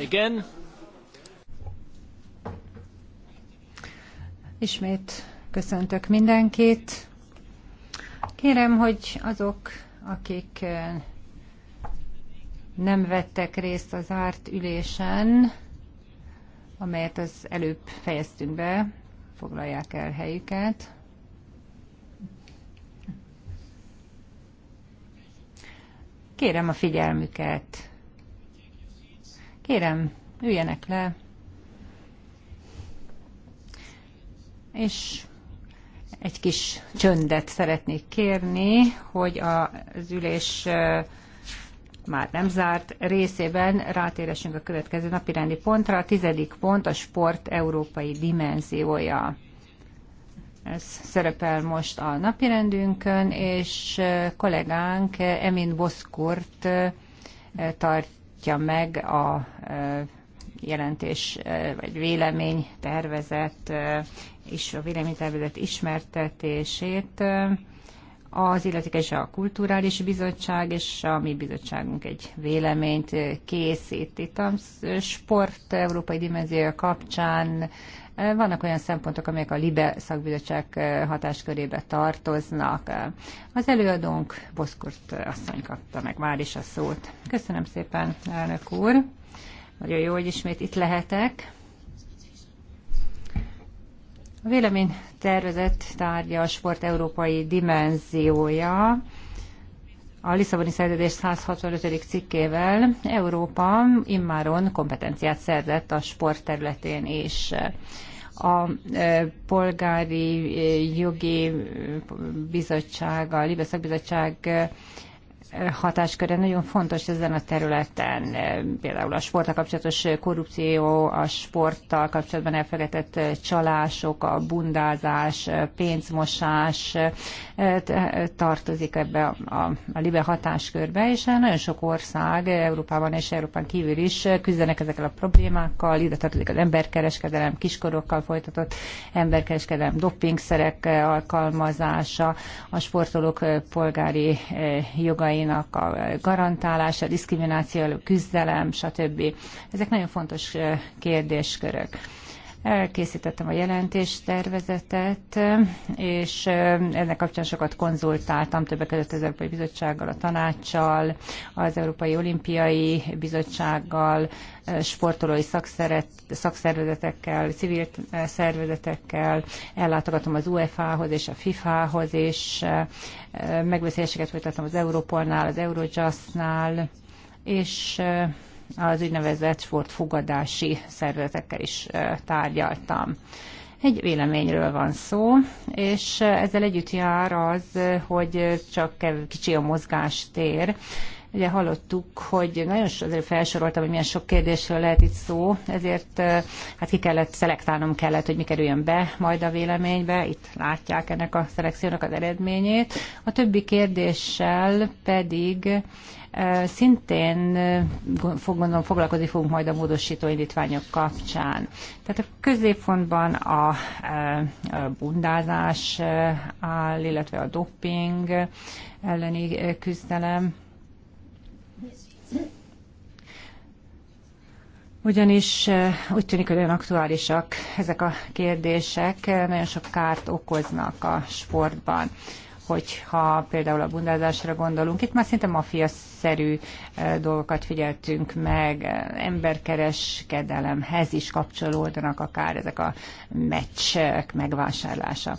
Igen. Ismét köszöntök mindenkit. Kérem, hogy azok, akik eh, nem vettek részt az árt ülésen, amelyet az előbb fejeztünk be, foglalják el helyüket. Kérem a figyelmüket. Kérem, üljenek le, és egy kis csöndet szeretnék kérni, hogy az ülés már nem zárt részében rátéresünk a következő napirendi pontra. A tizedik pont a sport európai dimenziója. Ez szerepel most a napirendünkön, és kollégánk Emin Boszkurt tart állapítja meg a jelentés vagy vélemény tervezet és a véleménytervezet ismertetését az illetékes a Kulturális Bizottság, és a mi bizottságunk egy véleményt készít. Itt a sport európai dimenziója kapcsán vannak olyan szempontok, amelyek a LIBE szakbizottság hatáskörébe tartoznak. Az előadónk Boszkurt asszony kapta meg már is a szót. Köszönöm szépen, elnök úr. Nagyon jó, hogy ismét itt lehetek. A vélemény tervezett tárgya a sport európai dimenziója. A Lisszaboni Szerződés 165. cikkével Európa immáron kompetenciát szerzett a sport területén is a e, polgári e, jogi e, bizottság, a Libe bizottság hatásköre nagyon fontos ezen a területen, eh, például a sporttal kapcsolatos korrupció, a sporttal kapcsolatban elfelejtett eh, csalások, a bundázás, eh, pénzmosás tartozik ebbe a, a, a libe hatáskörbe, és hát nagyon sok ország Európában és Európán kívül is küzdenek ezekkel a problémákkal, ide tartozik az emberkereskedelem, kiskorokkal folytatott emberkereskedelem, dopingszerek alkalmazása, a sportolók polgári jogai jogainak a garantálása, a diszkrimináció küzdelem, stb. Ezek nagyon fontos kérdéskörök. Elkészítettem a jelentéstervezetet, és ennek kapcsán sokat konzultáltam, többek között az Európai Bizottsággal, a tanácssal, az Európai Olimpiai Bizottsággal, sportolói szakszeret, szakszervezetekkel, civil eh, szervezetekkel, ellátogatom az UEFA-hoz és a FIFA-hoz, és eh, megbeszéléseket folytatom az Európolnál, az Eurojust-nál, és eh, az úgynevezett sportfogadási szervezetekkel is tárgyaltam. Egy véleményről van szó, és ezzel együtt jár az, hogy csak kicsi a mozgástér, Ugye hallottuk, hogy nagyon azért felsoroltam, hogy milyen sok kérdésről lehet itt szó, ezért hát ki kellett szelektálnom kellett, hogy mi kerüljön be majd a véleménybe. Itt látják ennek a szelekciónak az eredményét. A többi kérdéssel pedig szintén fog, gondolom, foglalkozni fogunk majd a módosító indítványok kapcsán. Tehát a középpontban a, a bundázás áll, illetve a doping elleni küzdelem, ugyanis eh, úgy tűnik, hogy olyan aktuálisak ezek a kérdések, eh, nagyon sok kárt okoznak a sportban hogyha például a bundázásra gondolunk. Itt már szinte mafiaszerű eh, dolgokat figyeltünk meg, emberkereskedelemhez is kapcsolódnak akár ezek a meccsek megvásárlása.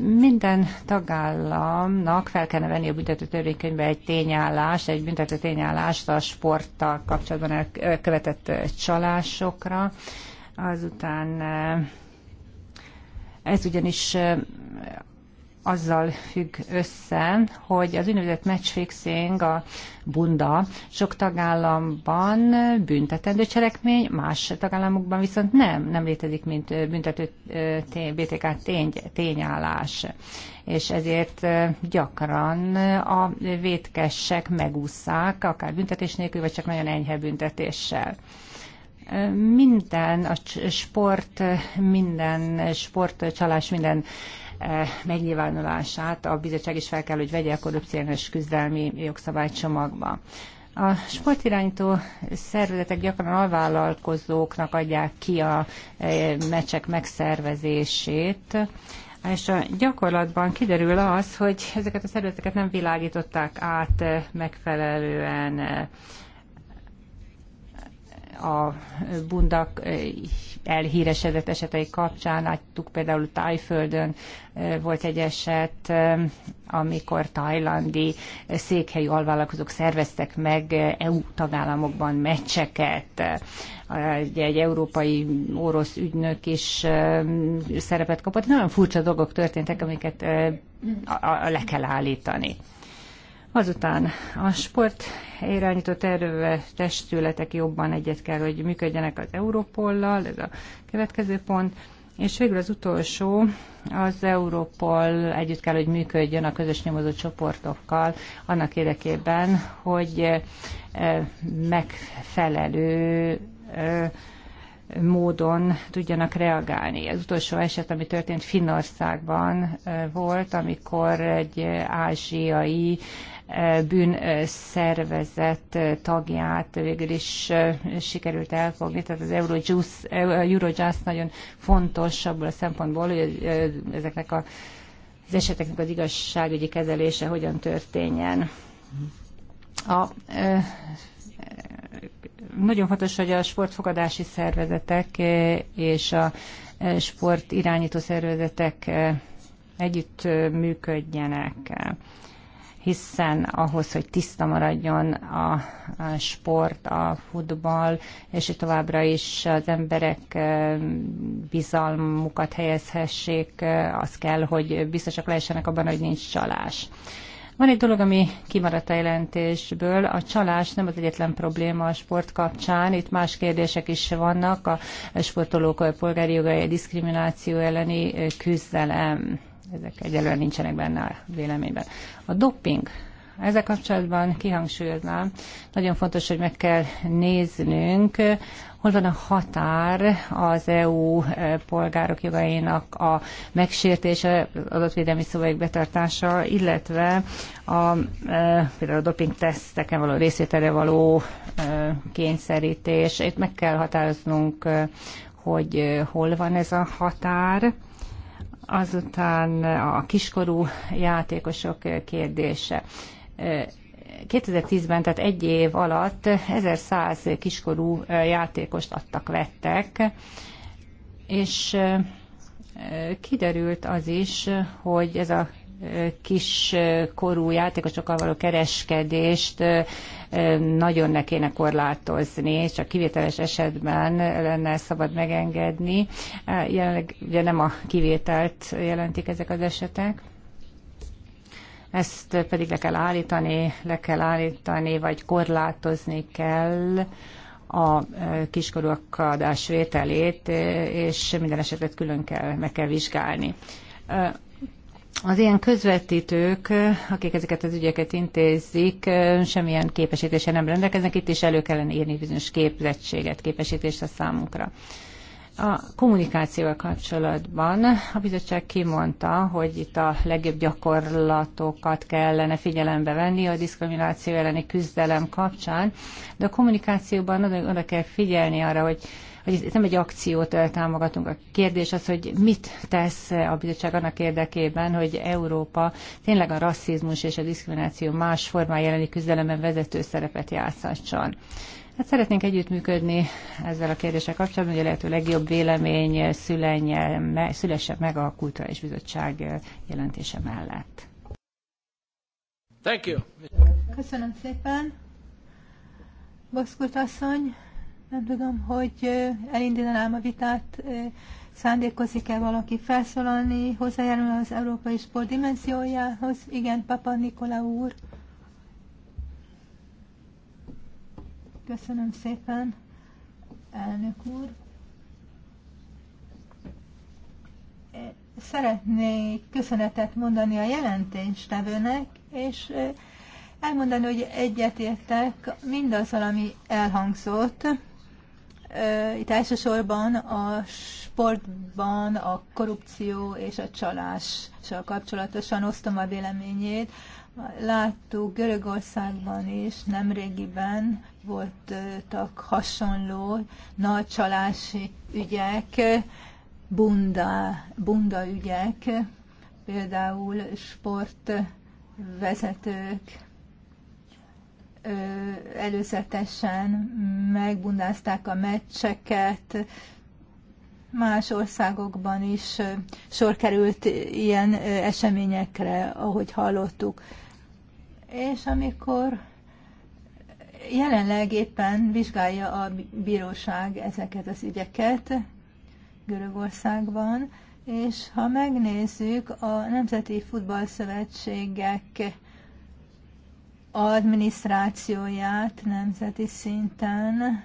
Minden tagállamnak fel kellene venni a büntető törvénykönyvbe egy tényállást, egy büntető tényállást a sporttal kapcsolatban elkövetett csalásokra. Azután eh, ez ugyanis eh, azzal függ össze, hogy az úgynevezett matchfixing, a bunda sok tagállamban büntetendő cselekmény, más tagállamokban viszont nem, nem létezik, mint büntető BTK tény, tényállás és ezért gyakran a vétkesek megúszszák, akár büntetés nélkül, vagy csak nagyon enyhe büntetéssel. Minden, a sport, minden sportcsalás, minden Eh, megnyilvánulását a bizottság is fel kell, hogy vegye a korrupciós küzdelmi jogszabálycsomagba. A sportirányító szervezetek gyakran alvállalkozóknak adják ki a eh, meccsek megszervezését, és a gyakorlatban kiderül az, hogy ezeket a szervezeteket nem világították át eh, megfelelően a bundak elhíresedett esetei kapcsán, láttuk például Tájföldön volt egy eset, amikor tajlandi székhelyi alvállalkozók szerveztek meg EU tagállamokban meccseket. Egy, egy európai orosz ügynök is szerepet kapott. Nagyon furcsa dolgok történtek, amiket le kell állítani. Azután a sport irányított erővel testületek jobban egyet kell, hogy működjenek az Európollal, ez a következő pont. És végül az utolsó, az Európol együtt kell, hogy működjön a közös nyomozó csoportokkal, annak érdekében, hogy eh, megfelelő eh, módon tudjanak reagálni. Az utolsó eset, ami történt Finnországban eh, volt, amikor egy ázsiai bűnszervezet tagját végül is sikerült elfogni. Tehát az Eurojust, nagyon fontos abból a szempontból, hogy ezeknek a, az eseteknek az igazságügyi kezelése hogyan történjen. A nagyon fontos, hogy a sportfogadási szervezetek és a sport irányító szervezetek együtt működjenek hiszen ahhoz, hogy tiszta maradjon a, a sport, a futball, és továbbra is az emberek bizalmukat helyezhessék, az kell, hogy biztosak lehessenek abban, hogy nincs csalás. Van egy dolog, ami kimaradt a jelentésből. A csalás nem az egyetlen probléma a sport kapcsán. Itt más kérdések is vannak. A sportolók a polgári jogai a diszkrimináció elleni küzdelem ezek egyelőre nincsenek benne a véleményben. A doping ezzel kapcsolatban kihangsúlyoznám, nagyon fontos, hogy meg kell néznünk, hol van a határ az EU e, polgárok jogainak a megsértése, adatvédelmi szóvaik betartása, illetve a, e, például a doping teszteken való részvételre való e, kényszerítés. Itt meg kell határoznunk, hogy hol van ez a határ Azután a kiskorú játékosok kérdése. 2010-ben, tehát egy év alatt 1100 kiskorú játékost adtak, vettek, és kiderült az is, hogy ez a kiskorú játékosokkal való kereskedést nagyon ne kéne korlátozni, csak kivételes esetben lenne szabad megengedni. Jelenleg ugye nem a kivételt jelentik ezek az esetek. Ezt pedig le kell állítani, le kell állítani, vagy korlátozni kell a kiskorúak adásvételét, és minden esetet külön kell, meg kell vizsgálni az ilyen közvetítők, akik ezeket az ügyeket intézik, semmilyen képesítése nem rendelkeznek, itt is elő kellene írni bizonyos képzettséget, képesítést a számunkra. A kommunikációval kapcsolatban a bizottság kimondta, hogy itt a legjobb gyakorlatokat kellene figyelembe venni a diszkrimináció elleni küzdelem kapcsán, de a kommunikációban oda kell figyelni arra, hogy hogy nem egy akciót támogatunk. A kérdés az, hogy mit tesz a bizottság annak érdekében, hogy Európa tényleg a rasszizmus és a diszkrimináció más formája elleni küzdelemben vezető szerepet játszhasson. Hát szeretnénk együttműködni ezzel a kérdéssel kapcsolatban, hogy a lehető legjobb vélemény szülenje, szülesse meg a Kulturális Bizottság jelentése mellett. Thank you. Köszönöm szépen. Boszkut asszony. Nem tudom, hogy elindítanám a vitát, szándékozik-e valaki felszólalni, hozzájárul az európai sport dimenziójához. Igen, Papa Nikola úr. Köszönöm szépen, elnök úr. Szeretnék köszönetet mondani a jelentéstevőnek, és elmondani, hogy egyetértek mindazzal, ami elhangzott. Itt elsősorban a sportban a korrupció és a csalással kapcsolatosan osztom a véleményét. Láttuk Görögországban is, nemrégiben voltak hasonló nagy csalási ügyek, bunda, bunda ügyek, például sportvezetők előzetesen megbundázták a meccseket, más országokban is sor került ilyen eseményekre, ahogy hallottuk. És amikor jelenleg éppen vizsgálja a bíróság ezeket az ügyeket Görögországban, és ha megnézzük a Nemzeti Futballszövetségek adminisztrációját nemzeti szinten,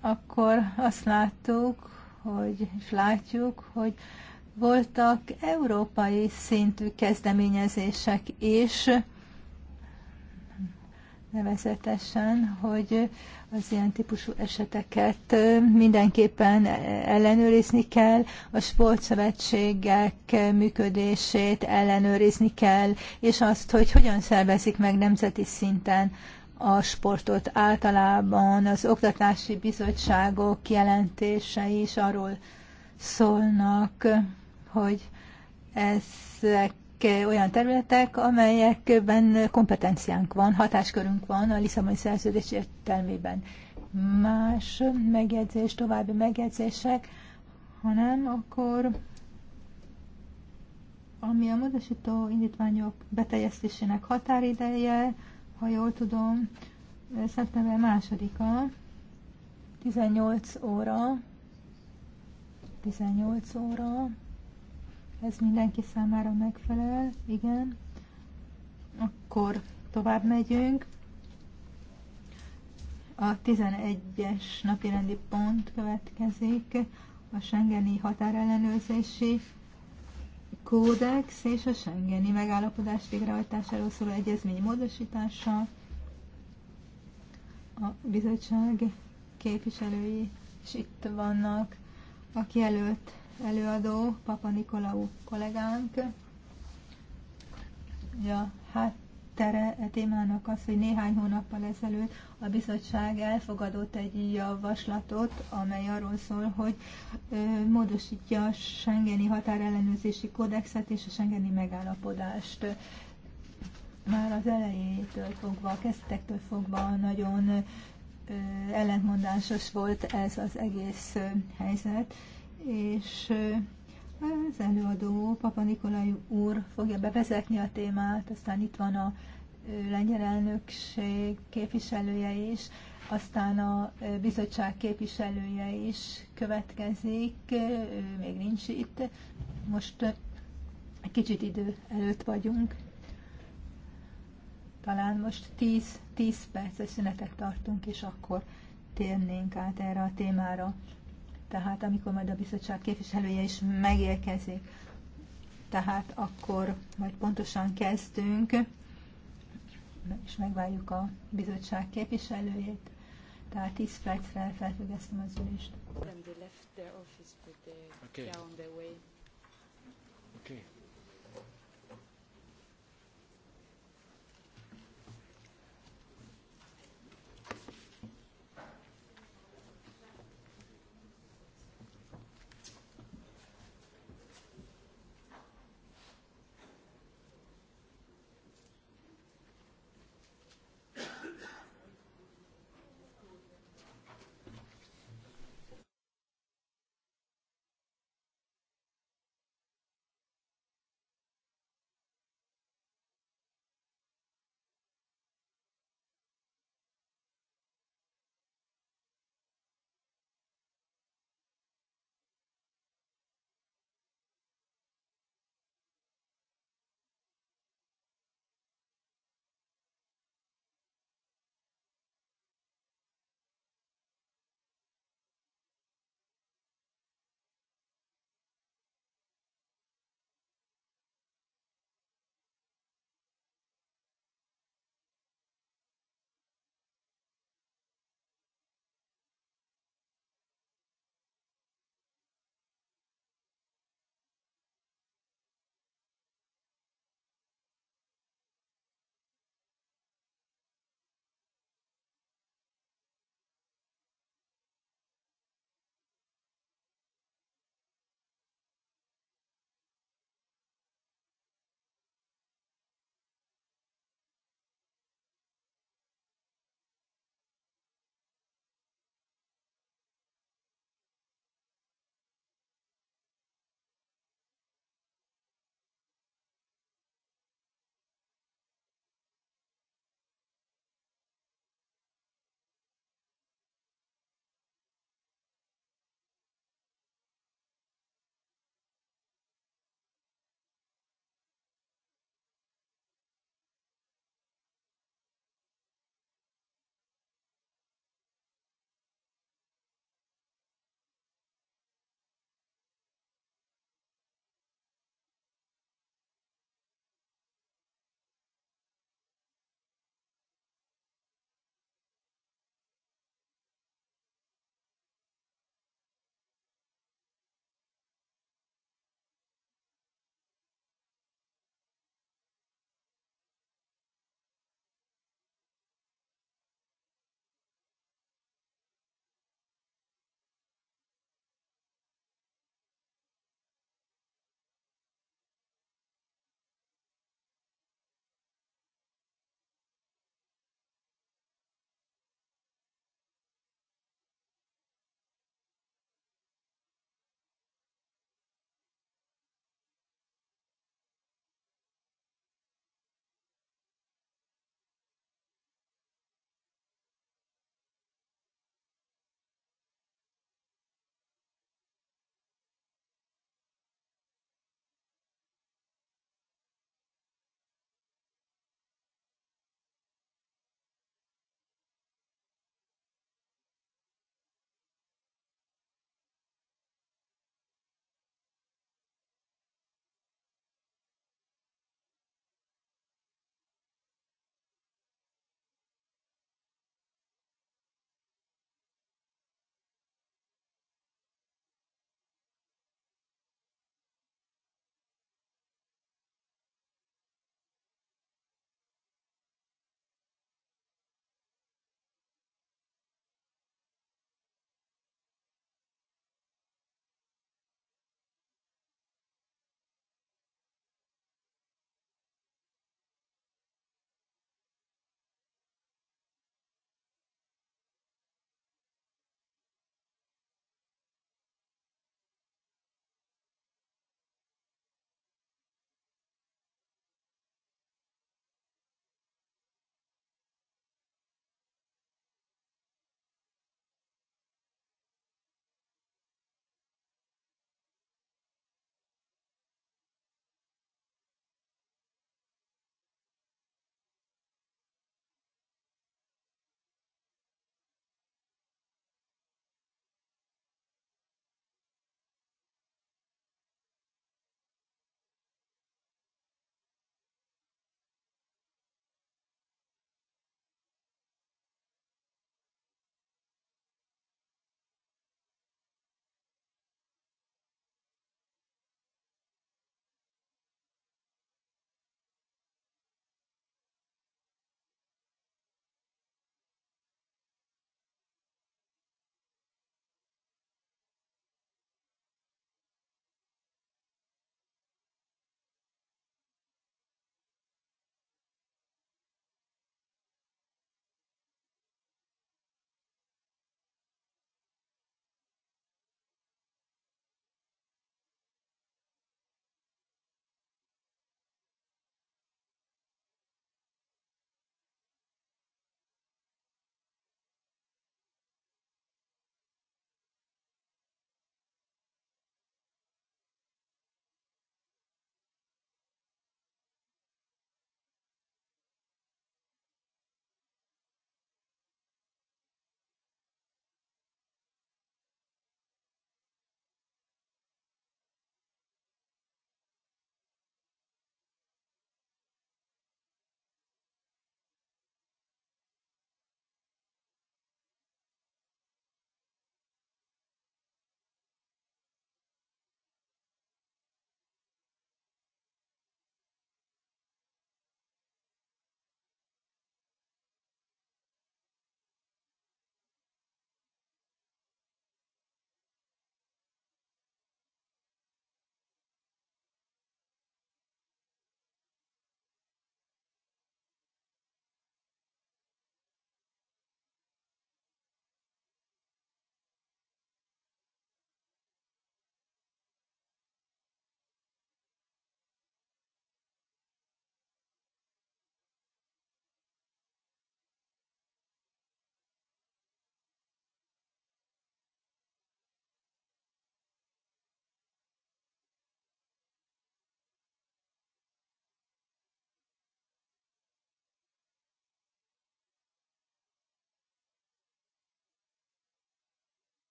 akkor azt láttuk, hogy, és látjuk, hogy voltak európai szintű kezdeményezések is, nevezetesen, hogy az ilyen típusú eseteket mindenképpen ellenőrizni kell, a sportszövetségek működését ellenőrizni kell, és azt, hogy hogyan szervezik meg nemzeti szinten a sportot általában, az oktatási bizottságok jelentései is arról szólnak, hogy ezek olyan területek, amelyekben kompetenciánk van, hatáskörünk van a Lisszaboni szerződés értelmében. Más megjegyzés, további megjegyzések, hanem akkor ami a módosító indítványok beteljesztésének határideje, ha jól tudom, szeptember másodika, 18 óra, 18 óra, ez mindenki számára megfelel, igen. Akkor tovább megyünk. A 11-es napirendi pont következik, a Schengeni határellenőrzési kódex és a Schengeni megállapodás végrehajtásáról szóló egyezmény módosítása. A bizottság képviselői is itt vannak, aki előtt előadó, Papa Nikolaou kollégánk. Ja, hát tere e témának az, hogy néhány hónappal ezelőtt a bizottság elfogadott egy javaslatot, amely arról szól, hogy ö, módosítja a Schengeni határellenőrzési kódexet és a Schengeni megállapodást. Már az elejétől fogva, a kezdetektől fogva nagyon ö, ellentmondásos volt ez az egész helyzet, és az előadó Papa Nikolaj úr fogja bevezetni a témát, aztán itt van a lengyel elnökség képviselője is, aztán a bizottság képviselője is következik, ő még nincs itt. Most egy kicsit idő előtt vagyunk. Talán most 10, 10 perces szünetet tartunk, és akkor térnénk át erre a témára tehát amikor majd a bizottság képviselője is megérkezik, tehát akkor majd pontosan kezdünk, és megvárjuk a bizottság képviselőjét, tehát 10 percre felfüggesztem az ülést. Okay.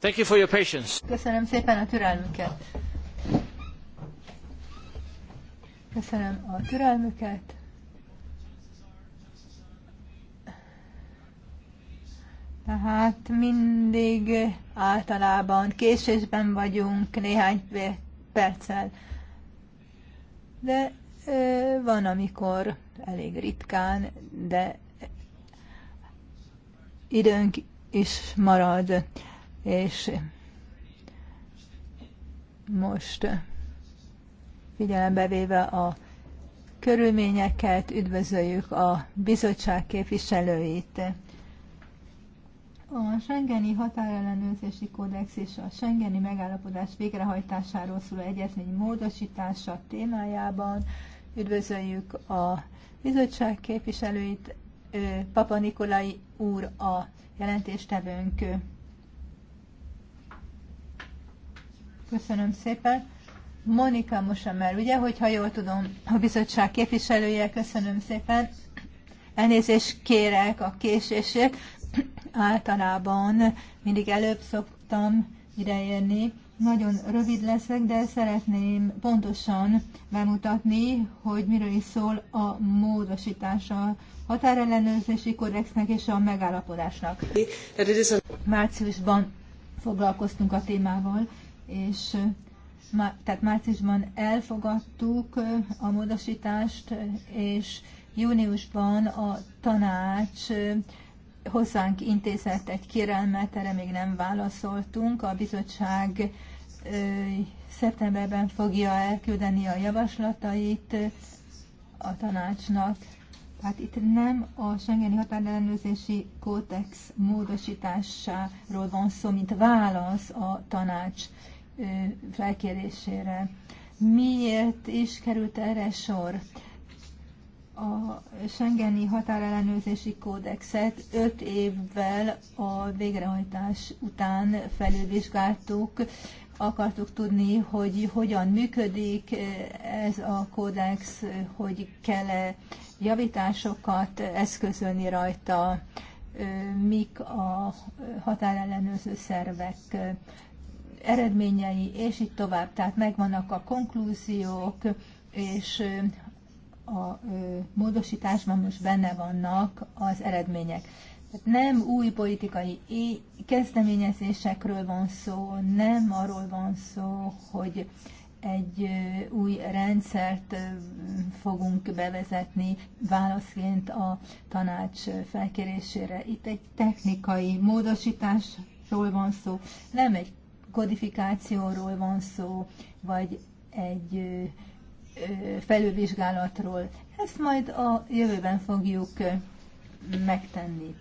Köszönöm szépen a türelmüket. Köszönöm a türelmüket. Tehát mindig általában késésben vagyunk néhány perccel, de van, amikor elég ritkán, de időnk is marad és most figyelembe véve a körülményeket, üdvözöljük a bizottság képviselőit. A Schengeni határellenőrzési kódex és a Schengeni megállapodás végrehajtásáról szóló egyezmény módosítása témájában üdvözöljük a bizottság képviselőit, Papa Nikolai úr a jelentéstevőnk. Köszönöm szépen. Monika Mosamer, ugye, hogyha jól tudom, a bizottság képviselője, köszönöm szépen. Elnézést kérek a késését. Általában mindig előbb szoktam ideérni. Nagyon rövid leszek, de szeretném pontosan bemutatni, hogy miről is szól a módosítása határellenőrzési kódexnek és a megállapodásnak. Márciusban foglalkoztunk a témával, és tehát márciusban elfogadtuk a módosítást, és júniusban a tanács hozzánk intézett egy kérelmet, erre még nem válaszoltunk. A bizottság szeptemberben fogja elküldeni a javaslatait a tanácsnak. Tehát itt nem a Schengeni határellenőrzési kódex módosításáról van szó, mint válasz a tanács felkérésére. Miért is került erre sor? A Schengeni határellenőrzési kódexet 5 évvel a végrehajtás után felülvizsgáltuk, akartuk tudni, hogy hogyan működik ez a kódex, hogy kell-e javításokat eszközölni rajta, mik a határellenőrző szervek eredményei, és így tovább. Tehát megvannak a konklúziók, és a módosításban most benne vannak az eredmények. Nem új politikai kezdeményezésekről van szó, nem arról van szó, hogy egy új rendszert fogunk bevezetni válaszként a tanács felkérésére. Itt egy technikai módosításról van szó, nem egy kodifikációról van szó, vagy egy felülvizsgálatról. Ezt majd a jövőben fogjuk megtenni.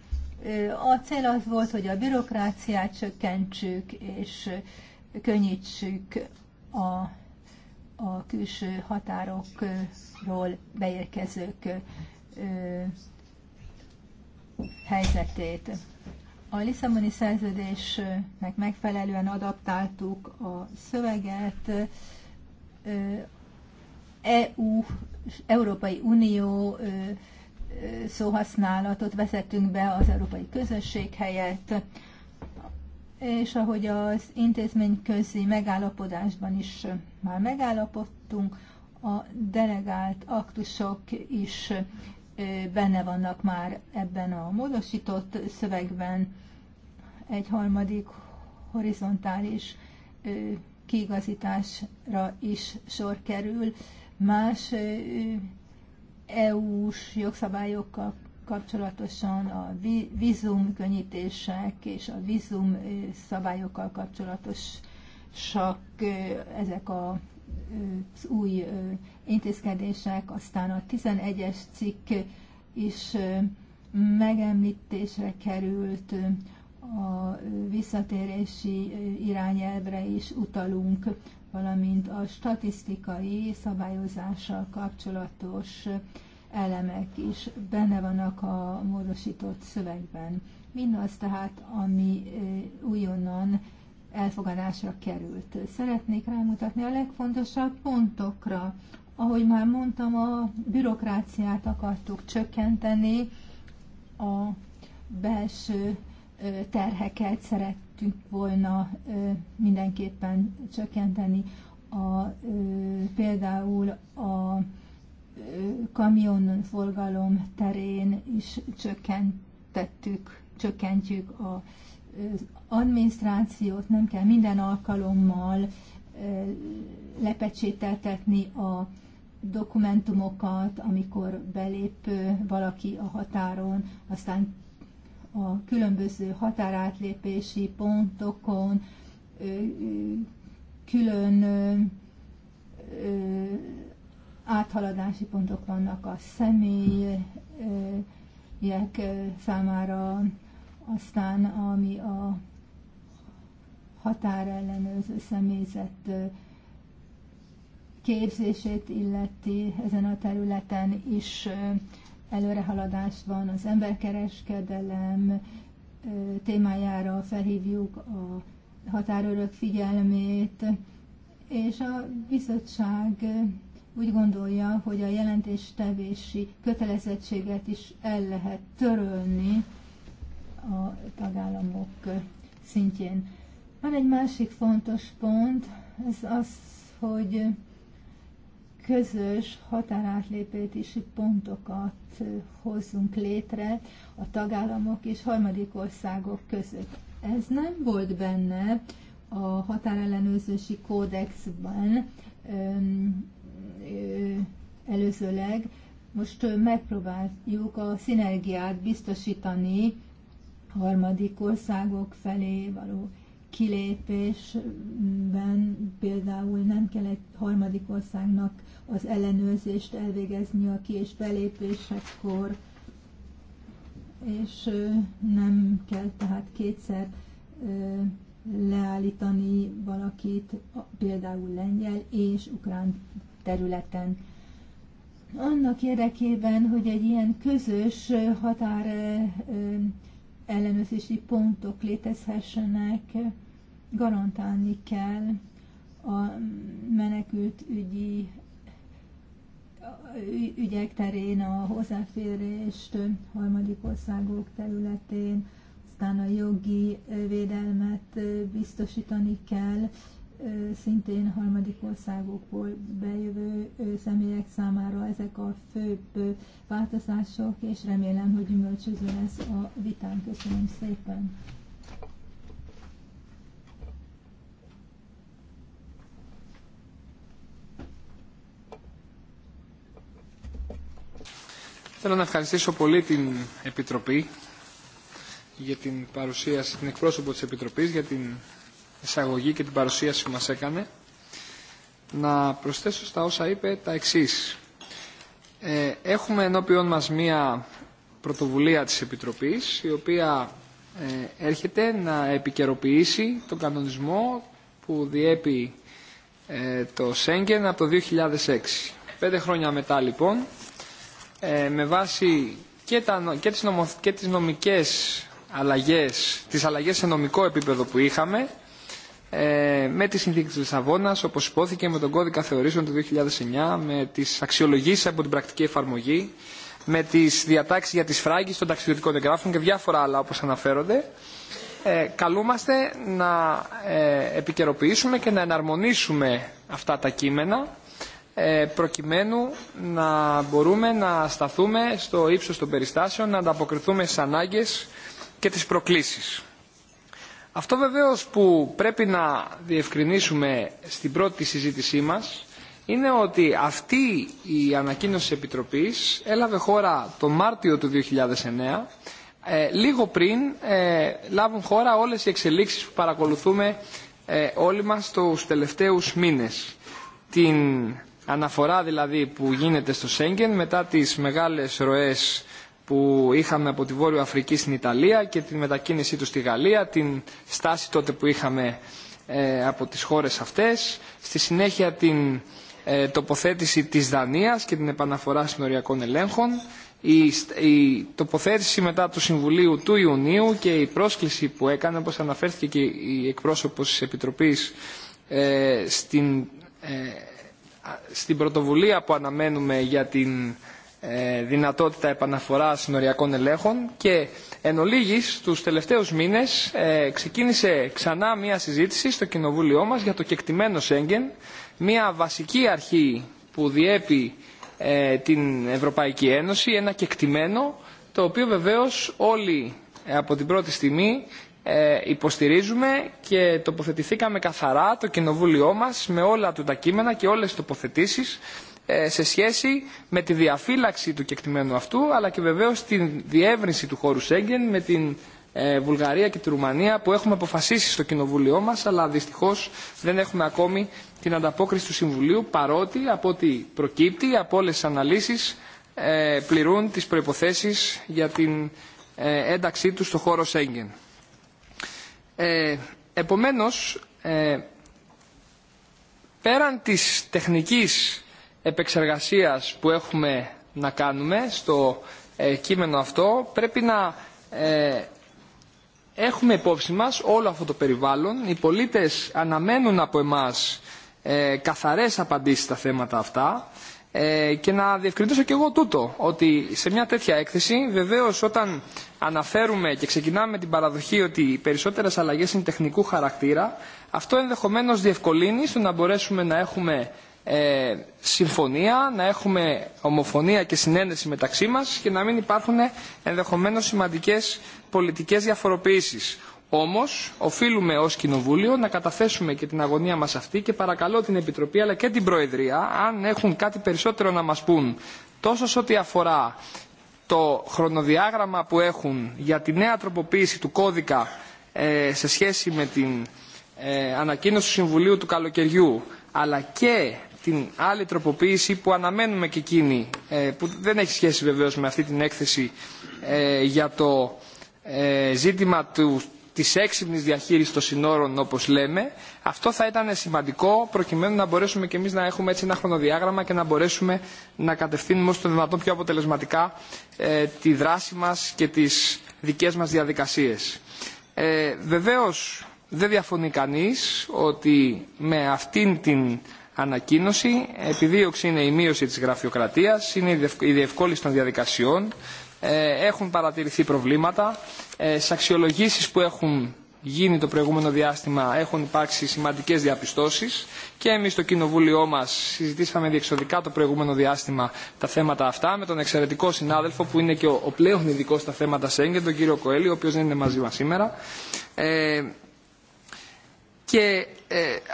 A cél az volt, hogy a bürokráciát csökkentsük és könnyítsük a, a külső határokról beérkezők helyzetét. A Lisszaboni szerződésnek megfelelően adaptáltuk a szöveget. EU, Európai Unió szóhasználatot vezettünk be az európai közösség helyett, és ahogy az intézményközi megállapodásban is már megállapodtunk, a delegált aktusok is benne vannak már ebben a módosított szövegben. Egy harmadik horizontális kiigazításra is sor kerül. Más EU-s jogszabályokkal kapcsolatosan a vízum könnyítések és a vízum szabályokkal sok ezek a az új intézkedések, aztán a 11-es cikk is megemlítésre került, a visszatérési irányelvre is utalunk, valamint a statisztikai szabályozással kapcsolatos elemek is benne vannak a módosított szövegben. Mindaz tehát, ami újonnan elfogadásra került. Szeretnék rámutatni a legfontosabb pontokra. Ahogy már mondtam, a bürokráciát akartuk csökkenteni, a belső terheket szerettünk volna mindenképpen csökkenteni. A, például a kamionforgalom terén is csökkentettük, csökkentjük a adminisztrációt nem kell minden alkalommal lepecsételtetni a dokumentumokat, amikor belép valaki a határon, aztán a különböző határátlépési pontokon külön áthaladási pontok vannak a személyek számára, aztán, ami a határellenőrző személyzet képzését illeti ezen a területen is előrehaladás van. Az emberkereskedelem témájára felhívjuk a határőrök figyelmét, és a bizottság úgy gondolja, hogy a jelentéstevési kötelezettséget is el lehet törölni a tagállamok szintjén. Van egy másik fontos pont, ez az, hogy közös határátlépési pontokat hozzunk létre a tagállamok és harmadik országok között. Ez nem volt benne a határellenőrzési kódexben előzőleg. Most megpróbáljuk a szinergiát biztosítani harmadik országok felé való kilépésben például nem kell egy harmadik országnak az ellenőrzést elvégezni a ki- és belépésekkor, és nem kell tehát kétszer leállítani valakit, például lengyel és ukrán területen. Annak érdekében, hogy egy ilyen közös határ ellenőrzési pontok létezhessenek, garantálni kell a menekült ügyi ügyek terén a hozzáférést harmadik országok területén, aztán a jogi védelmet biztosítani kell, szintén harmadik országokból bejövő személyek számára ezek a főbb változások, és remélem, hogy gyümölcsöző lesz a vitán. Köszönöm szépen! Θέλω να ευχαριστήσω πολύ την Επιτροπή για την παρουσίαση, την εκπρόσωπο της Επιτροπής για την εισαγωγή και την παρουσίαση που μας έκανε, να προσθέσω στα όσα είπε τα εξής. Ε, έχουμε ενώπιον μας μία πρωτοβουλία της Επιτροπής, η οποία ε, έρχεται να επικαιροποιήσει τον κανονισμό που διέπει ε, το Σέγγεν από το 2006. Πέντε χρόνια μετά λοιπόν, ε, με βάση και, τα, και, τις νομο, και τις νομικές αλλαγές, τις αλλαγές σε νομικό επίπεδο που είχαμε, ε, με τις συνθήκες της Λισαβόνας, όπως υπόθηκε, με τον κώδικα θεωρήσεων του 2009, με τις αξιολογήσεις από την πρακτική εφαρμογή, με τις διατάξεις για τις φράγκες των ταξιδιωτικών εγγράφων και διάφορα άλλα όπως αναφέρονται, ε, καλούμαστε να ε, επικαιροποιήσουμε και να εναρμονίσουμε αυτά τα κείμενα ε, προκειμένου να μπορούμε να σταθούμε στο ύψος των περιστάσεων, να ανταποκριθούμε στις ανάγκες και τις προκλήσεις. Αυτό βεβαίως που πρέπει να διευκρινίσουμε στην πρώτη συζήτησή μας είναι ότι αυτή η ανακοίνωση της Επιτροπής έλαβε χώρα το Μάρτιο του 2009 ε, λίγο πριν ε, λάβουν χώρα όλες οι εξελίξεις που παρακολουθούμε ε, όλοι μας τους τελευταίους μήνες. Την αναφορά δηλαδή που γίνεται στο Σέγγεν μετά τις μεγάλες ροές που είχαμε από τη Βόρεια Αφρική στην Ιταλία και τη μετακίνησή του στη Γαλλία, την στάση τότε που είχαμε ε, από τις χώρες αυτές, στη συνέχεια την ε, τοποθέτηση της Δανίας και την επαναφορά συνοριακών ελέγχων, η, η τοποθέτηση μετά του Συμβουλίου του Ιουνίου και η πρόσκληση που έκανε, όπως αναφέρθηκε και η εκπρόσωπος της Επιτροπής, ε, στην, ε, στην πρωτοβουλία που αναμένουμε για την δυνατότητα επαναφοράς συνοριακών ελέγχων και εν ολίγης τους τελευταίους μήνες ε, ξεκίνησε ξανά μια συζήτηση στο κοινοβούλιο μας για το κεκτημένο Σέγγεν, μια βασική αρχή που διέπει ε, την Ευρωπαϊκή Ένωση, ένα κεκτημένο το οποίο βεβαίως όλοι από την πρώτη στιγμή ε, υποστηρίζουμε και τοποθετηθήκαμε καθαρά το κοινοβούλιο μας με όλα του τα κείμενα και όλες τις τοποθετήσεις σε σχέση με τη διαφύλαξη του κεκτημένου αυτού αλλά και βεβαίως την διεύρυνση του χώρου Σέγγεν με την ε, Βουλγαρία και τη Ρουμανία που έχουμε αποφασίσει στο κοινοβούλιο μας αλλά δυστυχώς δεν έχουμε ακόμη την ανταπόκριση του Συμβουλίου παρότι από ό,τι προκύπτει από όλες τις αναλύσεις ε, πληρούν τις προϋποθέσεις για την ε, ένταξή του στο χώρο Σέγγεν. Ε, επομένως, ε, πέραν της τεχνικής επεξεργασίας που έχουμε να κάνουμε στο ε, κείμενο αυτό πρέπει να ε, έχουμε υπόψη μας όλο αυτό το περιβάλλον. Οι πολίτες αναμένουν από εμάς ε, καθαρές απαντήσεις στα θέματα αυτά ε, και να διευκρινίσω και εγώ τούτο ότι σε μια τέτοια έκθεση βεβαίως όταν αναφέρουμε και ξεκινάμε την παραδοχή ότι οι περισσότερες αλλαγές είναι τεχνικού χαρακτήρα αυτό ενδεχομένως διευκολύνει στο να μπορέσουμε να έχουμε ε, συμφωνία, να έχουμε ομοφωνία και συνένεση μεταξύ μας και να μην υπάρχουν ενδεχομένως σημαντικές πολιτικές διαφοροποιήσεις. Όμως, οφείλουμε ως Κοινοβούλιο να καταθέσουμε και την αγωνία μας αυτή και παρακαλώ την Επιτροπή αλλά και την Προεδρία, αν έχουν κάτι περισσότερο να μας πούν, τόσο σε ό,τι αφορά το χρονοδιάγραμμα που έχουν για τη νέα τροποποίηση του κώδικα ε, σε σχέση με την ε, ανακοίνωση του Συμβουλίου του Καλοκαιριού, αλλά και την άλλη τροποποίηση που αναμένουμε και εκείνη, που δεν έχει σχέση βεβαίως με αυτή την έκθεση για το ζήτημα του, της έξυπνης διαχείρισης των συνόρων όπως λέμε, αυτό θα ήταν σημαντικό προκειμένου να μπορέσουμε και εμείς να έχουμε έτσι ένα χρονοδιάγραμμα και να μπορέσουμε να κατευθύνουμε όσο το δυνατόν πιο αποτελεσματικά ε, τη δράση μας και τις δικές μας διαδικασίες. Ε, βεβαίως δεν διαφωνεί κανείς ότι με αυτήν την ανακοίνωση. Επιδίωξη είναι η μείωση της γραφειοκρατίας, είναι η διευκόλυνση των διαδικασιών. ε, Έχουν παρατηρηθεί προβλήματα. ε, Σε αξιολογήσεις που έχουν γίνει το προηγούμενο διάστημα έχουν υπάρξει σημαντικές διαπιστώσεις και εμείς στο κοινοβούλιο μας συζητήσαμε διεξοδικά το προηγούμενο διάστημα τα θέματα αυτά με τον εξαιρετικό συνάδελφο που είναι και ο, ο πλέον ειδικό στα θέματα Σέγγεν, τον κύριο Κοέλη, ο οποίος δεν είναι μαζί μας σήμερα. Ε, και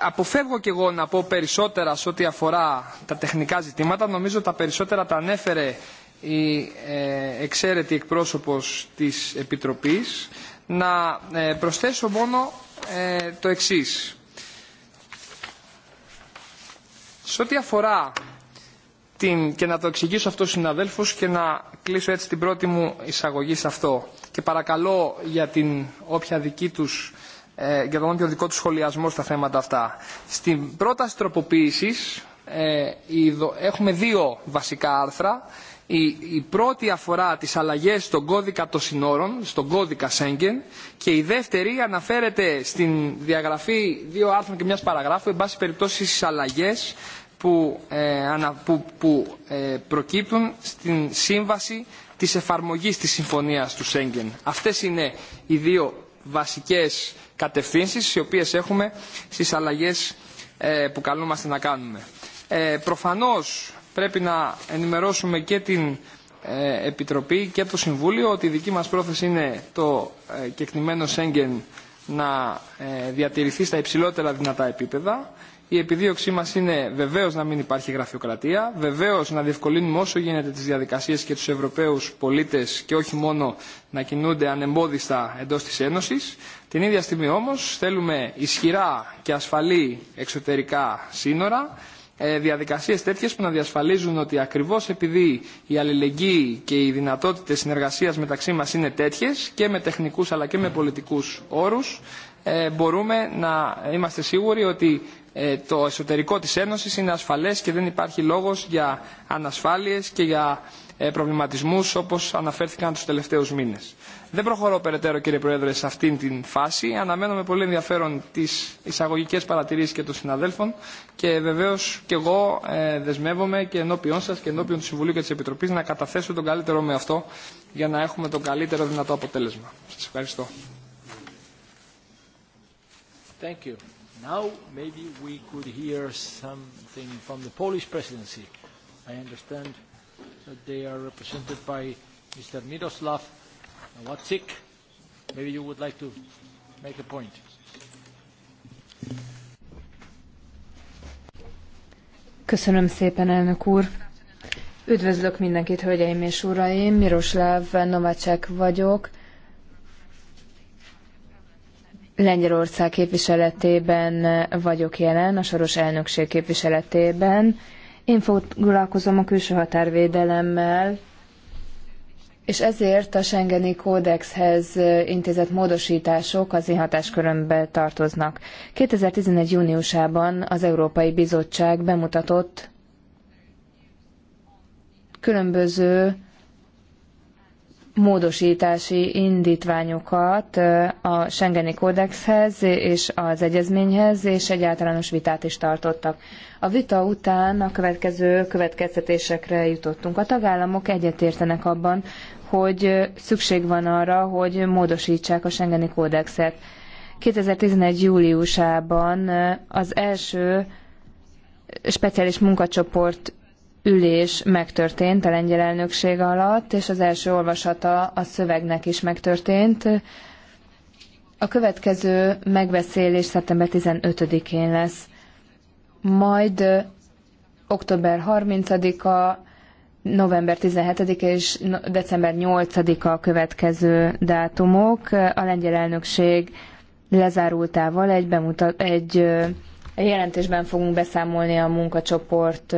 αποφεύγω και εγώ να πω περισσότερα σε ό,τι αφορά τα τεχνικά ζητήματα. Νομίζω τα περισσότερα τα ανέφερε η ε, εξαίρετη εκπρόσωπος της Επιτροπής. Να ε, προσθέσω μόνο ε, το εξής. Σε ό,τι αφορά την, και να το εξηγήσω αυτό στους συναδέλφους και να κλείσω έτσι την πρώτη μου εισαγωγή σε αυτό. Και παρακαλώ για την όποια δική τους ε, για τον όποιο δικό του σχολιασμό στα θέματα αυτά. Στην πρόταση τροποποίηση ε, έχουμε δύο βασικά άρθρα. Η, η πρώτη αφορά τις αλλαγές στον κώδικα των συνόρων, στον κώδικα Σέγγεν και η δεύτερη αναφέρεται στην διαγραφή δύο άρθρων και μιας παραγράφου, εν πάση περιπτώσει στις αλλαγές που, ε, ανα, που, που ε, προκύπτουν στην σύμβαση της εφαρμογής της συμφωνίας του Σέγγεν. Αυτές είναι οι δύο βασικές κατευθύνσεις οι οποίες έχουμε στις αλλαγές ε, που καλούμαστε να κάνουμε. Ε, προφανώς πρέπει να ενημερώσουμε και την ε, Επιτροπή και το Συμβούλιο ότι η δική μας πρόθεση είναι το ε, κεκτημένο Σέγγεν να ε, διατηρηθεί στα υψηλότερα δυνατά επίπεδα. Η επιδίωξή μας είναι βεβαίως να μην υπάρχει γραφειοκρατία, βεβαίως να διευκολύνουμε όσο γίνεται τις διαδικασίες και τους Ευρωπαίους πολίτες και όχι μόνο να κινούνται ανεμπόδιστα εντός της Ένωσης, Την ίδια στιγμή όμως θέλουμε ισχυρά και ασφαλή εξωτερικά σύνορα, διαδικασίες τέτοιες που να διασφαλίζουν ότι ακριβώς επειδή η αλληλεγγύη και οι δυνατότητες συνεργασίας μεταξύ μας είναι τέτοιες και με τεχνικούς αλλά και με πολιτικούς όρους μπορούμε να είμαστε σίγουροι ότι το εσωτερικό της Ένωσης είναι ασφαλές και δεν υπάρχει λόγος για ανασφάλειες και για προβληματισμούς όπως αναφέρθηκαν τους τελευταίους μήνες. Δεν προχωρώ περαιτέρω κύριε Πρόεδρε σε αυτήν την φάση. Αναμένω με πολύ ενδιαφέρον τις εισαγωγικές παρατηρήσεις και των συναδέλφων και βεβαίως και εγώ ε, δεσμεύομαι και ενώπιον σας και ενώπιον του Συμβουλίου και της Επιτροπής να καταθέσω τον καλύτερο με αυτό για να έχουμε το καλύτερο δυνατό αποτέλεσμα. Σας ευχαριστώ. Thank you. Now maybe we could hear something from the Polish presidency. I understand that they are represented by Mr. Miroslav Watzik, maybe you would like to make a point. Köszönöm szépen, elnök úr. Üdvözlök mindenkit, hölgyeim és uraim. Miroslav Novácsek vagyok. Lengyelország képviseletében vagyok jelen, a soros elnökség képviseletében. Én foglalkozom a külső határvédelemmel, és ezért a Schengeni Kódexhez intézett módosítások az én hatáskörömbe tartoznak. 2011. júniusában az Európai Bizottság bemutatott különböző módosítási indítványokat a Schengeni Kódexhez és az egyezményhez, és egy általános vitát is tartottak. A vita után a következő következtetésekre jutottunk. A tagállamok egyetértenek abban, hogy szükség van arra, hogy módosítsák a Schengeni Kódexet. 2011. júliusában az első speciális munkacsoport ülés megtörtént a lengyel elnökség alatt, és az első olvasata a szövegnek is megtörtént. A következő megbeszélés szeptember 15-én lesz. Majd október 30-a, november 17-e és december 8-a a következő dátumok. A lengyel elnökség lezárultával egy, bemutat, egy jelentésben fogunk beszámolni a munkacsoport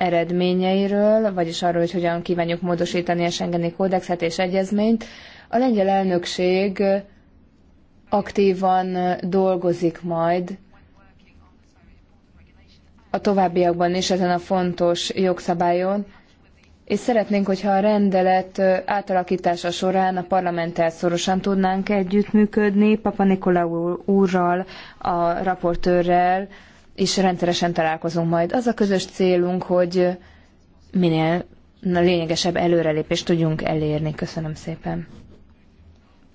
eredményeiről, vagyis arról, hogy hogyan kívánjuk módosítani a Schengeni kódexet és egyezményt. A lengyel elnökség aktívan dolgozik majd a továbbiakban is ezen a fontos jogszabályon, és szeretnénk, hogyha a rendelet átalakítása során a parlamenttel szorosan tudnánk együttműködni, Papa Nikolaou úrral, a raportőrrel, és rendszeresen találkozunk majd. Az a közös célunk, hogy minél lényegesebb előrelépést tudjunk elérni. Köszönöm szépen.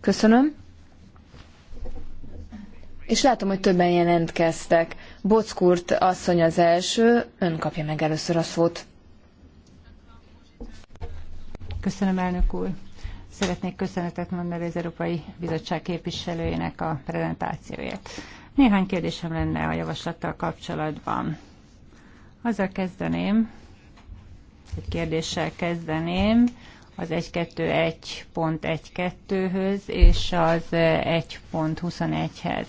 Köszönöm. És látom, hogy többen jelentkeztek. Bockurt asszony az első, ön kapja meg először a szót. Köszönöm, elnök úr. Szeretnék köszönetet mondani az Európai Bizottság képviselőjének a prezentációját. Néhány kérdésem lenne a javaslattal kapcsolatban. Azzal kezdeném, egy kérdéssel kezdeném, az 1212 höz és az 1.21-hez.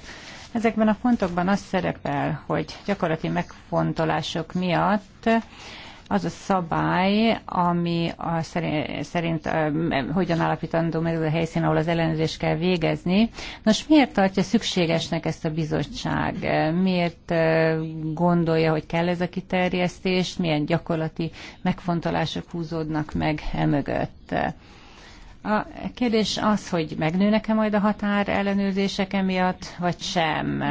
Ezekben a pontokban az szerepel, hogy gyakorlati megfontolások miatt az a szabály, ami a szerint, szerint hogyan állapítandó meg a helyszín, ahol az ellenőrzést kell végezni. Nos, miért tartja szükségesnek ezt a bizottság? Miért gondolja, hogy kell ez a kiterjesztés? Milyen gyakorlati megfontolások húzódnak meg emögött? A kérdés az, hogy megnőnek-e majd a határ ellenőrzések emiatt, vagy sem.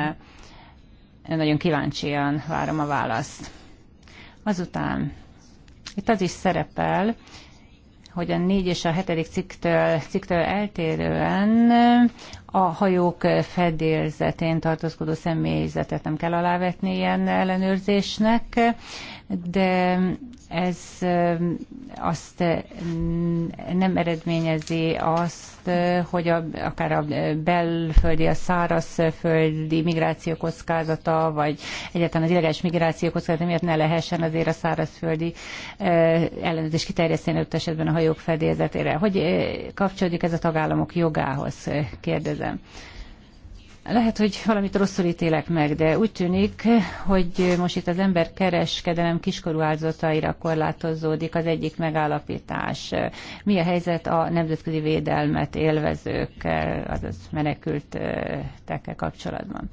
Nagyon kíváncsian várom a választ. Azután itt az is szerepel, hogy a 4 és a 7. cikktől, cikktől eltérően a hajók fedélzetén tartózkodó személyzetet nem kell alávetni ilyen ellenőrzésnek, de ez eh, azt eh, nem eredményezi azt, eh, hogy a, akár a belföldi, a szárazföldi migráció kockázata, vagy egyáltalán az illegális migráció kockázata miatt ne lehessen azért a szárazföldi ellenőrzés kiterjeszteni ott esetben a hajók fedélzetére. Hogy kapcsolódik ez a tagállamok jogához, kérdezem. Lehet, hogy valamit rosszul ítélek meg, de úgy tűnik, hogy most itt az ember kereskedelem kiskorú áldozataira korlátozódik az egyik megállapítás. Mi a helyzet a nemzetközi védelmet élvezőkkel, azaz menekültekkel kapcsolatban?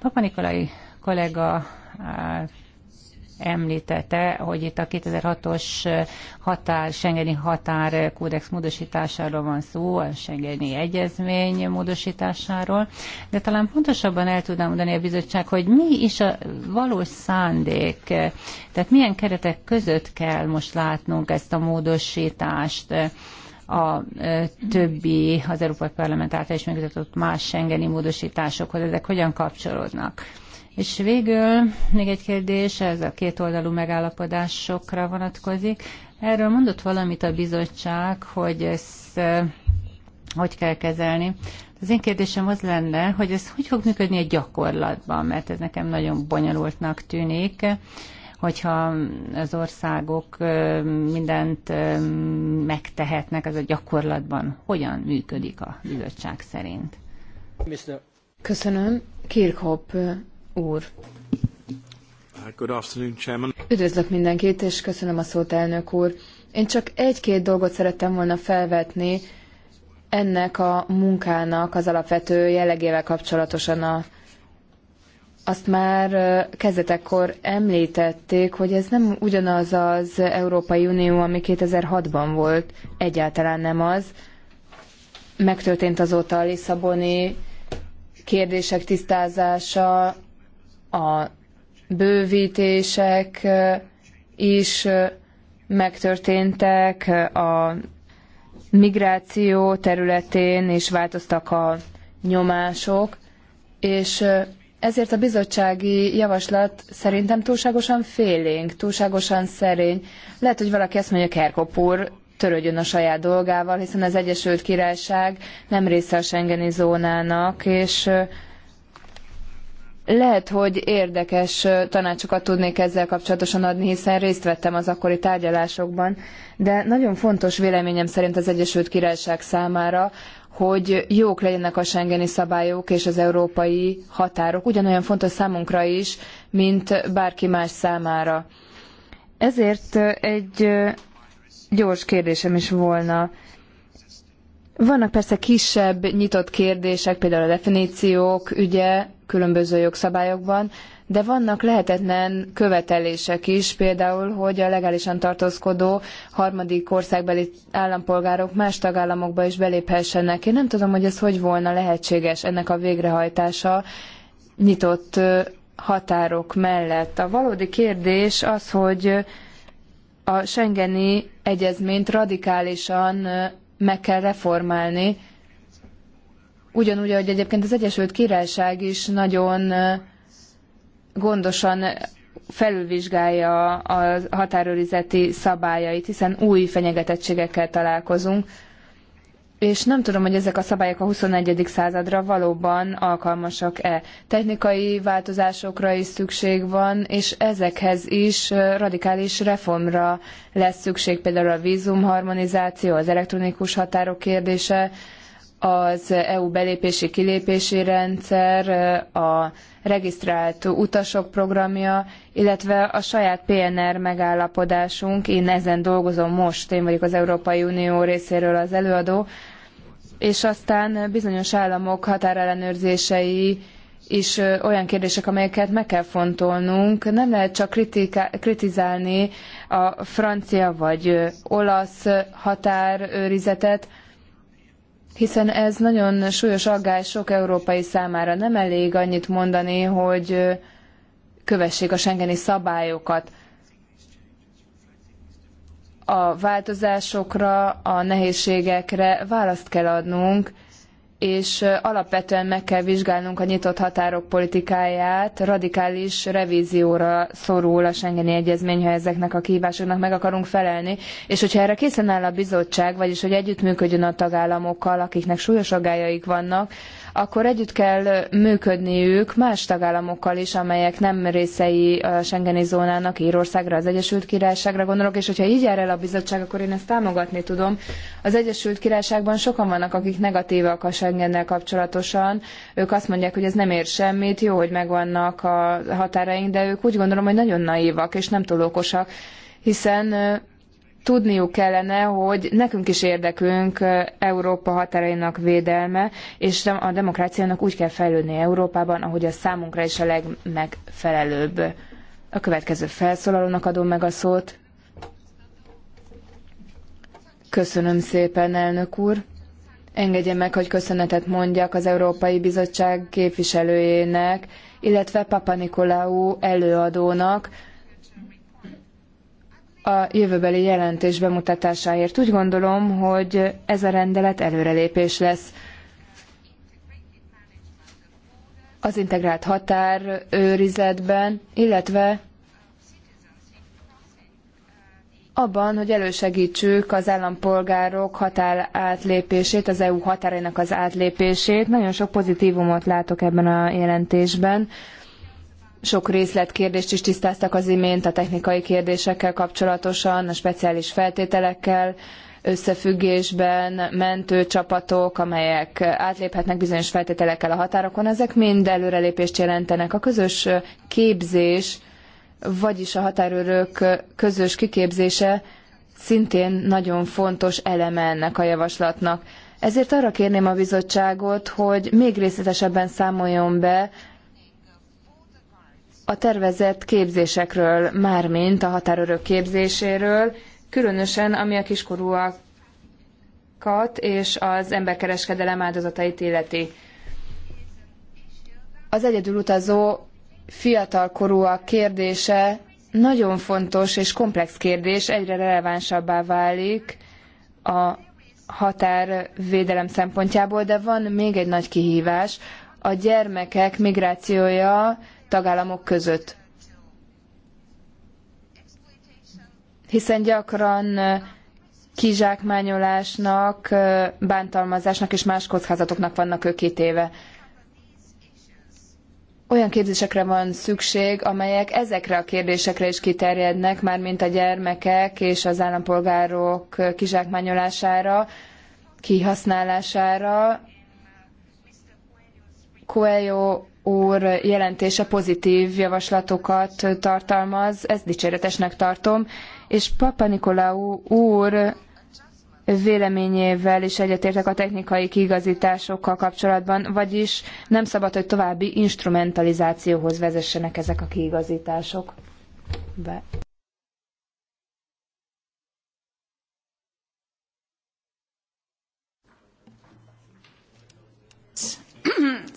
Papa Nikolai kollega említette, hogy itt a 2006-os határ, Schengeni határ kódex módosításáról van szó, a Schengeni egyezmény módosításáról, de talán pontosabban el tudnám mondani a bizottság, hogy mi is a valós szándék, tehát milyen keretek között kell most látnunk ezt a módosítást, a e, többi az Európai Parlament által is megmutatott más Schengeni módosításokhoz, ezek hogyan kapcsolódnak. És végül még egy kérdés, ez a kétoldalú megállapodásokra vonatkozik. Erről mondott valamit a bizottság, hogy ezt hogy kell kezelni. Az én kérdésem az lenne, hogy ez hogy fog működni a gyakorlatban, mert ez nekem nagyon bonyolultnak tűnik hogyha az országok mindent megtehetnek, az a gyakorlatban hogyan működik a bizottság szerint. Köszönöm. Kirchhoff úr. Uh, good afternoon, Chairman. Üdvözlök mindenkit, és köszönöm a szót, elnök úr. Én csak egy-két dolgot szerettem volna felvetni ennek a munkának az alapvető jellegével kapcsolatosan a azt már uh, kezdetekkor említették, hogy ez nem ugyanaz az Európai Unió, ami 2006-ban volt, egyáltalán nem az. Megtörtént azóta a Lisszaboni kérdések tisztázása, a bővítések is megtörténtek, a migráció területén és változtak a nyomások, és ezért a bizottsági javaslat szerintem túlságosan félénk, túlságosan szerény. Lehet, hogy valaki ezt mondja, Kerkop úr, törődjön a saját dolgával, hiszen az Egyesült Királyság nem része a Schengeni zónának, és lehet, hogy érdekes tanácsokat tudnék ezzel kapcsolatosan adni, hiszen részt vettem az akkori tárgyalásokban, de nagyon fontos véleményem szerint az Egyesült Királyság számára, hogy jók legyenek a Schengeni szabályok és az európai határok, ugyanolyan fontos számunkra is, mint bárki más számára. Ezért egy gyors kérdésem is volna. Vannak persze kisebb nyitott kérdések, például a definíciók ügye, különböző jogszabályokban, de vannak lehetetlen követelések is, például, hogy a legálisan tartózkodó harmadik országbeli állampolgárok más tagállamokba is beléphessenek. Én nem tudom, hogy ez hogy volna lehetséges ennek a végrehajtása nyitott határok mellett. A valódi kérdés az, hogy a Schengeni egyezményt radikálisan meg kell reformálni, Ugyanúgy, ahogy egyébként az Egyesült Királyság is nagyon gondosan felülvizsgálja a határőrizeti szabályait, hiszen új fenyegetettségekkel találkozunk, és nem tudom, hogy ezek a szabályok a 21. századra valóban alkalmasak-e. Technikai változásokra is szükség van, és ezekhez is radikális reformra lesz szükség, például a vízumharmonizáció, az elektronikus határok kérdése, az EU belépési-kilépési rendszer, a regisztrált utasok programja, illetve a saját PNR megállapodásunk. Én ezen dolgozom most, én vagyok az Európai Unió részéről az előadó, és aztán bizonyos államok határellenőrzései is olyan kérdések, amelyeket meg kell fontolnunk. Nem lehet csak kritika- kritizálni a francia vagy olasz határőrizetet, hiszen ez nagyon súlyos aggály sok európai számára. Nem elég annyit mondani, hogy kövessék a Schengeni szabályokat. A változásokra, a nehézségekre választ kell adnunk, és alapvetően meg kell vizsgálnunk a nyitott határok politikáját, radikális revízióra szorul a Schengeni Egyezmény, ha ezeknek a kihívásoknak meg akarunk felelni, és hogyha erre készen áll a bizottság, vagyis hogy együttműködjön a tagállamokkal, akiknek súlyos aggájaik vannak, akkor együtt kell működniük más tagállamokkal is, amelyek nem részei a Schengeni zónának, Írországra, az Egyesült Királyságra gondolok, és hogyha így jár el a bizottság, akkor én ezt támogatni tudom. Az Egyesült Királyságban sokan vannak, akik negatívak a Schengennel kapcsolatosan. Ők azt mondják, hogy ez nem ér semmit, jó, hogy megvannak a határaink, de ők úgy gondolom, hogy nagyon naívak és nem túl okosak, hiszen tudniuk kellene, hogy nekünk is érdekünk Európa határainak védelme, és a demokráciának úgy kell fejlődni Európában, ahogy az számunkra is a legmegfelelőbb. A következő felszólalónak adom meg a szót. Köszönöm szépen, elnök úr. Engedje meg, hogy köszönetet mondjak az Európai Bizottság képviselőjének, illetve Papa Nikolaou előadónak, a jövőbeli jelentés bemutatásáért. Úgy gondolom, hogy ez a rendelet előrelépés lesz. az integrált határőrizetben, illetve abban, hogy elősegítsük az állampolgárok határ átlépését, az EU határainak az átlépését. Nagyon sok pozitívumot látok ebben a jelentésben sok részletkérdést is tisztáztak az imént a technikai kérdésekkel kapcsolatosan, a speciális feltételekkel összefüggésben, mentőcsapatok, amelyek átléphetnek bizonyos feltételekkel a határokon, ezek mind előrelépést jelentenek. A közös képzés, vagyis a határőrök közös kiképzése szintén nagyon fontos eleme ennek a javaslatnak. Ezért arra kérném a bizottságot, hogy még részletesebben számoljon be a tervezett képzésekről, mármint a határőrök képzéséről, különösen ami a kiskorúakat és az emberkereskedelem áldozatait illeti. Az utazó fiatalkorúak kérdése nagyon fontos és komplex kérdés, egyre relevánsabbá válik a határvédelem szempontjából, de van még egy nagy kihívás, a gyermekek migrációja tagállamok között. Hiszen gyakran kizsákmányolásnak, bántalmazásnak és más kockázatoknak vannak ők kitéve. Olyan képzésekre van szükség, amelyek ezekre a kérdésekre is kiterjednek, mármint a gyermekek és az állampolgárok kizsákmányolására, kihasználására. Coelho úr jelentése pozitív javaslatokat tartalmaz, ezt dicséretesnek tartom, és Papa Nikolaou úr véleményével is egyetértek a technikai kiigazításokkal kapcsolatban, vagyis nem szabad, hogy további instrumentalizációhoz vezessenek ezek a kiigazítások. Be.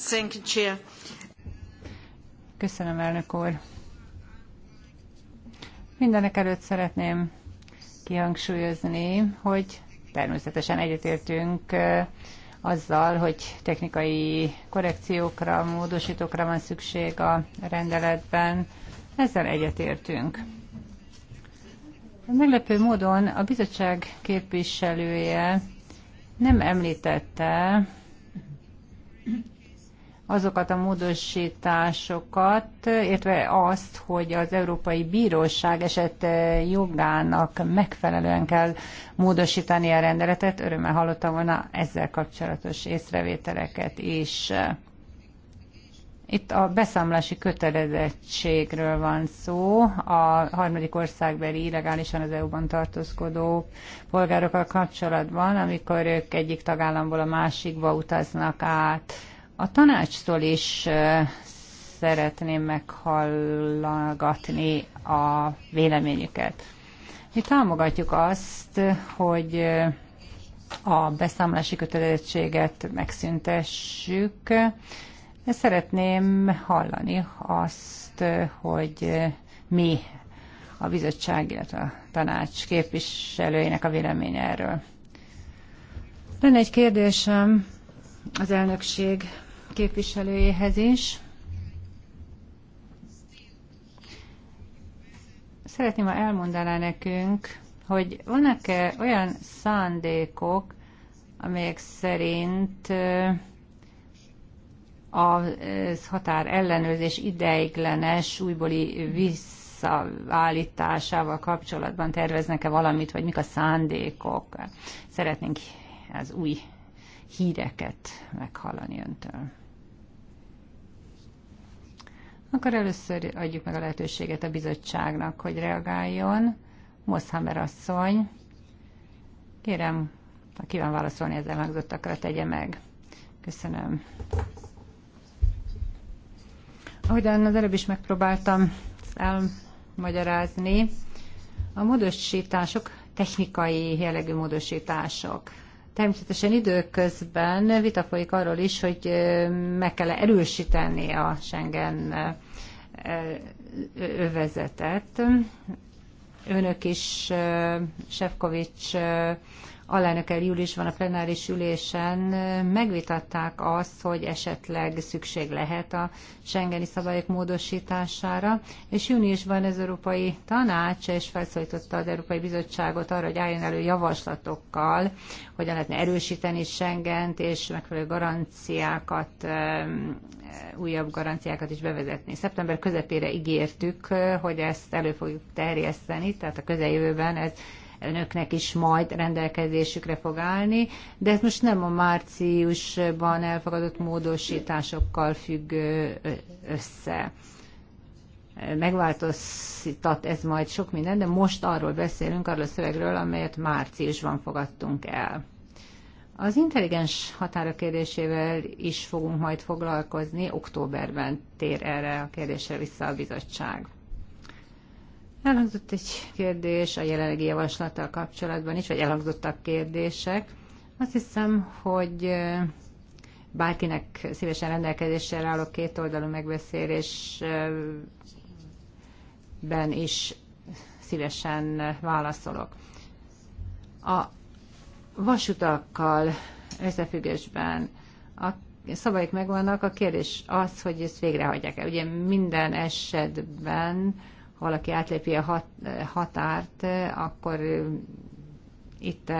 Thank you, Chair. Köszönöm, elnök úr. Mindenek előtt szeretném kihangsúlyozni, hogy természetesen egyetértünk azzal, hogy technikai korrekciókra, módosítókra van szükség a rendeletben. Ezzel egyetértünk. Meglepő módon a bizottság képviselője nem említette azokat a módosításokat, értve azt, hogy az Európai Bíróság eset eh, jogának megfelelően kell módosítani a rendeletet. Örömmel hallottam volna ezzel kapcsolatos észrevételeket is. Itt a beszámlási kötelezettségről van szó, a harmadik országbeli illegálisan az EU-ban tartózkodó polgárokkal kapcsolatban, amikor ők egyik tagállamból a másikba utaznak át a tanácstól is szeretném meghallgatni a véleményüket. Mi támogatjuk azt, hogy a beszámolási kötelezettséget megszüntessük. Szeretném hallani azt, hogy mi a bizottság, illetve a tanács képviselőinek a véleménye erről. Lenne egy kérdésem az elnökség képviselőjéhez is. Szeretném, ha elmondaná nekünk, hogy vannak-e olyan szándékok, amelyek szerint a határ ellenőrzés ideiglenes újbóli visszaállításával kapcsolatban terveznek-e valamit, vagy mik a szándékok? Szeretnénk az új híreket meghallani öntől. Akkor először adjuk meg a lehetőséget a bizottságnak, hogy reagáljon. Moszhamer asszony, kérem, ha kíván válaszolni ezzel hangzottakra, tegye meg. Köszönöm. Ahogyan az előbb is megpróbáltam elmagyarázni, a módosítások technikai jellegű módosítások. Természetesen időközben vita folyik arról is, hogy meg kell erősíteni a Schengen övezetet. Önök is, Sefkovics alelnökkel júliusban a plenáris ülésen megvitatták azt, hogy esetleg szükség lehet a Schengeni szabályok módosítására, és júniusban az Európai Tanács és felszólította az Európai Bizottságot arra, hogy álljon elő javaslatokkal, hogyan lehetne erősíteni Schengent, és megfelelő garanciákat, újabb garanciákat is bevezetni. Szeptember közepére ígértük, hogy ezt elő fogjuk terjeszteni, tehát a közeljövőben ez önöknek is majd rendelkezésükre fog állni, de ez most nem a márciusban elfogadott módosításokkal függ össze. Megváltoztat ez majd sok minden, de most arról beszélünk, arról a szövegről, amelyet márciusban fogadtunk el. Az intelligens határa kérdésével is fogunk majd foglalkozni, októberben tér erre a kérdésre vissza a bizottság. Elhangzott egy kérdés a jelenlegi javaslattal kapcsolatban is, vagy elhangzottak kérdések. Azt hiszem, hogy bárkinek szívesen rendelkezésre állok két oldalú megbeszélésben is szívesen válaszolok. A vasutakkal összefüggésben a szabályok megvannak, a kérdés az, hogy ezt végrehajtják-e. Ugye minden esetben valaki átlépi a hat, határt, akkor itt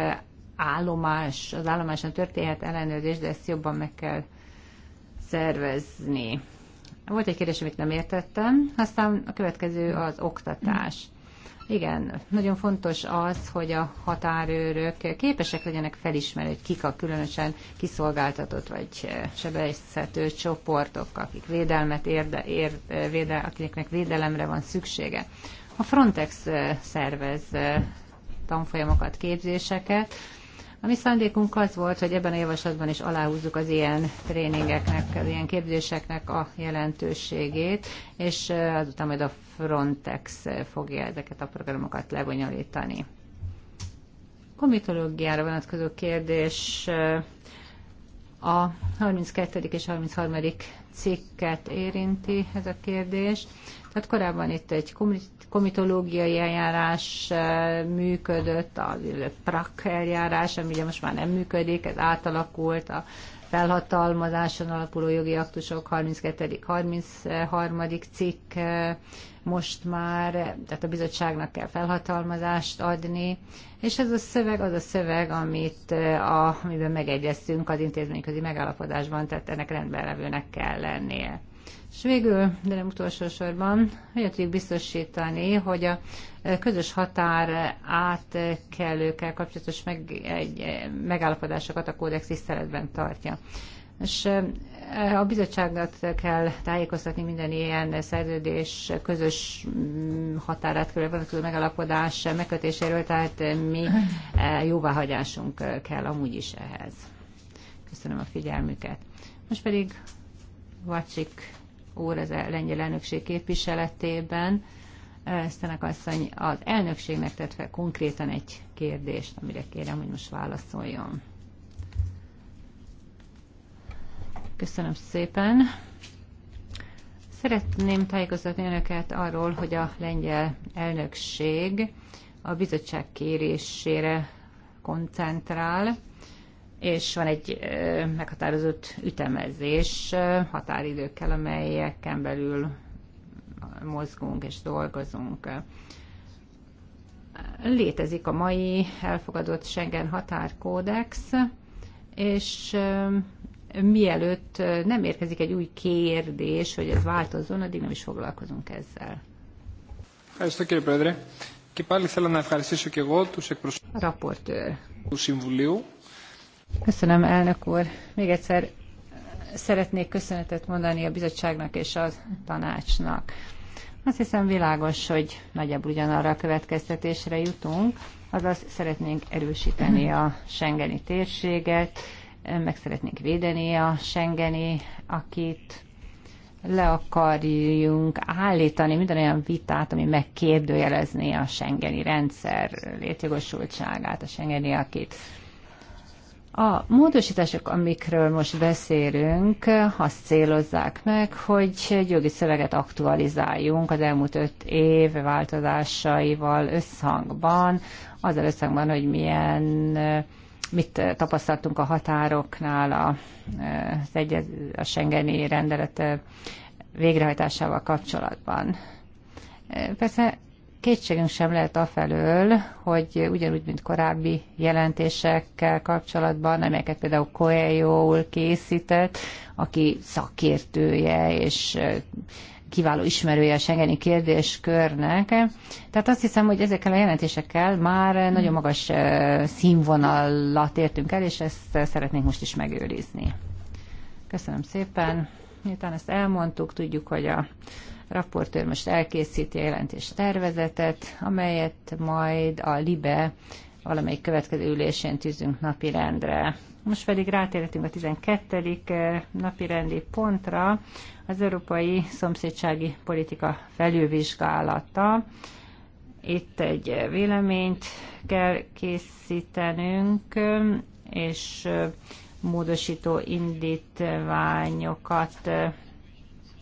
állomás, az állomáson történhet ellenőrzés, de ezt jobban meg kell szervezni. Volt egy kérdés, amit nem értettem, aztán a következő az oktatás. Igen, nagyon fontos az, hogy a határőrök képesek legyenek felismerni, hogy kik a különösen kiszolgáltatott vagy eh, sebezhető csoportok, akik védelmet érde, ér, eh, védel, akiknek védelemre van szüksége. A Frontex eh, szervez tanfolyamokat, képzéseket, a mi szándékunk az volt, hogy ebben a javaslatban is aláhúzzuk az ilyen tréningeknek, az ilyen képzéseknek a jelentőségét, és azután majd a Frontex fogja ezeket a programokat lebonyolítani. Komitológiára vonatkozó kérdés a 32. és 33. cikket érinti ez a kérdés. Tehát korábban itt egy komitológiai eljárás eh, működött, a PRAK eljárás, ami ugye most már nem működik, ez átalakult a felhatalmazáson alapuló jogi aktusok 32. 33. cikk eh, most már, tehát a bizottságnak kell felhatalmazást adni, és ez a szöveg az a szöveg, amit eh, a, amiben megegyeztünk az intézményközi megállapodásban, tehát ennek rendben levőnek kell lennie. És végül, de nem utolsó sorban, hogyan tudjuk biztosítani, hogy a e, közös határ átkelőkkel kapcsolatos meg, egy, e, megállapodásokat a kódex tiszteletben tartja. És e, a bizottságot kell tájékoztatni minden ilyen szerződés közös mm, határát körül vonatkozó megalapodás megkötéséről, tehát mi jóváhagyásunk kell amúgy is ehhez. Köszönöm a figyelmüket. Most pedig Vacsik úr az lengyel elnökség képviseletében. Sztenek asszony az elnökségnek tett fel konkrétan egy kérdést, amire kérem, hogy most válaszoljon. Köszönöm szépen. Szeretném tájékoztatni önöket arról, hogy a lengyel elnökség a bizottság kérésére koncentrál, és van egy meghatározott ütemezés határidőkkel, amelyeken belül mozgunk és dolgozunk. Létezik a mai elfogadott Schengen határkódex, és mielőtt nem érkezik egy új kérdés, hogy ez változzon, addig nem is foglalkozunk ezzel. Ευχαριστώ κύριε Πρόεδρε. Και πάλι θέλω να ευχαριστήσω και εγώ τους εκπροσώπους του Συμβουλίου Köszönöm, elnök úr. Még egyszer szeretnék köszönetet mondani a bizottságnak és a tanácsnak. Azt hiszem világos, hogy nagyjából ugyanarra a következtetésre jutunk, azaz szeretnénk erősíteni a Schengeni térséget, meg szeretnénk védeni a Schengeni, akit le akarjunk állítani minden olyan vitát, ami megkérdőjelezné a Schengeni rendszer létjogosultságát, a Schengeni akit. A módosítások, amikről most beszélünk, azt célozzák meg, hogy egy jogi szöveget aktualizáljunk az elmúlt öt év változásaival összhangban, azzal összhangban, hogy milyen mit tapasztaltunk a határoknál a, az egyez, a Schengeni rendelet végrehajtásával kapcsolatban. Persze kétségünk sem lehet afelől, hogy ugyanúgy, mint korábbi jelentésekkel kapcsolatban, amelyeket például Coelho készített, aki szakértője és kiváló ismerője a Schengeni kérdéskörnek. Tehát azt hiszem, hogy ezekkel a jelentésekkel már nagyon magas színvonalat értünk el, és ezt szeretnénk most is megőrizni. Köszönöm szépen. Miután ezt elmondtuk, tudjuk, hogy a raportőr most elkészíti a jelentés tervezetet, amelyet majd a LIBE valamelyik következő ülésén tűzünk napirendre. Most pedig rátérhetünk a 12. Eh, napirendi pontra, az Európai Szomszédsági Politika felülvizsgálata. Itt egy véleményt kell készítenünk, eh, és eh, módosító indítványokat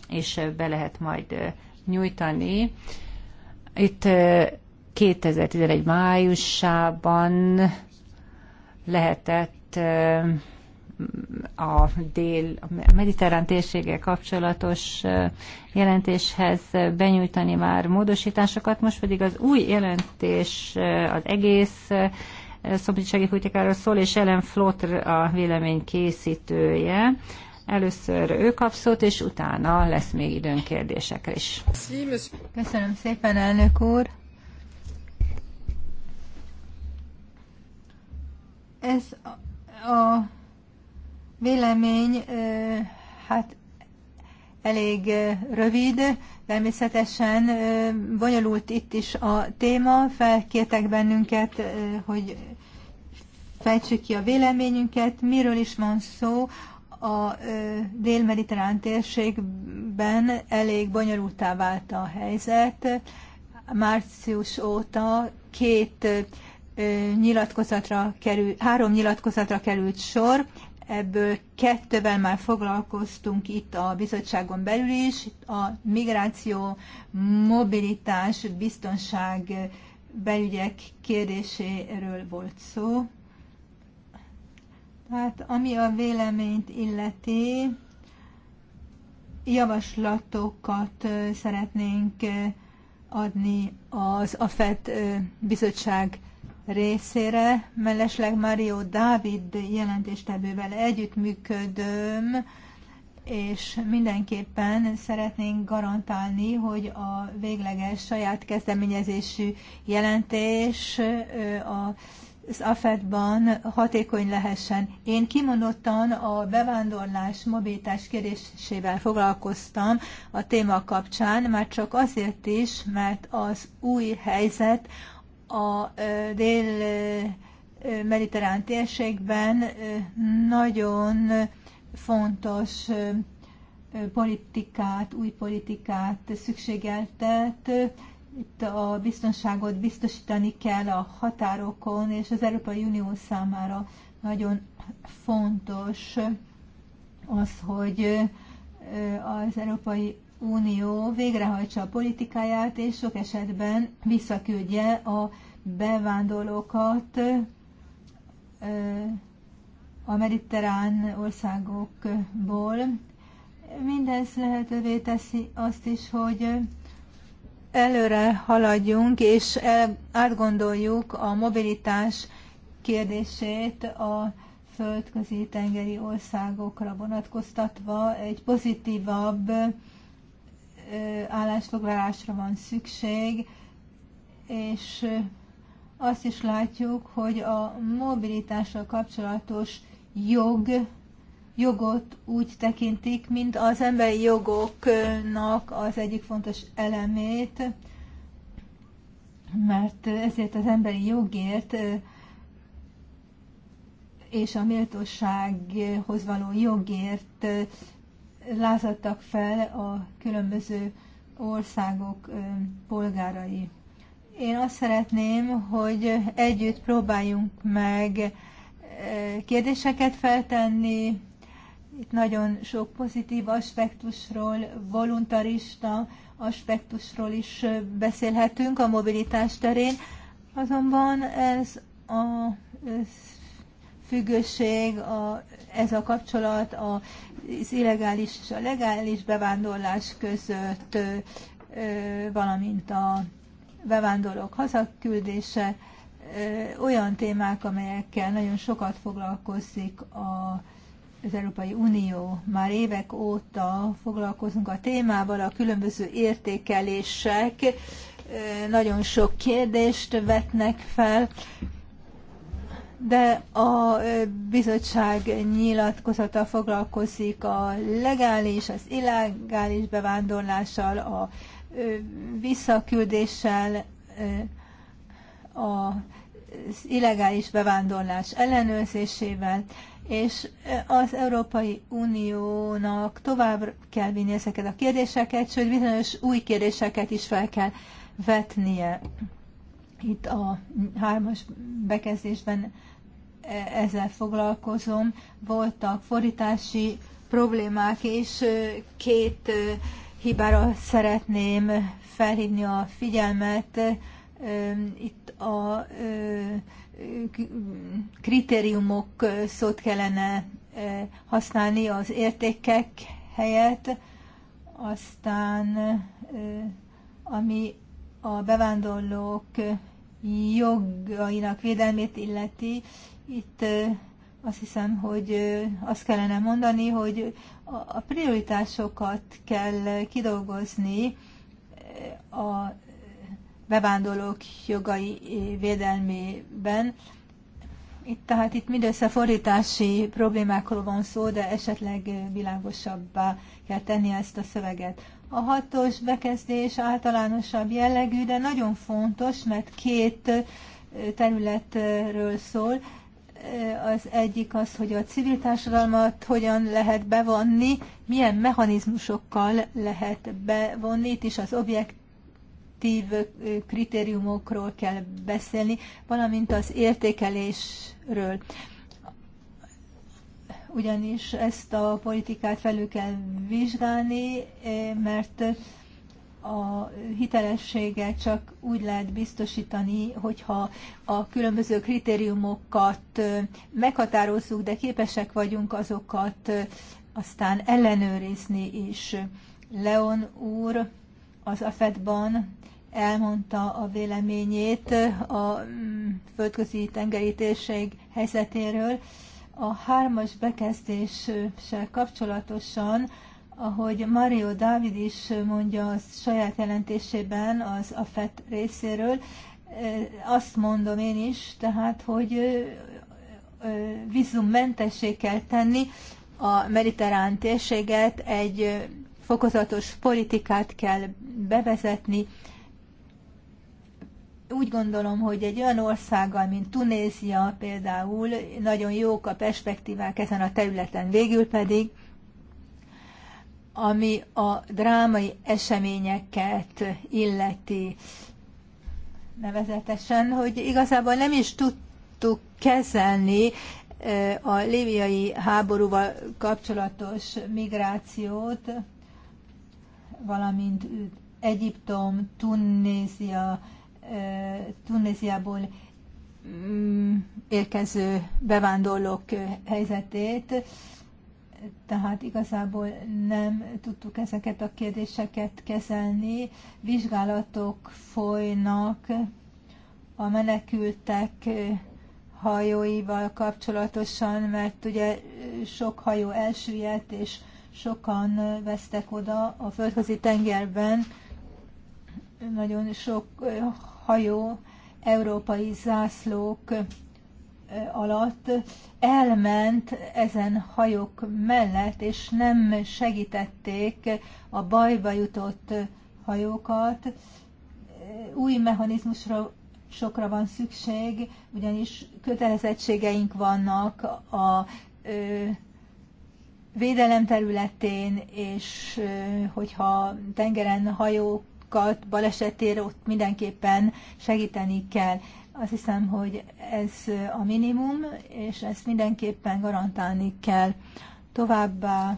és be lehet majd nyújtani. Itt 2011 májusában lehetett a dél a mediterrán térséggel kapcsolatos jelentéshez benyújtani már módosításokat, most pedig az új jelentés az egész szomszédsági politikáról szól, és Ellen Flotter a vélemény készítője. Először ő kap szót, és utána lesz még időn kérdésekre is. Köszönöm szépen, elnök úr! Ez a vélemény, hát elég rövid, természetesen bonyolult itt is a téma, felkértek bennünket, hogy fejtsük ki a véleményünket, miről is van szó a dél-mediterrán térségben elég bonyolultá vált a helyzet. Március óta két nyilatkozatra kerül, három nyilatkozatra került sor, ebből kettővel már foglalkoztunk itt a bizottságon belül is, a migráció, mobilitás, biztonság belügyek kérdéséről volt szó. Tehát ami a véleményt illeti, javaslatokat szeretnénk adni az AFET bizottság részére, mellesleg Mário Dávid jelentéstevővel együttműködöm, és mindenképpen szeretnénk garantálni, hogy a végleges saját kezdeményezésű jelentés a az AFED-ban hatékony lehessen. Én kimondottan a bevándorlás, mobilitás kérdésével foglalkoztam a téma kapcsán, már csak azért is, mert az új helyzet a dél-mediterrán térségben nagyon fontos politikát, új politikát szükségeltet, itt a biztonságot biztosítani kell a határokon, és az Európai Unió számára nagyon fontos az, hogy az Európai Unió végrehajtsa a politikáját, és sok esetben visszaküldje a bevándorlókat a mediterrán országokból. Mindez lehetővé teszi azt is, hogy előre haladjunk, és el, átgondoljuk a mobilitás kérdését a földközi tengeri országokra vonatkoztatva. Egy pozitívabb állásfoglalásra van szükség, és azt is látjuk, hogy a mobilitással kapcsolatos jog jogot úgy tekintik, mint az emberi jogoknak az egyik fontos elemét, mert ezért az emberi jogért és a méltósághoz való jogért lázadtak fel a különböző országok polgárai. Én azt szeretném, hogy együtt próbáljunk meg kérdéseket feltenni, itt nagyon sok pozitív aspektusról, voluntarista aspektusról is beszélhetünk a mobilitás terén, azonban ez a függőség, a, ez a kapcsolat az illegális és a legális bevándorlás között, valamint a bevándorlók hazaküldése, olyan témák, amelyekkel nagyon sokat foglalkozik a az Európai Unió. Már évek óta foglalkozunk a témával, a különböző értékelések nagyon sok kérdést vetnek fel, de a bizottság nyilatkozata foglalkozik a legális, az illegális bevándorlással, a visszaküldéssel, az illegális bevándorlás ellenőrzésével, és az Európai Uniónak tovább kell vinni ezeket a kérdéseket, sőt bizonyos új kérdéseket is fel kell vetnie. Itt a hármas bekezdésben ezzel foglalkozom. Voltak fordítási problémák, és két hibára szeretném felhívni a figyelmet. Itt a kritériumok szót kellene használni az értékek helyett, aztán ami a bevándorlók jogainak védelmét illeti, itt azt hiszem, hogy azt kellene mondani, hogy a prioritásokat kell kidolgozni a bevándorlók jogai eh, védelmében. Itt tehát itt mindössze fordítási problémákról van szó, de esetleg eh, világosabbá kell tenni ezt a szöveget. A hatos bekezdés általánosabb jellegű, de nagyon fontos, mert két eh, területről szól. Az egyik az, hogy a civil társadalmat hogyan lehet bevonni, milyen mechanizmusokkal lehet bevonni, itt is az objekt objektív kritériumokról kell beszélni, valamint az értékelésről. Ugyanis ezt a politikát felül kell vizsgálni, mert a hitelességet csak úgy lehet biztosítani, hogyha a különböző kritériumokat meghatározzuk, de képesek vagyunk azokat aztán ellenőrizni is. Leon úr az AFED-ban elmondta a véleményét a mm, földközi tengeri térség helyzetéről. A hármas bekezdéssel kapcsolatosan, ahogy Mario Dávid is mondja a saját jelentésében az AFET részéről, azt mondom én is, tehát, hogy vízummentessé kell tenni a mediterrán térséget, egy fokozatos politikát kell bevezetni, úgy gondolom, hogy egy olyan országgal, mint Tunézia például, nagyon jók a perspektívák ezen a területen. Végül pedig, ami a drámai eseményeket illeti, nevezetesen, hogy igazából nem is tudtuk kezelni eh, a lébiai háborúval kapcsolatos migrációt, valamint Egyiptom, Tunézia, Tunéziából mm, érkező bevándorlók helyzetét, tehát igazából nem tudtuk ezeket a kérdéseket kezelni. Vizsgálatok folynak a menekültek hajóival kapcsolatosan, mert ugye sok hajó elsüllyedt, és sokan vesztek oda a földközi tengerben. Nagyon sok hajó európai zászlók alatt elment ezen hajók mellett, és nem segítették a bajba jutott hajókat. Új mechanizmusra sokra van szükség, ugyanis kötelezettségeink vannak a ö, védelem területén, és ö, hogyha tengeren hajók áldozatokat, balesetére ott mindenképpen segíteni kell. Azt hiszem, hogy ez a minimum, és ezt mindenképpen garantálni kell. Továbbá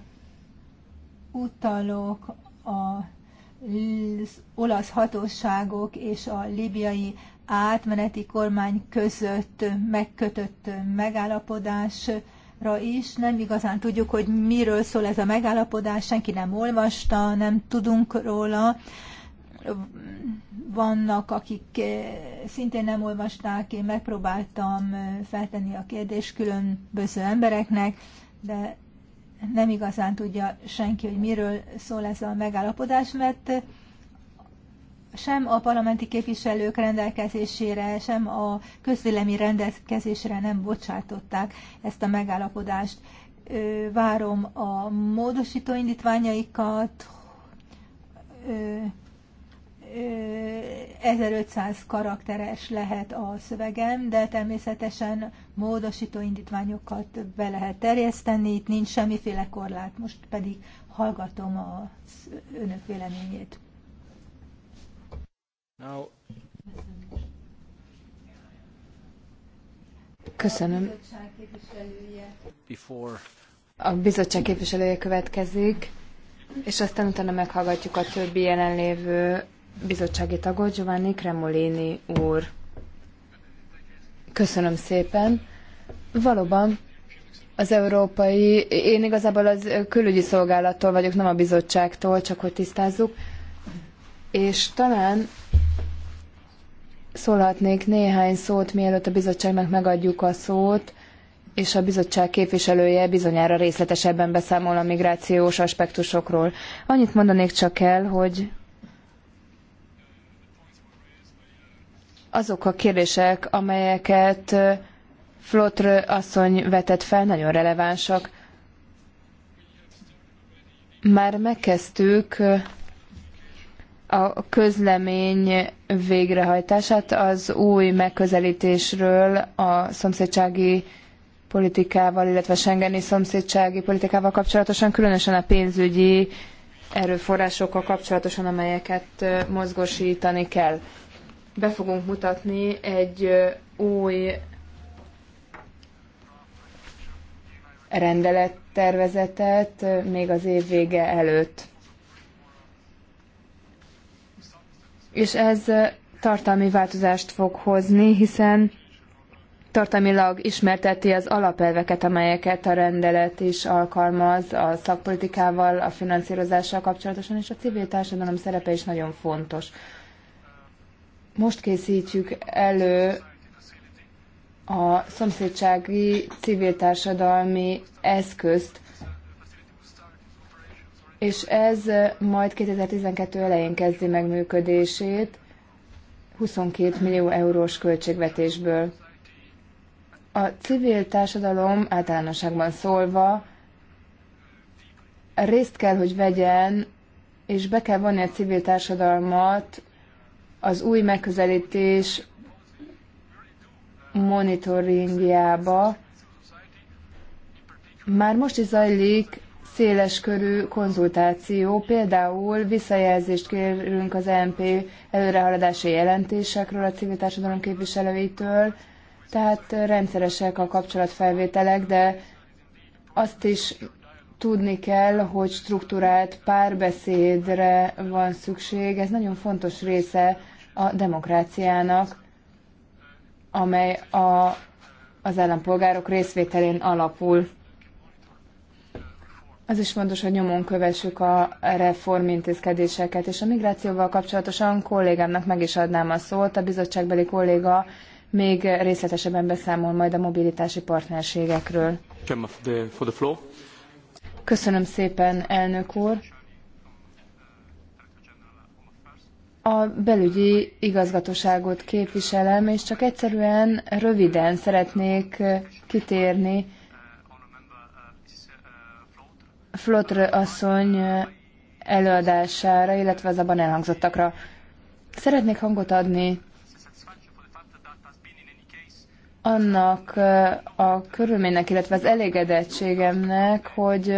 utalok az olasz hatóságok és a libiai átmeneti kormány között megkötött megállapodásra is. Nem igazán tudjuk, hogy miről szól ez a megállapodás, senki nem olvasta, nem tudunk róla vannak, akik eh, szintén nem olvasták, én megpróbáltam eh, feltenni a kérdést különböző embereknek, de nem igazán tudja senki, hogy miről szól ez a megállapodás, mert sem a parlamenti képviselők rendelkezésére, sem a közvélemi rendelkezésre nem bocsátották ezt a megállapodást. Várom a módosító indítványaikat, 1500 karakteres lehet a szövegem, de természetesen módosító indítványokat be lehet terjeszteni, itt nincs semmiféle korlát, most pedig hallgatom az önök véleményét. Now. Köszönöm. A bizottság képviselője következik, és aztán utána meghallgatjuk a többi jelenlévő bizottsági tagot, Giovanni Cremolini úr. Köszönöm szépen. Valóban az európai, én igazából az külügyi szolgálattól vagyok, nem a bizottságtól, csak hogy tisztázzuk. És talán szólhatnék néhány szót, mielőtt a bizottságnak megadjuk a szót, és a bizottság képviselője bizonyára részletesebben beszámol a migrációs aspektusokról. Annyit mondanék csak el, hogy azok a kérdések, amelyeket Flotr asszony vetett fel, nagyon relevánsak. Már megkezdtük a közlemény végrehajtását az új megközelítésről a szomszédsági politikával, illetve Schengeni szomszédsági politikával kapcsolatosan, különösen a pénzügyi erőforrásokkal kapcsolatosan, amelyeket mozgósítani kell be fogunk mutatni egy új rendelettervezetet még az év vége előtt. És ez tartalmi változást fog hozni, hiszen tartalmilag ismerteti az alapelveket, amelyeket a rendelet is alkalmaz a szakpolitikával, a finanszírozással kapcsolatosan, és a civil társadalom szerepe is nagyon fontos most készítjük elő a szomszédsági civil társadalmi eszközt, és ez majd 2012 elején kezdi meg működését 22 millió eurós költségvetésből. A civil társadalom általánosságban szólva részt kell, hogy vegyen, és be kell vonni a civil társadalmat az új megközelítés monitoringjába már most is zajlik széles körű konzultáció, például visszajelzést kérünk az MP előrehaladási jelentésekről a civil társadalom képviselőitől, tehát rendszeresek a kapcsolatfelvételek, de azt is tudni kell, hogy struktúrált párbeszédre van szükség. Ez nagyon fontos része a demokráciának, amely a, az állampolgárok részvételén alapul. Az is fontos, hogy nyomon kövessük a reformintézkedéseket, és a migrációval kapcsolatosan kollégámnak meg is adnám a szót. A bizottságbeli kolléga még részletesebben beszámol majd a mobilitási partnerségekről. Köszönöm szépen, elnök úr! a belügyi igazgatóságot képviselem, és csak egyszerűen röviden szeretnék kitérni Flotr asszony előadására, illetve az abban elhangzottakra. Szeretnék hangot adni annak a körülménynek, illetve az elégedettségemnek, hogy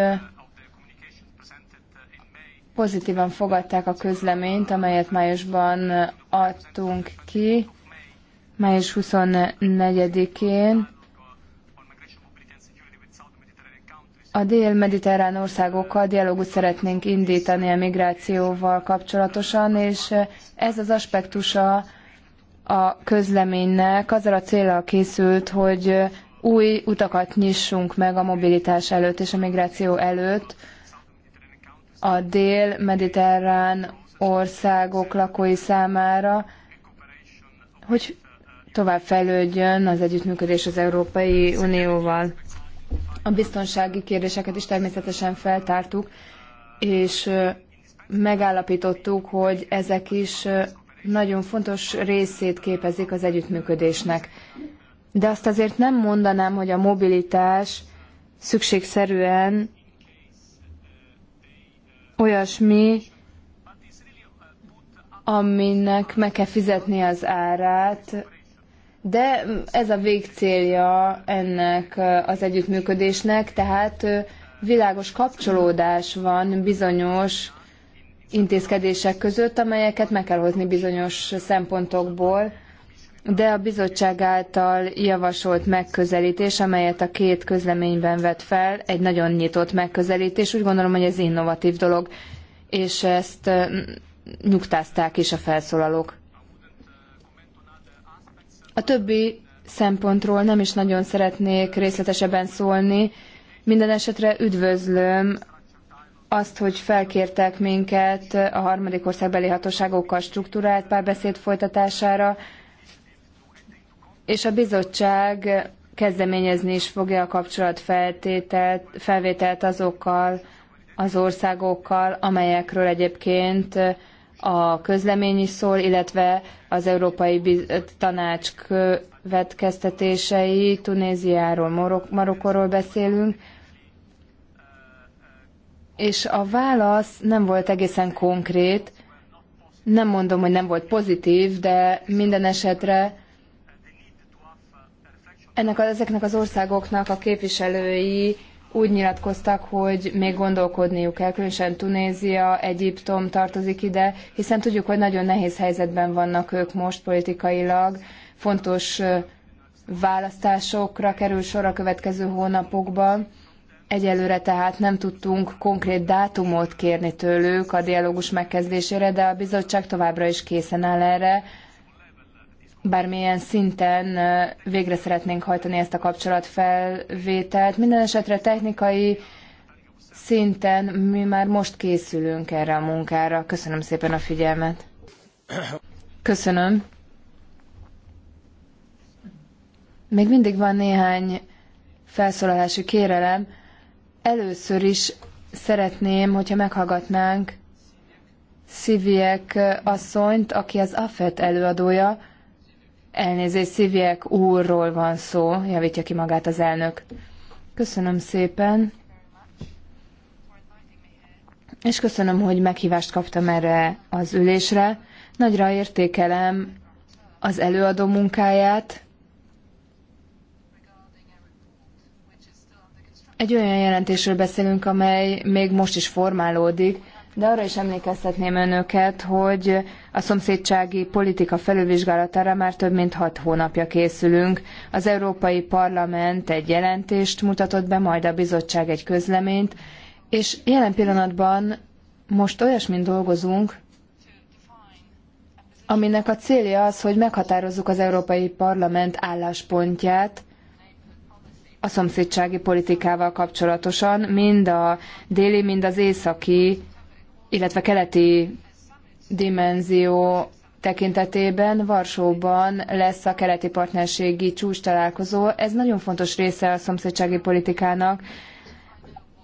pozitívan fogadták a közleményt, amelyet májusban adtunk ki, május 24-én. A dél-mediterrán országokkal dialógus szeretnénk indítani a migrációval kapcsolatosan, és ez az aspektusa a közleménynek azzal a célral készült, hogy új utakat nyissunk meg a mobilitás előtt és a migráció előtt, a dél-mediterrán országok lakói számára, hogy tovább fejlődjön az együttműködés az Európai Unióval. A biztonsági kérdéseket is természetesen feltártuk, és megállapítottuk, hogy ezek is nagyon fontos részét képezik az együttműködésnek. De azt azért nem mondanám, hogy a mobilitás szükségszerűen olyasmi, aminek meg kell fizetni az árát, de ez a végcélja ennek az együttműködésnek, tehát világos kapcsolódás van bizonyos intézkedések között, amelyeket meg kell hozni bizonyos szempontokból, de a bizottság által javasolt megközelítés, amelyet a két közleményben vett fel, egy nagyon nyitott megközelítés. Úgy gondolom, hogy ez innovatív dolog, és ezt nyugtázták is a felszólalók. A többi szempontról nem is nagyon szeretnék részletesebben szólni. Minden esetre üdvözlöm azt, hogy felkértek minket a harmadik országbeli hatóságokkal struktúrált párbeszéd folytatására, és a bizottság kezdeményezni is fogja a kapcsolatfeltételt, felvételt azokkal az országokkal, amelyekről egyébként a közlemény is szól, illetve az Európai Tanács következtetései, Tunéziáról, Marok- Marokkorról beszélünk, és a válasz nem volt egészen konkrét. Nem mondom, hogy nem volt pozitív, de minden esetre ennek, ezeknek az országoknak a képviselői úgy nyilatkoztak, hogy még gondolkodniuk kell, különösen Tunézia, Egyiptom tartozik ide, hiszen tudjuk, hogy nagyon nehéz helyzetben vannak ők most politikailag, fontos választásokra kerül sor a következő hónapokban. Egyelőre tehát nem tudtunk konkrét dátumot kérni tőlük a dialógus megkezdésére, de a bizottság továbbra is készen áll erre, bármilyen szinten végre szeretnénk hajtani ezt a kapcsolatfelvételt. Minden esetre technikai szinten mi már most készülünk erre a munkára. Köszönöm szépen a figyelmet. Köszönöm. Még mindig van néhány felszólalási kérelem. Először is szeretném, hogyha meghallgatnánk Sziviek asszonyt, aki az AFET előadója, Elnézést, Sziviek úrról van szó, javítja ki magát az elnök. Köszönöm szépen. És köszönöm, hogy meghívást kaptam erre az ülésre. Nagyra értékelem az előadó munkáját. Egy olyan jelentésről beszélünk, amely még most is formálódik, de arra is emlékeztetném önöket, hogy a szomszédsági politika felülvizsgálatára már több mint hat hónapja készülünk. Az Európai Parlament egy jelentést mutatott be, majd a bizottság egy közleményt, és jelen pillanatban most olyasmin dolgozunk, aminek a célja az, hogy meghatározzuk az Európai Parlament álláspontját a szomszédsági politikával kapcsolatosan, mind a déli, mind az északi illetve keleti dimenzió tekintetében Varsóban lesz a keleti partnerségi csúcs találkozó. Ez nagyon fontos része a szomszédsági politikának.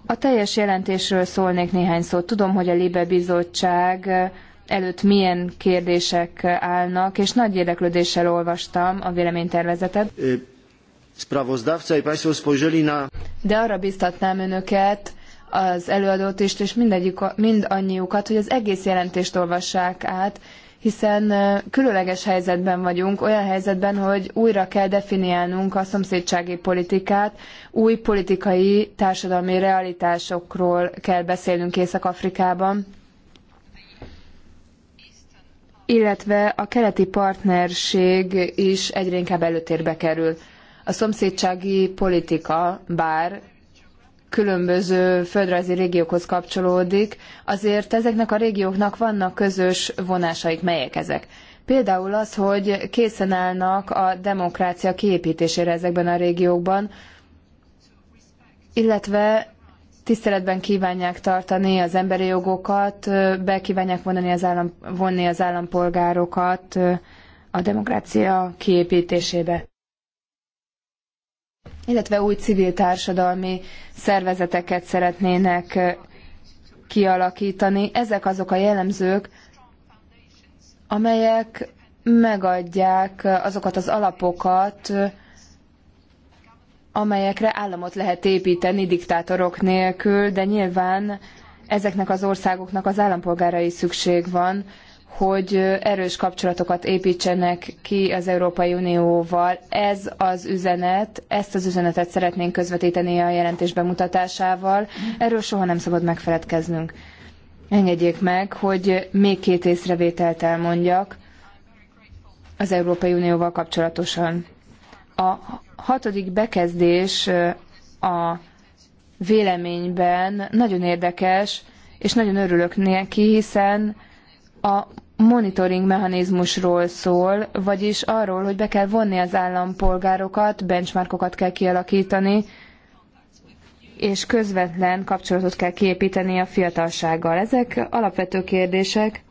A teljes jelentésről szólnék néhány szót. Tudom, hogy a Libe Bizottság előtt milyen kérdések állnak, és nagy érdeklődéssel olvastam a véleménytervezetet. De arra biztatnám önöket, az előadót is, és mindegyik, mind annyiukat, hogy az egész jelentést olvassák át, hiszen különleges helyzetben vagyunk, olyan helyzetben, hogy újra kell definiálnunk a szomszédsági politikát, új politikai, társadalmi realitásokról kell beszélnünk Észak-Afrikában, illetve a keleti partnerség is egyre inkább előtérbe kerül. A szomszédsági politika, bár különböző földrajzi régiókhoz kapcsolódik, azért ezeknek a régióknak vannak közös vonásaik, melyek ezek. Például az, hogy készen állnak a demokrácia kiépítésére ezekben a régiókban, illetve tiszteletben kívánják tartani az emberi jogokat, be kívánják vonni az állam, vonni az állampolgárokat a demokrácia kiépítésébe illetve új civil társadalmi szervezeteket szeretnének kialakítani. Ezek azok a jellemzők, amelyek megadják azokat az alapokat, amelyekre államot lehet építeni diktátorok nélkül, de nyilván ezeknek az országoknak az állampolgárai szükség van hogy erős kapcsolatokat építsenek ki az Európai Unióval. Ez az üzenet, ezt az üzenetet szeretnénk közvetíteni a jelentés bemutatásával. Erről soha nem szabad megfeledkeznünk. Engedjék meg, hogy még két észrevételt elmondjak az Európai Unióval kapcsolatosan. A hatodik bekezdés a véleményben nagyon érdekes, és nagyon örülök neki, hiszen a monitoring mechanizmusról szól, vagyis arról, hogy be kell vonni az állampolgárokat, benchmarkokat kell kialakítani, és közvetlen kapcsolatot kell kiépíteni a fiatalsággal. Ezek alapvető kérdések,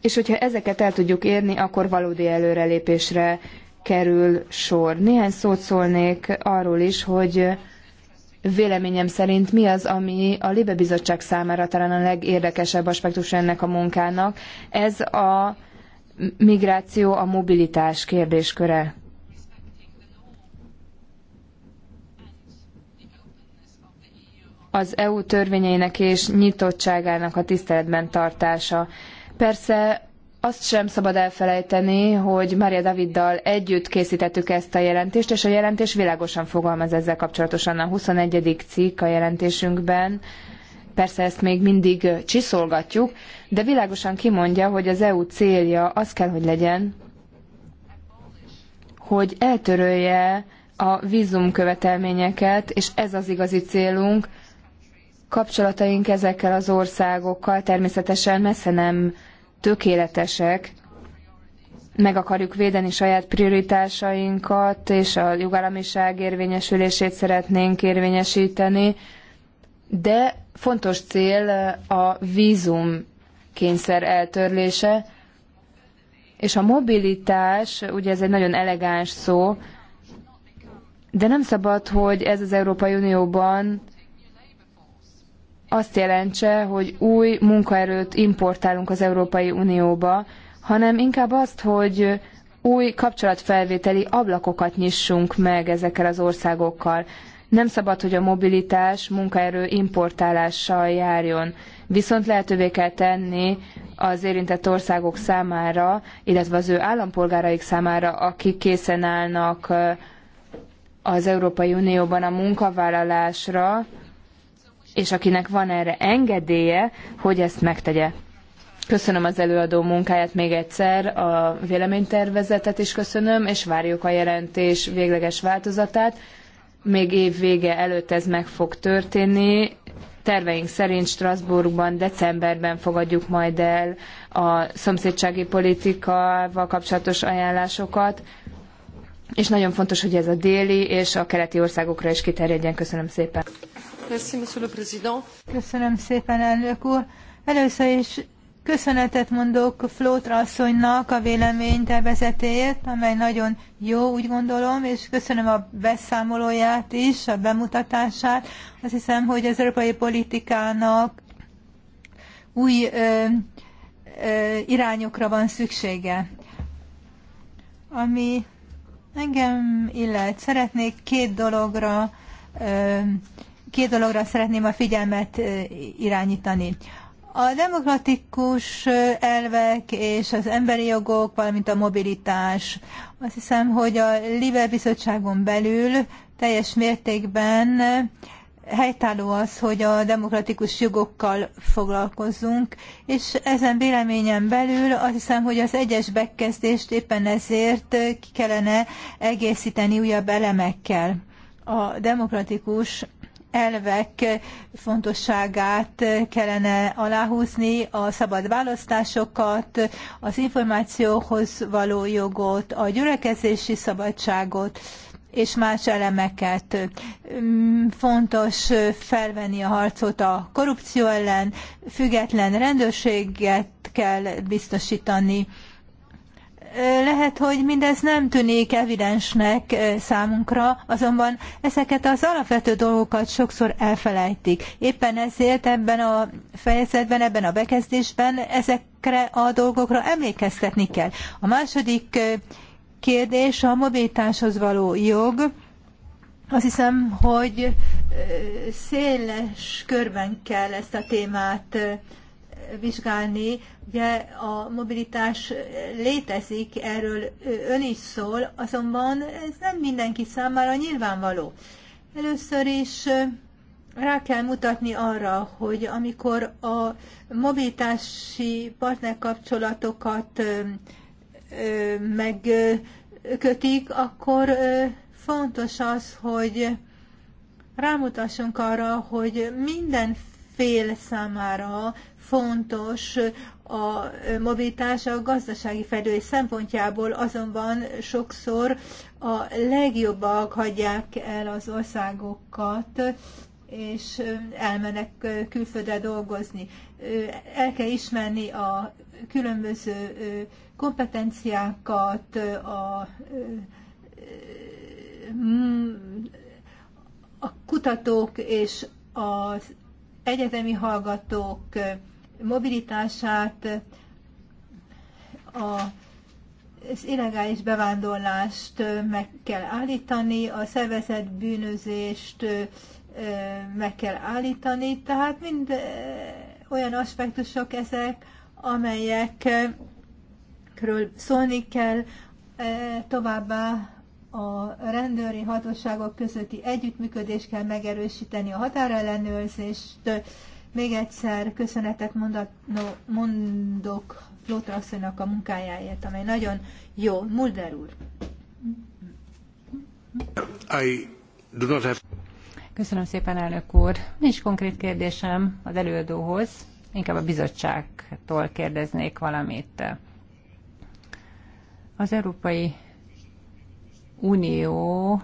és hogyha ezeket el tudjuk érni, akkor valódi előrelépésre kerül sor. Néhány szót szólnék arról is, hogy véleményem szerint mi az, ami a Libe Bizottság számára talán a legérdekesebb aspektus ennek a munkának. Ez a migráció, a mobilitás kérdésköre. Az EU törvényeinek és nyitottságának a tiszteletben tartása. Persze azt sem szabad elfelejteni, hogy Mária Daviddal együtt készítettük ezt a jelentést, és a jelentés világosan fogalmaz ezzel kapcsolatosan a 21. cikk a jelentésünkben. Persze ezt még mindig csiszolgatjuk, de világosan kimondja, hogy az EU célja az kell, hogy legyen, hogy eltörölje a vízumkövetelményeket, és ez az igazi célunk. Kapcsolataink ezekkel az országokkal természetesen messze nem tökéletesek, meg akarjuk védeni saját prioritásainkat, és a jogállamiság érvényesülését szeretnénk érvényesíteni, de fontos cél a vízum kényszer eltörlése, és a mobilitás, ugye ez egy nagyon elegáns szó, de nem szabad, hogy ez az Európai Unióban azt jelentse, hogy új munkaerőt importálunk az Európai Unióba, hanem inkább azt, hogy új kapcsolatfelvételi ablakokat nyissunk meg ezekkel az országokkal. Nem szabad, hogy a mobilitás munkaerő importálással járjon. Viszont lehetővé kell tenni az érintett országok számára, illetve az ő állampolgáraik számára, akik készen állnak az Európai Unióban a munkavállalásra, és akinek van erre engedélye, hogy ezt megtegye. Köszönöm az előadó munkáját még egyszer, a véleménytervezetet is köszönöm, és várjuk a jelentés végleges változatát. Még év vége előtt ez meg fog történni. Terveink szerint Strasbourgban decemberben fogadjuk majd el a szomszédsági politikával kapcsolatos ajánlásokat, és nagyon fontos, hogy ez a déli és a keleti országokra is kiterjedjen. Köszönöm szépen! Köszönöm szépen, elnök úr. Először is köszönetet mondok Flótra asszonynak a véleménytervezetéért, amely nagyon jó, úgy gondolom, és köszönöm a beszámolóját is, a bemutatását. Azt hiszem, hogy az európai politikának új ö, ö, irányokra van szüksége. Ami engem illet, szeretnék két dologra ö, két dologra szeretném a figyelmet irányítani. A demokratikus elvek és az emberi jogok, valamint a mobilitás. Azt hiszem, hogy a Libe bizottságon belül teljes mértékben helytálló az, hogy a demokratikus jogokkal foglalkozzunk, és ezen véleményen belül azt hiszem, hogy az egyes bekezdést éppen ezért ki kellene egészíteni újabb elemekkel. A demokratikus elvek fontosságát kellene aláhúzni, a szabad választásokat, az információhoz való jogot, a gyülekezési szabadságot és más elemeket. Mm, fontos felvenni a harcot a korrupció ellen, független rendőrséget kell biztosítani, lehet, hogy mindez nem tűnik evidensnek számunkra, azonban ezeket az alapvető dolgokat sokszor elfelejtik. Éppen ezért ebben a fejezetben, ebben a bekezdésben ezekre a dolgokra emlékeztetni kell. A második kérdés a mobilitáshoz való jog. Azt hiszem, hogy széles körben kell ezt a témát vizsgálni. Ugye a mobilitás létezik, erről ön is szól, azonban ez nem mindenki számára nyilvánvaló. Először is rá kell mutatni arra, hogy amikor a mobilitási partnerkapcsolatokat megkötik, akkor fontos az, hogy rámutassunk arra, hogy minden fél számára fontos a mobilitás a gazdasági fejlődés szempontjából, azonban sokszor a legjobbak hagyják el az országokat, és elmennek külföldre dolgozni. El kell ismerni a különböző kompetenciákat, a, a kutatók és az egyetemi hallgatók mobilitását, az illegális bevándorlást meg kell állítani, a szervezett bűnözést meg kell állítani, tehát mind olyan aspektusok ezek, amelyekről szólni kell, továbbá a rendőri hatóságok közötti együttműködést kell megerősíteni, a határellenőrzést még egyszer köszönetet mondat, no, mondok Flótra asszonynak a munkájáért, amely nagyon jó. Mulder úr. I do not have... Köszönöm szépen, elnök úr. Nincs konkrét kérdésem az előadóhoz, inkább a bizottságtól kérdeznék valamit. Az Európai Unió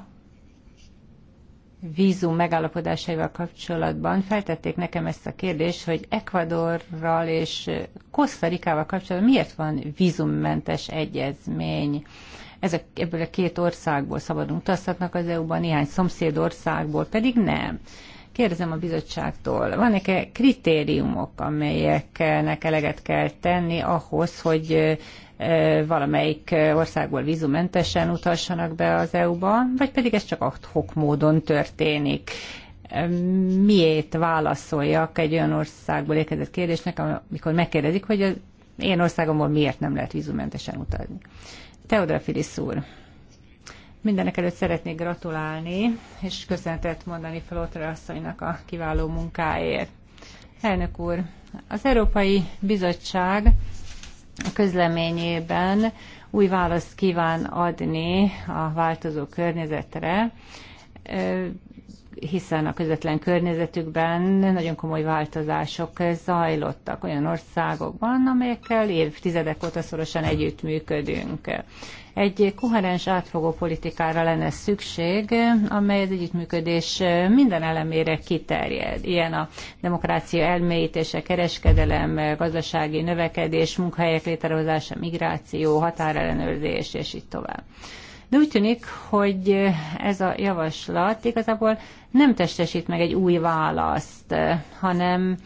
vízum megállapodásaival kapcsolatban feltették nekem ezt a kérdést, hogy Ecuadorral és Kosztarikával kapcsolatban miért van vízummentes egyezmény? Ezek, ebből a két országból szabadon utazhatnak az EU-ban, néhány szomszéd országból pedig nem. Kérdezem a bizottságtól, vannak-e kritériumok, amelyeknek eleget kell tenni ahhoz, hogy valamelyik országból vízumentesen utassanak be az EU-ba, vagy pedig ez csak adhok módon történik. Miért válaszoljak egy olyan országból érkezett kérdésnek, amikor megkérdezik, hogy az én országomból miért nem lehet vízumentesen utazni. Teodra Filisz úr, mindenek előtt szeretnék gratulálni, és köszönetet mondani Flótra asszonynak a kiváló munkáért. Elnök úr, az Európai Bizottság a közleményében új választ kíván adni a változó környezetre, hiszen a közvetlen környezetükben nagyon komoly változások zajlottak olyan országokban, amelyekkel évtizedek óta szorosan együttműködünk. Egy koherens átfogó politikára lenne szükség, amely az együttműködés minden elemére kiterjed. Ilyen a demokrácia elmélyítése, kereskedelem, gazdasági növekedés, munkahelyek létrehozása, migráció, határellenőrzés, és így tovább. De úgy tűnik, hogy ez a javaslat igazából nem testesít meg egy új választ, hanem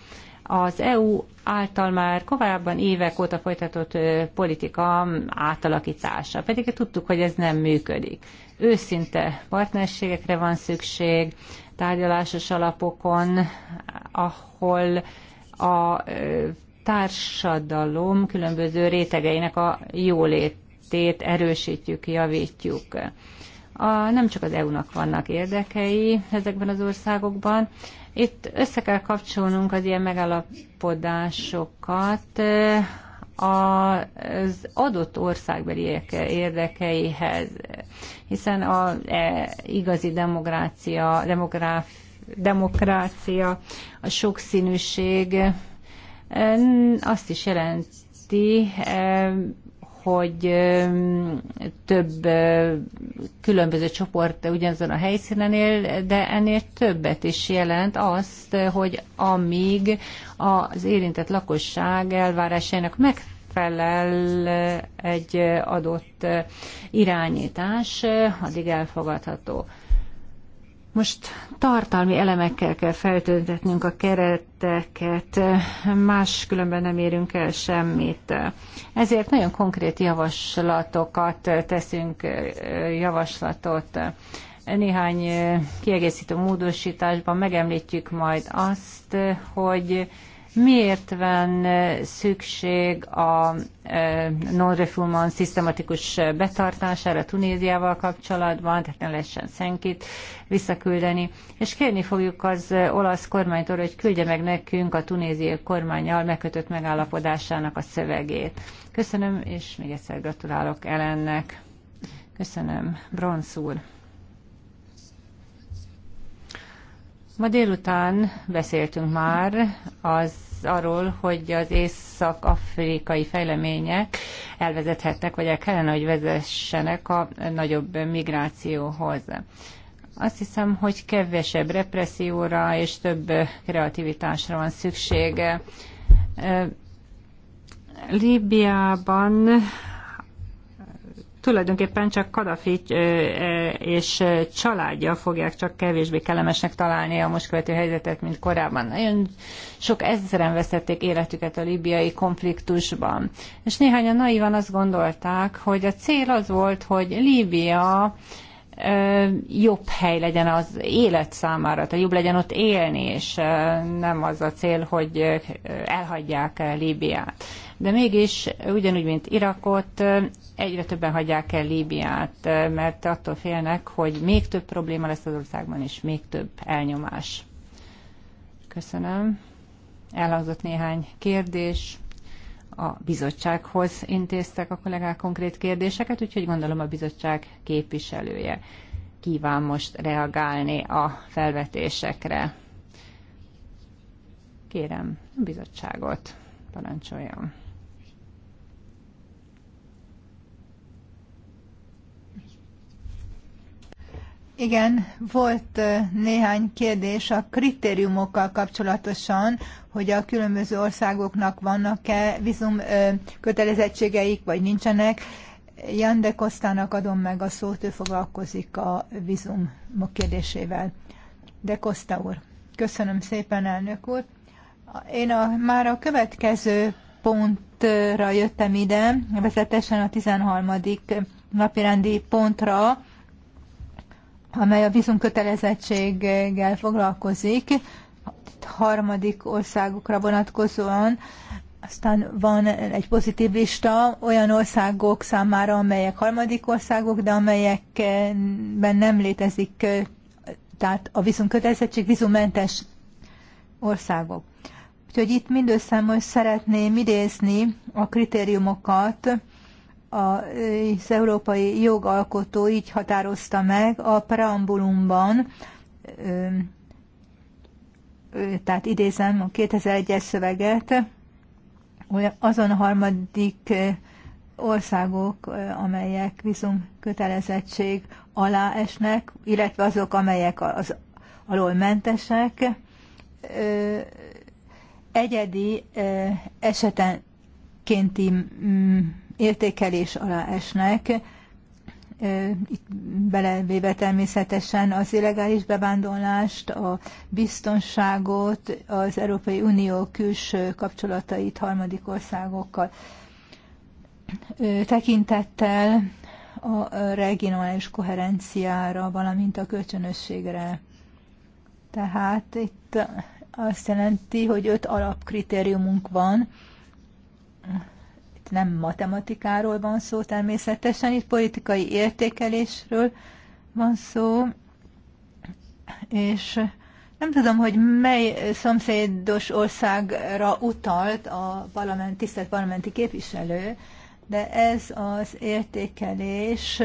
az EU által már korábban évek óta folytatott politika átalakítása. Pedig tudtuk, hogy ez nem működik. Őszinte partnerségekre van szükség, tárgyalásos alapokon, ahol a társadalom különböző rétegeinek a jólétét erősítjük, javítjuk. A, nem csak az EU-nak vannak érdekei ezekben az országokban, itt össze kell kapcsolnunk az ilyen megállapodásokat eh, az adott országbeli érdekeihez, hiszen a e, igazi demokrácia, demográf, demokrácia, a sokszínűség e, azt is jelenti, eh, hogy több különböző csoport ugyanazon a helyszínen él, de ennél többet is jelent azt, hogy amíg az érintett lakosság elvárásainak meg felel egy adott irányítás, addig elfogadható. Most tartalmi elemekkel kell feltöntetnünk a kereteket, más különben nem érünk el semmit. Ezért nagyon konkrét javaslatokat teszünk, javaslatot. Néhány kiegészítő módosításban megemlítjük majd azt, hogy miért van szükség a non-refoulement szisztematikus betartására Tunéziával kapcsolatban, tehát ne lehessen senkit visszaküldeni, és kérni fogjuk az olasz kormánytól, hogy küldje meg nekünk a tunéziai kormányjal megkötött megállapodásának a szövegét. Köszönöm, és még egyszer gratulálok Ellennek. Köszönöm, Bronsz úr. Ma délután beszéltünk már az arról, hogy az észak-afrikai fejlemények elvezethetnek, vagy el kellene, hogy vezessenek a nagyobb migrációhoz. Azt hiszem, hogy kevesebb represszióra és több kreativitásra van szüksége. Líbiában tulajdonképpen csak Kadafi és családja fogják csak kevésbé kellemesnek találni a most követő helyzetet, mint korábban. Nagyon sok ezeren veszették életüket a libiai konfliktusban. És néhányan naivan azt gondolták, hogy a cél az volt, hogy Líbia jobb hely legyen az élet számára, tehát jobb legyen ott élni, és nem az a cél, hogy elhagyják Líbiát de mégis ugyanúgy, mint Irakot, egyre többen hagyják el Líbiát, mert attól félnek, hogy még több probléma lesz az országban, és még több elnyomás. Köszönöm. Elhangzott néhány kérdés. A bizottsághoz intéztek a kollégák konkrét kérdéseket, úgyhogy gondolom a bizottság képviselője kíván most reagálni a felvetésekre. Kérem a bizottságot, parancsoljam. Igen, volt néhány kérdés a kritériumokkal kapcsolatosan, hogy a különböző országoknak vannak-e vizum kötelezettségeik, vagy nincsenek. Jan de Kosztának adom meg a szót, ő foglalkozik a vízum kérdésével. De Koszta úr, köszönöm szépen, elnök úr. Én a, már a következő pontra jöttem ide, vezetesen a 13. napirendi pontra, amely a vízumkötelezettséggel foglalkozik, harmadik országokra vonatkozóan, aztán van egy pozitív lista olyan országok számára, amelyek harmadik országok, de amelyekben nem létezik, tehát a vízumkötelezettség vízummentes országok. Úgyhogy itt mindössze most szeretném idézni a kritériumokat, az európai jogalkotó így határozta meg a preambulumban, tehát idézem a 2001-es szöveget, azon a harmadik országok, amelyek viszont kötelezettség alá esnek, illetve azok, amelyek az alól mentesek, egyedi esetenkénti mm, értékelés alá esnek, itt belevéve természetesen az illegális bevándorlást, a biztonságot, az Európai Unió külső kapcsolatait harmadik országokkal tekintettel a regionális koherenciára, valamint a kölcsönösségre. Tehát itt azt jelenti, hogy öt alapkritériumunk van, nem matematikáról van szó természetesen, itt politikai értékelésről van szó, és nem tudom, hogy mely szomszédos országra utalt a parlament, tisztelt parlamenti képviselő, de ez az értékelés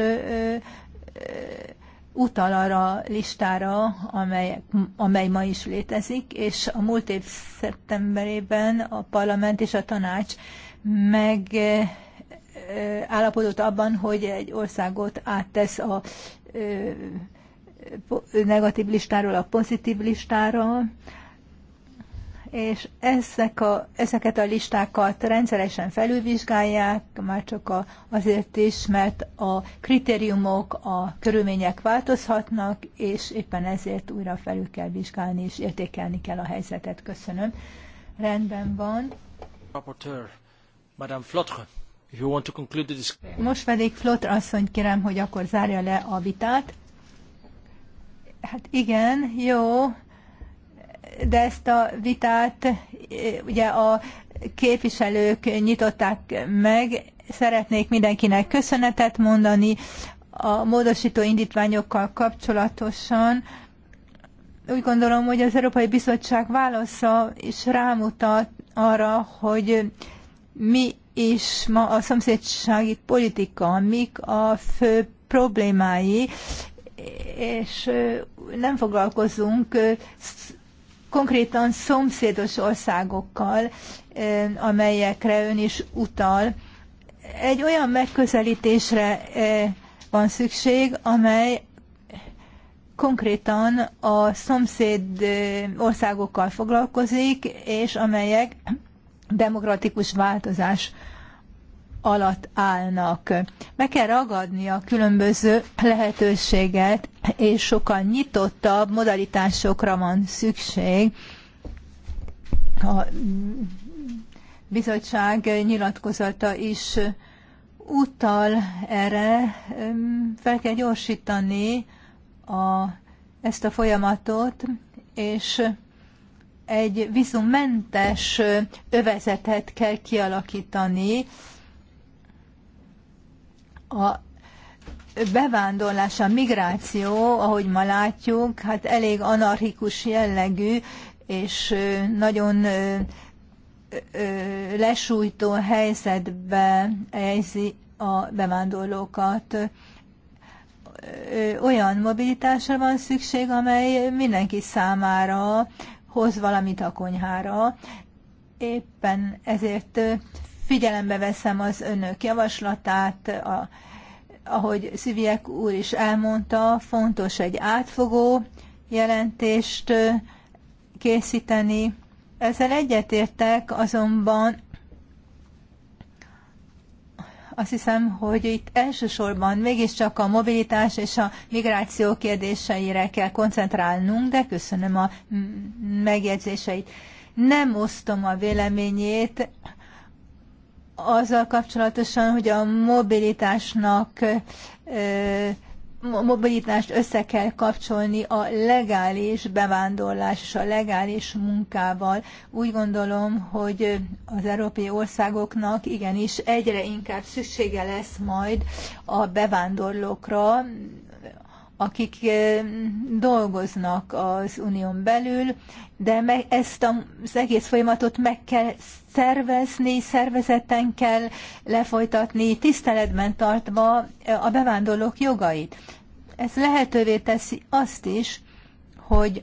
utal arra listára, amely, amely ma is létezik, és a múlt év szeptemberében a parlament és a tanács meg eh, állapodott abban, hogy egy országot áttesz a eh, negatív listáról a pozitív listára, és ezek a, ezeket a listákat rendszeresen felülvizsgálják, már csak a, azért is, mert a kritériumok, a körülmények változhatnak, és éppen ezért újra felül kell vizsgálni és értékelni kell a helyzetet. Köszönöm. Rendben van. Rapporteur. Most pedig Flotre asszony kérem, hogy akkor zárja le a vitát. Hát igen, jó, de ezt a vitát eh, ugye a képviselők nyitották meg. Szeretnék mindenkinek köszönetet mondani a módosító indítványokkal kapcsolatosan. Úgy gondolom, hogy az Európai Bizottság válasza is rámutat arra, hogy mi is ma a szomszédsági politika, mik a fő problémái, és nem foglalkozunk konkrétan szomszédos országokkal, amelyekre ön is utal. Egy olyan megközelítésre van szükség, amely konkrétan a szomszéd országokkal foglalkozik, és amelyek demokratikus változás alatt állnak. Meg kell ragadni a különböző lehetőséget, és sokkal nyitottabb modalitásokra van szükség. A bizottság nyilatkozata is utal erre, fel kell gyorsítani a, ezt a folyamatot, és egy vízummentes övezetet kell kialakítani a bevándorlás, a migráció, ahogy ma látjuk, hát elég anarchikus jellegű, és nagyon lesújtó helyzetbe helyzi a bevándorlókat. Olyan mobilitásra van szükség, amely mindenki számára hoz valamit a konyhára. Éppen ezért figyelembe veszem az önök javaslatát, a, ahogy Szüviek úr is elmondta, fontos egy átfogó jelentést készíteni. Ezzel egyetértek, azonban azt hiszem, hogy itt elsősorban mégiscsak a mobilitás és a migráció kérdéseire kell koncentrálnunk, de köszönöm a megjegyzéseit. Nem osztom a véleményét azzal kapcsolatosan, hogy a mobilitásnak mobilitást össze kell kapcsolni a legális bevándorlás és a legális munkával. Úgy gondolom, hogy az európai országoknak igenis egyre inkább szüksége lesz majd a bevándorlókra, akik eh, dolgoznak az unión belül, de ezt az egész folyamatot meg kell szervezni, szervezeten kell lefolytatni, tiszteletben tartva eh, a bevándorlók jogait. Ez lehetővé teszi azt is, hogy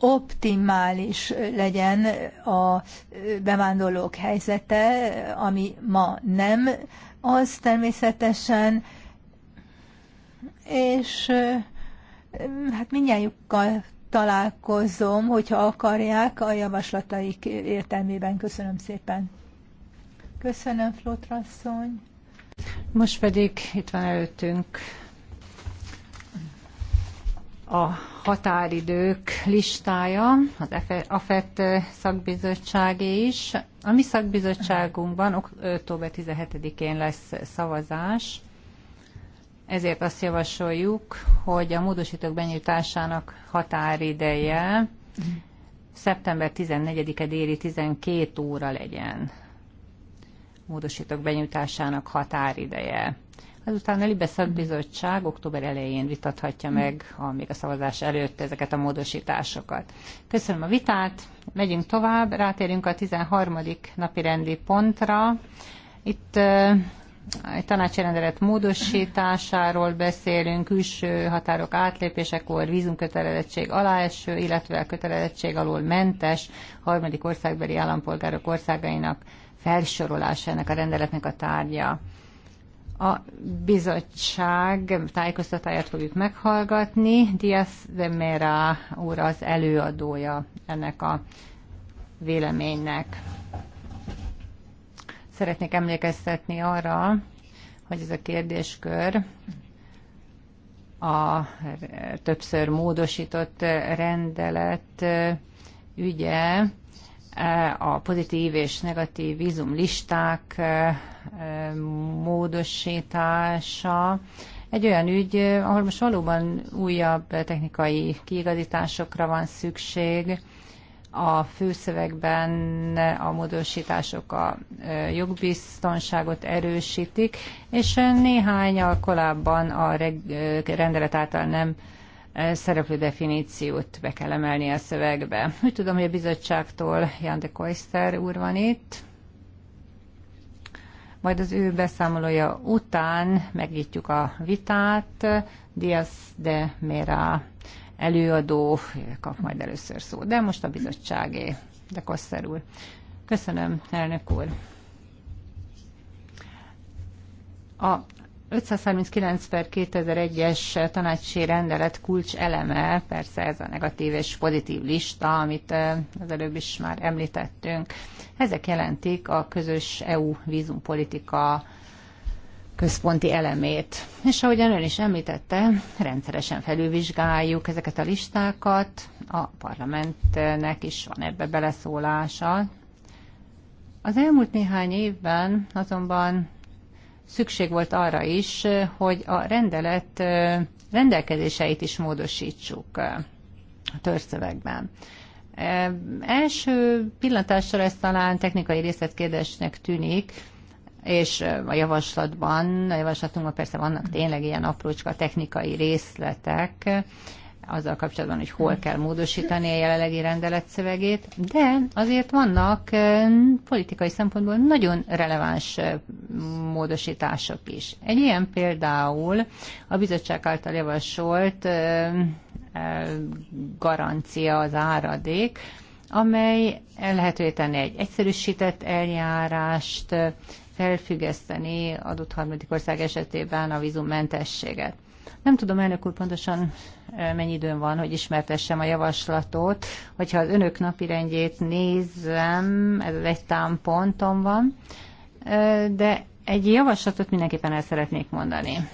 optimális legyen a bevándorlók helyzete, ami ma nem, az természetesen és hát mindjártjukkal találkozom, hogyha akarják, a javaslataik értelmében. Köszönöm szépen. Köszönöm, Flótrasszony. Most pedig itt van előttünk a határidők listája, az AFET szakbizottságé is. A mi szakbizottságunkban október 17-én lesz szavazás, ezért azt javasoljuk, hogy a módosítók benyújtásának határideje szeptember 14-e déli 12 óra legyen. Módosítók benyújtásának határideje. Azután a Libeszak Bizottság október elején vitathatja meg, a, még a szavazás előtt ezeket a módosításokat. Köszönöm a vitát, megyünk tovább, rátérünk a 13. napi rendi pontra. Itt tanácsrendelet módosításáról beszélünk, külső határok átlépésekor vízumkötelezettség aláeső, illetve a kötelezettség alól mentes harmadik országbeli állampolgárok országainak felsorolása ennek a rendeletnek a tárgya. A bizottság tájékoztatáját fogjuk meghallgatni. Diaz de Mera úr az előadója ennek a véleménynek. Szeretnék emlékeztetni arra, hogy ez a kérdéskör a többször módosított rendelet ügye a pozitív és negatív listák módosítása egy olyan ügy, ahol most valóban újabb technikai kiigazításokra van szükség, a főszövegben a módosítások a jogbiztonságot erősítik, és néhány a a rendelet által nem szereplő definíciót be kell emelni a szövegbe. Úgy tudom, hogy a bizottságtól Jan de Koyster úr van itt. Majd az ő beszámolója után megnyitjuk a vitát. Diaz de Mera előadó kap majd először szót, de most a bizottságé, de Kosszer úr. Köszönöm, elnök úr. A 539 per 2001-es tanácsi rendelet kulcs eleme, persze ez a negatív és pozitív lista, amit eh, az előbb is már említettünk. Ezek jelentik a közös EU vízumpolitika központi elemét. És ahogyan ön is említette, rendszeresen felülvizsgáljuk ezeket a listákat, a parlamentnek is van ebbe beleszólása. Az elmúlt néhány évben azonban szükség volt arra is, hogy a rendelet rendelkezéseit is módosítsuk a törzszövegben. Első pillantásra ez talán technikai részletkérdésnek tűnik, és a javaslatban, a javaslatunkban persze vannak tényleg ilyen aprócska technikai részletek, azzal kapcsolatban, hogy hol kell módosítani a jelenlegi rendelet szövegét, de azért vannak politikai szempontból nagyon releváns módosítások is. Egy ilyen például a bizottság által javasolt garancia az áradék, amely lehetővé tenni egy egyszerűsített eljárást, felfüggeszteni adott harmadik ország esetében a vízummentességet. Nem tudom, elnök úr, pontosan mennyi időm van, hogy ismertessem a javaslatot. Hogyha az önök napirendjét nézem, ez egy támpontom van, de egy javaslatot mindenképpen el szeretnék mondani.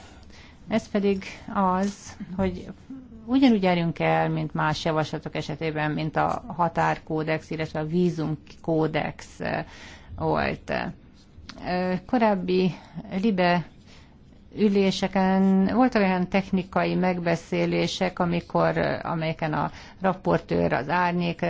Ez pedig az, hogy ugyanúgy járjunk el, mint más javaslatok esetében, mint a határkódex, illetve a vízumkódex volt korábbi libe üléseken voltak olyan technikai megbeszélések, amikor, amelyeken a raportőr, az árnyék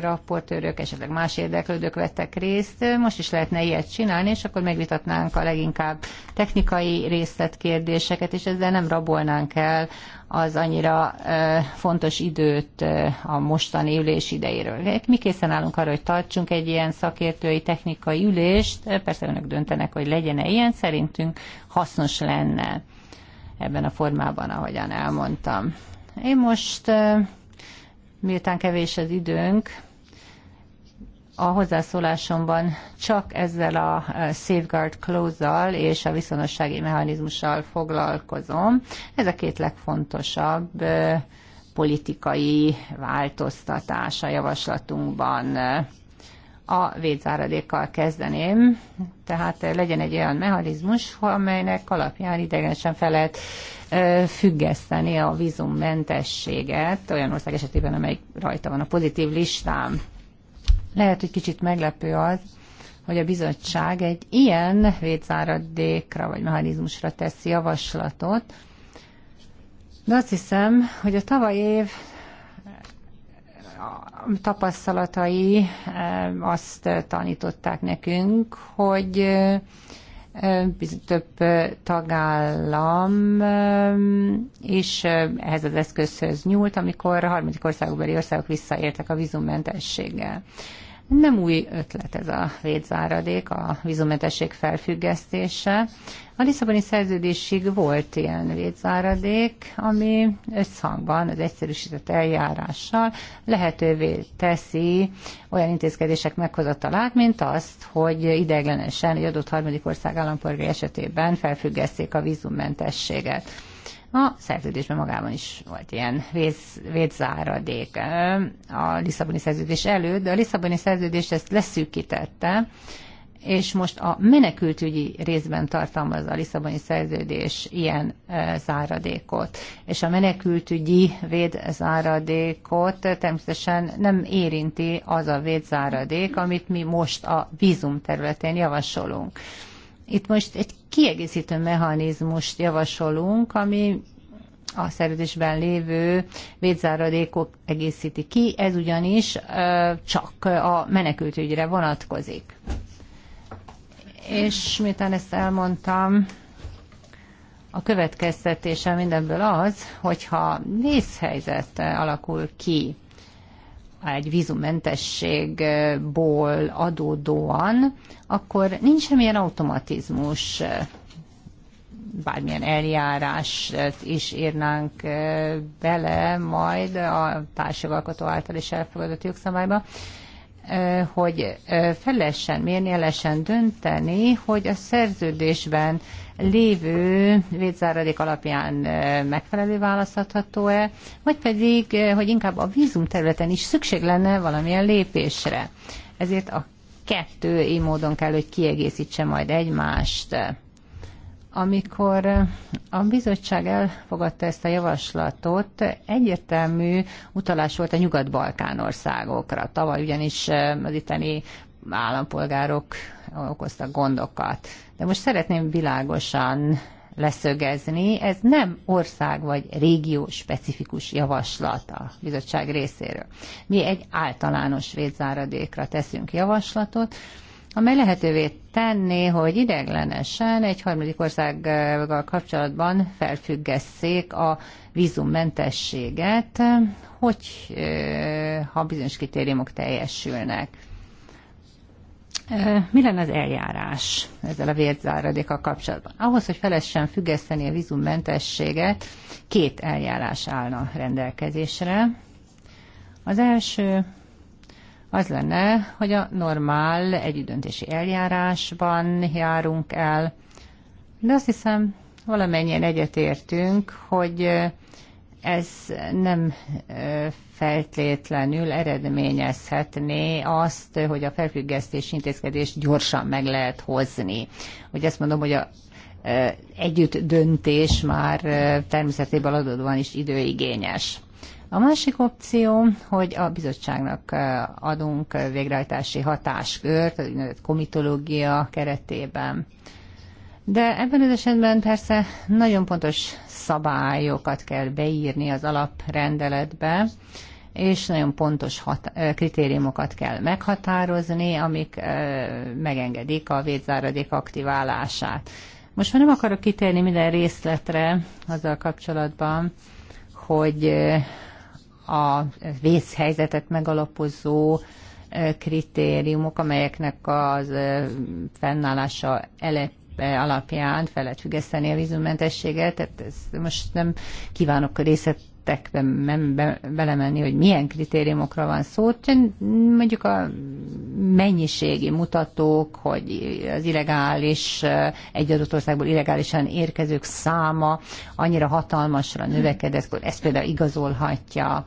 raportőrök, esetleg más érdeklődők vettek részt. Most is lehetne ilyet csinálni, és akkor megvitatnánk a leginkább technikai részletkérdéseket, és ezzel nem rabolnánk el az annyira fontos időt a mostani ülés idejéről. Hát mi készen állunk arra, hogy tartsunk egy ilyen szakértői technikai ülést, persze önök döntenek, hogy legyen-e ilyen, szerintünk hasznos lenne ebben a formában, ahogyan elmondtam. Én most, miután kevés az időnk, a hozzászólásomban csak ezzel a safeguard clause-zal és a viszonossági mechanizmussal foglalkozom. Ez a két legfontosabb politikai változtatás a javaslatunkban. A védzáradékkal kezdeném, tehát legyen egy olyan mechanizmus, amelynek alapján idegenesen fel lehet függeszteni a vízummentességet olyan ország esetében, amely rajta van a pozitív listán. Lehet, hogy kicsit meglepő az, hogy a bizottság egy ilyen védzáradékra vagy mechanizmusra teszi javaslatot, de azt hiszem, hogy a tavaly év tapasztalatai eh, azt tanították nekünk, hogy eh, több eh, tagállam és ehhez az eszközhöz nyúlt, amikor a harmadik országokbeli országok visszaértek a vízummentességgel. Nem új ötlet ez a védzáradék, a vízumetesség felfüggesztése. A Lisszaboni szerződésig volt ilyen védzáradék, ami összhangban az egyszerűsített eljárással lehetővé teszi olyan intézkedések meghozatalát, mint azt, hogy ideiglenesen egy adott harmadik ország állampolgár esetében felfüggesszék a vízummentességet. A szerződésben magában is volt ilyen védzáradék a Lisszaboni szerződés előtt, de a Lisszaboni szerződés ezt leszűkítette, és most a menekültügyi részben tartalmazza a Lisszaboni szerződés ilyen záradékot. És a menekültügyi védzáradékot természetesen nem érinti az a védzáradék, amit mi most a vízum területén javasolunk. Itt most egy kiegészítő mechanizmust javasolunk, ami a szerződésben lévő védzáradékok egészíti ki, ez ugyanis csak a menekültügyre vonatkozik. És miután ezt elmondtam, a következtetése mindenből az, hogyha vészhelyzet alakul ki egy vízumentességból adódóan, akkor nincs semmilyen automatizmus, eh, bármilyen eljárás eh, is írnánk eh, bele majd a társjogalkotó által is elfogadott jogszabályba, hogy fel lehessen mérni, lehessen dönteni, hogy a szerződésben lévő védzáradék alapján megfelelő választható-e, vagy pedig, hogy inkább a vízum területen is szükség lenne valamilyen lépésre. Ezért a kettő így módon kell, hogy kiegészítse majd egymást. Amikor a bizottság elfogadta ezt a javaslatot, egyértelmű utalás volt a nyugat-balkán országokra. Tavaly ugyanis eh, az itteni állampolgárok okoztak gondokat. De most szeretném világosan leszögezni. Ez nem ország vagy régió specifikus javaslat a bizottság részéről. Mi egy általános védzáradékra teszünk javaslatot, amely lehetővé tenni, hogy ideglenesen egy harmadik országgal kapcsolatban felfüggesszék a vízummentességet, hogy eh, ha bizonyos kritériumok teljesülnek. Mi lenne az eljárás ezzel a vérzáradékkal kapcsolatban? Ahhoz, hogy felessen függeszteni a vízummentességet, két eljárás állna rendelkezésre. Az első az lenne, hogy a normál együttdöntési eljárásban járunk el, de azt hiszem valamennyien egyetértünk, hogy ez nem feltétlenül eredményezhetné azt, hogy a felfüggesztés intézkedést gyorsan meg lehet hozni. Hogy ezt mondom, hogy a együtt döntés már természetéből adódóan is időigényes. A másik opció, hogy a bizottságnak adunk végrehajtási hatáskört, az komitológia keretében. De ebben az esetben persze nagyon pontos szabályokat kell beírni az alaprendeletbe, és nagyon pontos hat, kritériumokat kell meghatározni, amik megengedik a védzáradék aktiválását. Most már nem akarok kitérni minden részletre azzal kapcsolatban, hogy a vészhelyzetet megalapozó kritériumok, amelyeknek az fennállása alapján fel lehet függeszteni a vízummentességet, tehát ez most nem kívánok a részletekbe be, belemenni, hogy milyen kritériumokra van szó, mondjuk a mennyiségi mutatók, hogy az illegális, egy adott országból illegálisan érkezők száma annyira hatalmasra növekedett, hogy ez például igazolhatja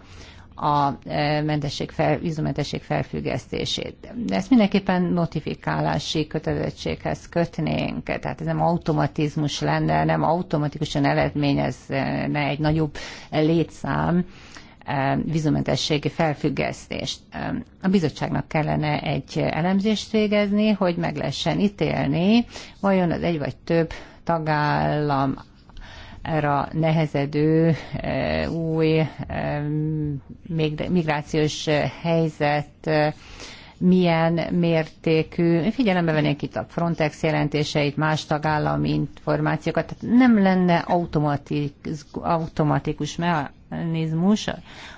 a e, mentesség fel, vízumentesség felfüggesztését. De ezt mindenképpen notifikálási kötelezettséghez kötnénk, tehát ez nem automatizmus lenne, nem automatikusan eredményezne egy nagyobb létszám e, vízumentességi felfüggesztést. E, a bizottságnak kellene egy elemzést végezni, hogy meg lehessen ítélni, vajon az egy vagy több tagállam a nehezedő e, új e, migrációs helyzet e, milyen mértékű, figyelembe vennék itt a Frontex jelentéseit, más tagállami információkat, tehát nem lenne automatikus, automatikus mechanizmus,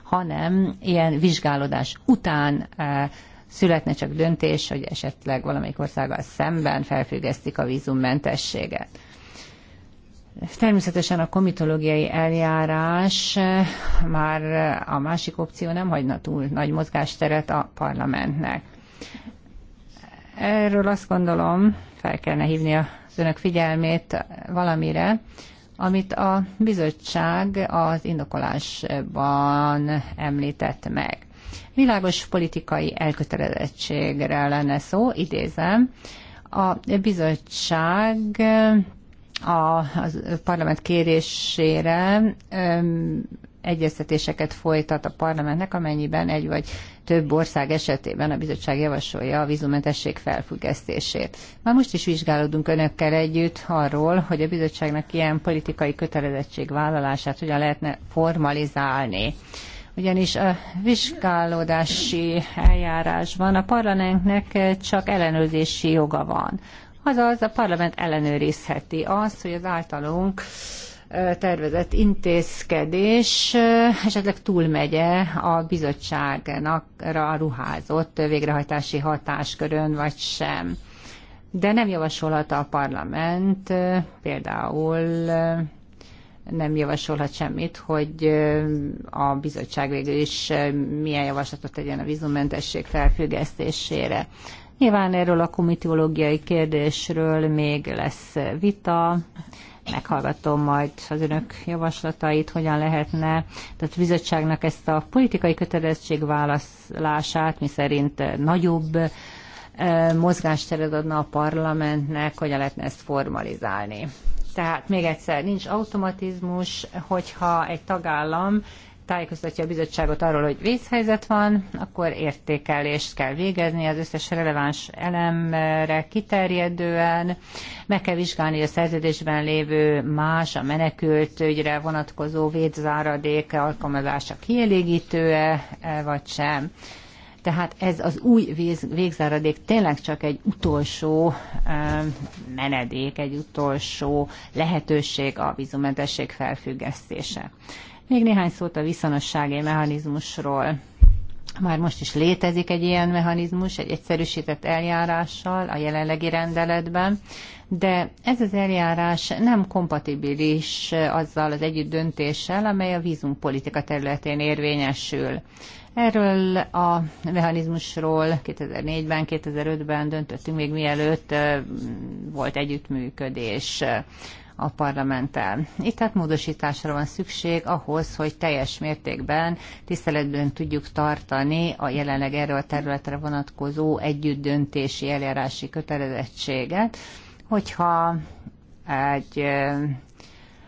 hanem ilyen vizsgálódás után születne csak döntés, hogy esetleg valamelyik országgal szemben felfüggesztik a vízummentességet. Természetesen a komitológiai eljárás eh, már a másik opció nem hagyna túl nagy mozgásteret a parlamentnek. Erről azt gondolom, fel kellene hívni az önök figyelmét valamire, amit a bizottság az indokolásban említett meg. Világos politikai elkötelezettségre lenne szó, idézem, a bizottság a, a parlament kérésére öm, egyeztetéseket folytat a parlamentnek, amennyiben egy vagy több ország esetében a bizottság javasolja a vízumentesség felfüggesztését. Már most is vizsgálódunk önökkel együtt arról, hogy a bizottságnak ilyen politikai kötelezettség vállalását hogyan lehetne formalizálni ugyanis a vizsgálódási eljárásban a parlamentnek csak ellenőrzési joga van azaz a parlament ellenőrizheti azt, hogy az általunk tervezett intézkedés esetleg túlmegye a bizottságnak ruházott végrehajtási hatáskörön, vagy sem. De nem javasolhat a parlament például nem javasolhat semmit, hogy a bizottság végül is milyen javaslatot tegyen a vízummentesség felfüggesztésére. Nyilván erről a komitológiai kérdésről még lesz vita, meghallgatom majd az önök javaslatait, hogyan lehetne. Tehát a bizottságnak ezt a politikai válaszlását, mi szerint nagyobb mozgásteret adna a parlamentnek, hogyan lehetne ezt formalizálni. Tehát még egyszer, nincs automatizmus, hogyha egy tagállam tájékoztatja a bizottságot arról, hogy vészhelyzet van, akkor értékelést kell végezni az összes releváns elemre kiterjedően, meg kell vizsgálni, hogy a szerződésben lévő más, a menekült ügyre vonatkozó védzáradék alkalmazása kielégítő-e, e, vagy sem. Tehát ez az új végzáradék tényleg csak egy utolsó e, menedék, egy utolsó lehetőség a vízumentesség felfüggesztése. Még néhány szót a viszonossági mechanizmusról. Már most is létezik egy ilyen mechanizmus, egy egyszerűsített eljárással a jelenlegi rendeletben, de ez az eljárás nem kompatibilis azzal az együtt döntéssel, amely a vízumpolitika területén érvényesül. Erről a mechanizmusról 2004-ben, 2005-ben döntöttünk még mielőtt volt együttműködés a parlamenttel. Itt tehát módosításra van szükség ahhoz, hogy teljes mértékben tiszteletben tudjuk tartani a jelenleg erre a területre vonatkozó együttdöntési eljárási kötelezettséget, hogyha egy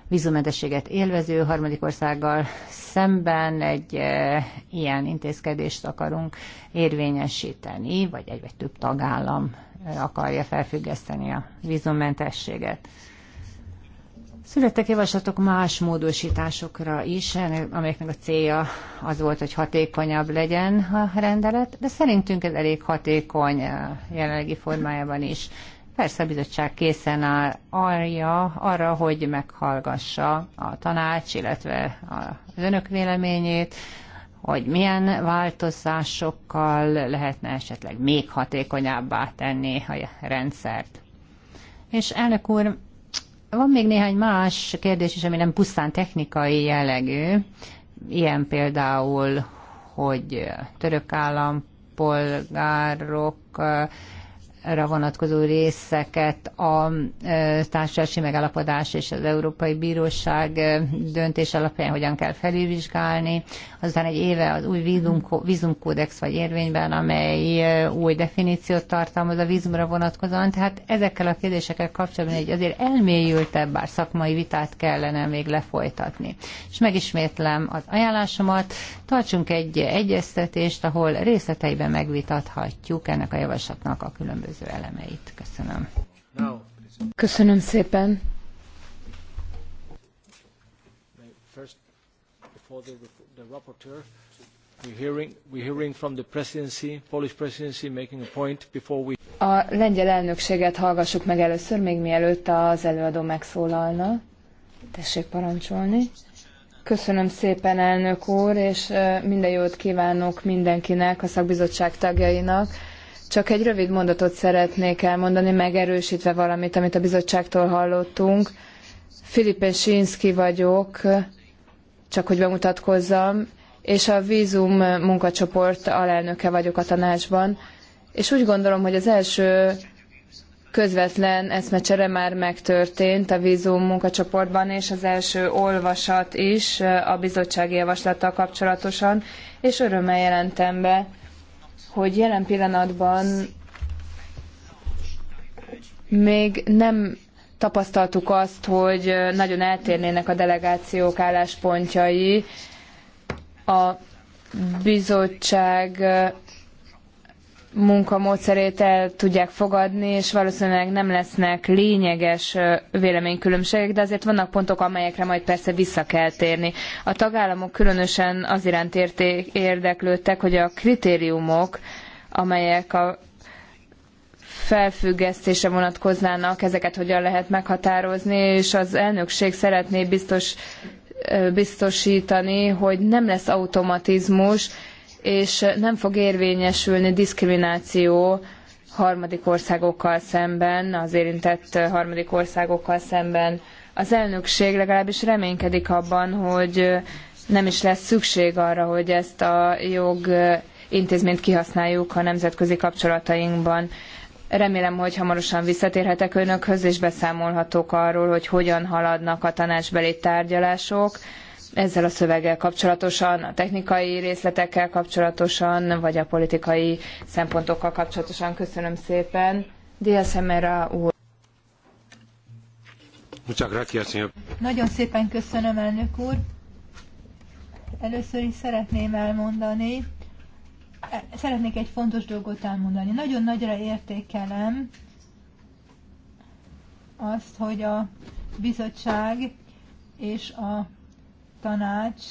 vízumedességet élvező harmadik országgal szemben egy e, ilyen intézkedést akarunk érvényesíteni, vagy egy vagy több tagállam akarja felfüggeszteni a vízummentességet. Születtek javaslatok más módosításokra is, amelyeknek a célja az volt, hogy hatékonyabb legyen a rendelet, de szerintünk ez elég hatékony eh, jelenlegi formájában is. Persze a bizottság készen áll arja, arra, hogy meghallgassa a tanács, illetve az önök véleményét, hogy milyen változásokkal lehetne esetleg még hatékonyabbá tenni a rendszert. És elnök úr, van még néhány más kérdés is, ami nem pusztán technikai jellegű, ilyen például, hogy török állampolgárok vonatkozó részeket a e, társadalmi megállapodás és az Európai Bíróság e, döntés alapján hogyan kell felülvizsgálni. Aztán egy éve az új vízumkódex vagy érvényben, amely e, új definíciót tartalmaz a vízumra vonatkozóan. Tehát ezekkel a kérdésekkel kapcsolatban egy azért elmélyültebb, bár szakmai vitát kellene még lefolytatni. És megismétlem az ajánlásomat, tartsunk egy egyeztetést, ahol részleteiben megvitathatjuk ennek a javaslatnak a különböző különböző elemeit. Köszönöm. Köszönöm szépen. A lengyel elnökséget hallgassuk meg először, még mielőtt az előadó megszólalna. Tessék parancsolni. Köszönöm szépen, elnök úr, és minden jót kívánok mindenkinek, a szakbizottság tagjainak csak egy rövid mondatot szeretnék elmondani, megerősítve valamit, amit a bizottságtól hallottunk. Filipe Sinszki vagyok, csak hogy bemutatkozzam, és a vízum munkacsoport alelnöke vagyok a tanácsban, és úgy gondolom, hogy az első közvetlen eszmecsere már megtörtént a vízum munkacsoportban, és az első olvasat is a bizottsági javaslattal kapcsolatosan, és örömmel jelentem be, hogy jelen pillanatban még nem tapasztaltuk azt, hogy nagyon eltérnének a delegációk álláspontjai. A bizottság munkamódszerét el tudják fogadni, és valószínűleg nem lesznek lényeges véleménykülönbségek, de azért vannak pontok, amelyekre majd persze vissza kell térni. A tagállamok különösen az iránt érték, érdeklődtek, hogy a kritériumok, amelyek a felfüggesztése vonatkoznának, ezeket hogyan lehet meghatározni, és az elnökség szeretné biztos, biztosítani, hogy nem lesz automatizmus, és nem fog érvényesülni diszkrimináció harmadik országokkal szemben, az érintett harmadik országokkal szemben. Az elnökség legalábbis reménykedik abban, hogy nem is lesz szükség arra, hogy ezt a jog intézményt kihasználjuk a nemzetközi kapcsolatainkban. Remélem, hogy hamarosan visszatérhetek önökhöz, és beszámolhatok arról, hogy hogyan haladnak a tanácsbeli tárgyalások ezzel a szöveggel kapcsolatosan, a technikai részletekkel kapcsolatosan, vagy a politikai szempontokkal kapcsolatosan. Köszönöm szépen. Díaz Emera úr. Nagyon szépen köszönöm, elnök úr. Először is szeretném elmondani, szeretnék egy fontos dolgot elmondani. Nagyon nagyra értékelem azt, hogy a bizottság és a tanács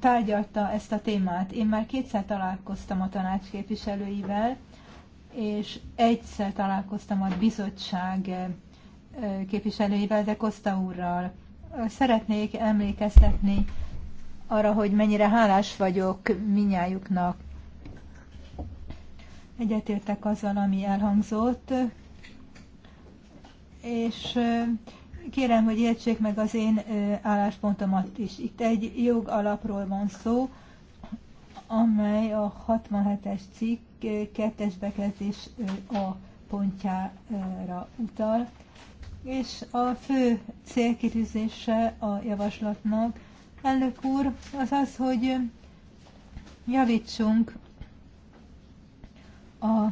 tárgyalta ezt a témát. Én már kétszer találkoztam a tanács képviselőivel, és egyszer találkoztam a bizottság eh, képviselőivel, de Kosta úrral. Szeretnék emlékeztetni arra, hogy mennyire hálás vagyok minnyájuknak. Egyetértek azzal, ami elhangzott, és eh, Kérem, hogy értsék meg az én álláspontomat is. Itt egy jogalapról van szó, amely a 67-es cikk kettes bekezdés a pontjára utal, és a fő célkitűzése a javaslatnak, elnök úr, az az, hogy javítsunk a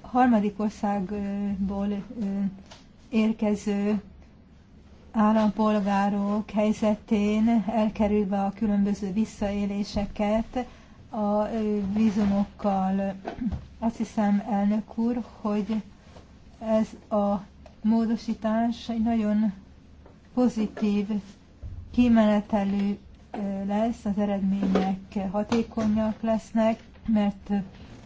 harmadik országból érkező állampolgárok helyzetén, elkerülve a különböző visszaéléseket a vízumokkal. Azt hiszem, elnök úr, hogy ez a módosítás egy nagyon pozitív kimenetelő lesz, az eredmények hatékonyak lesznek, mert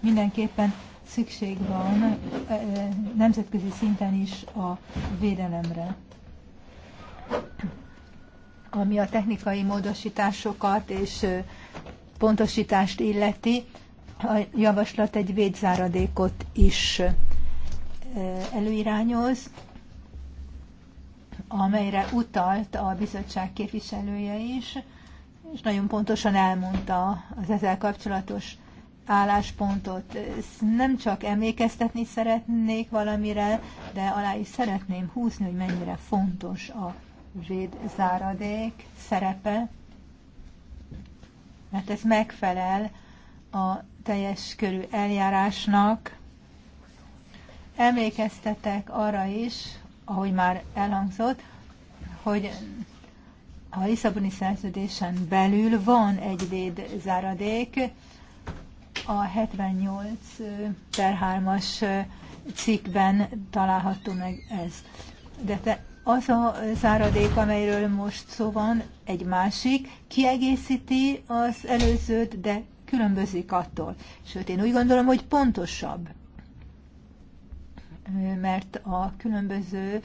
mindenképpen szükség van nemzetközi szinten is a védelemre. Ami a technikai módosításokat és pontosítást illeti, a javaslat egy védzáradékot is előirányoz, amelyre utalt a bizottság képviselője is, és nagyon pontosan elmondta az ezzel kapcsolatos álláspontot. Nem csak emlékeztetni szeretnék valamire, de alá is szeretném húzni, hogy mennyire fontos a véd záradék szerepe, mert ez megfelel a teljes körű eljárásnak. Emlékeztetek arra is, ahogy már elhangzott, hogy a Lisszaboni szerződésen belül van egy védzáradék, a 78 per 3-as cikkben található meg ez. De te, az a záradék, amelyről most szó van, egy másik, kiegészíti az előzőt, de különbözik attól. Sőt, én úgy gondolom, hogy pontosabb, mert a különböző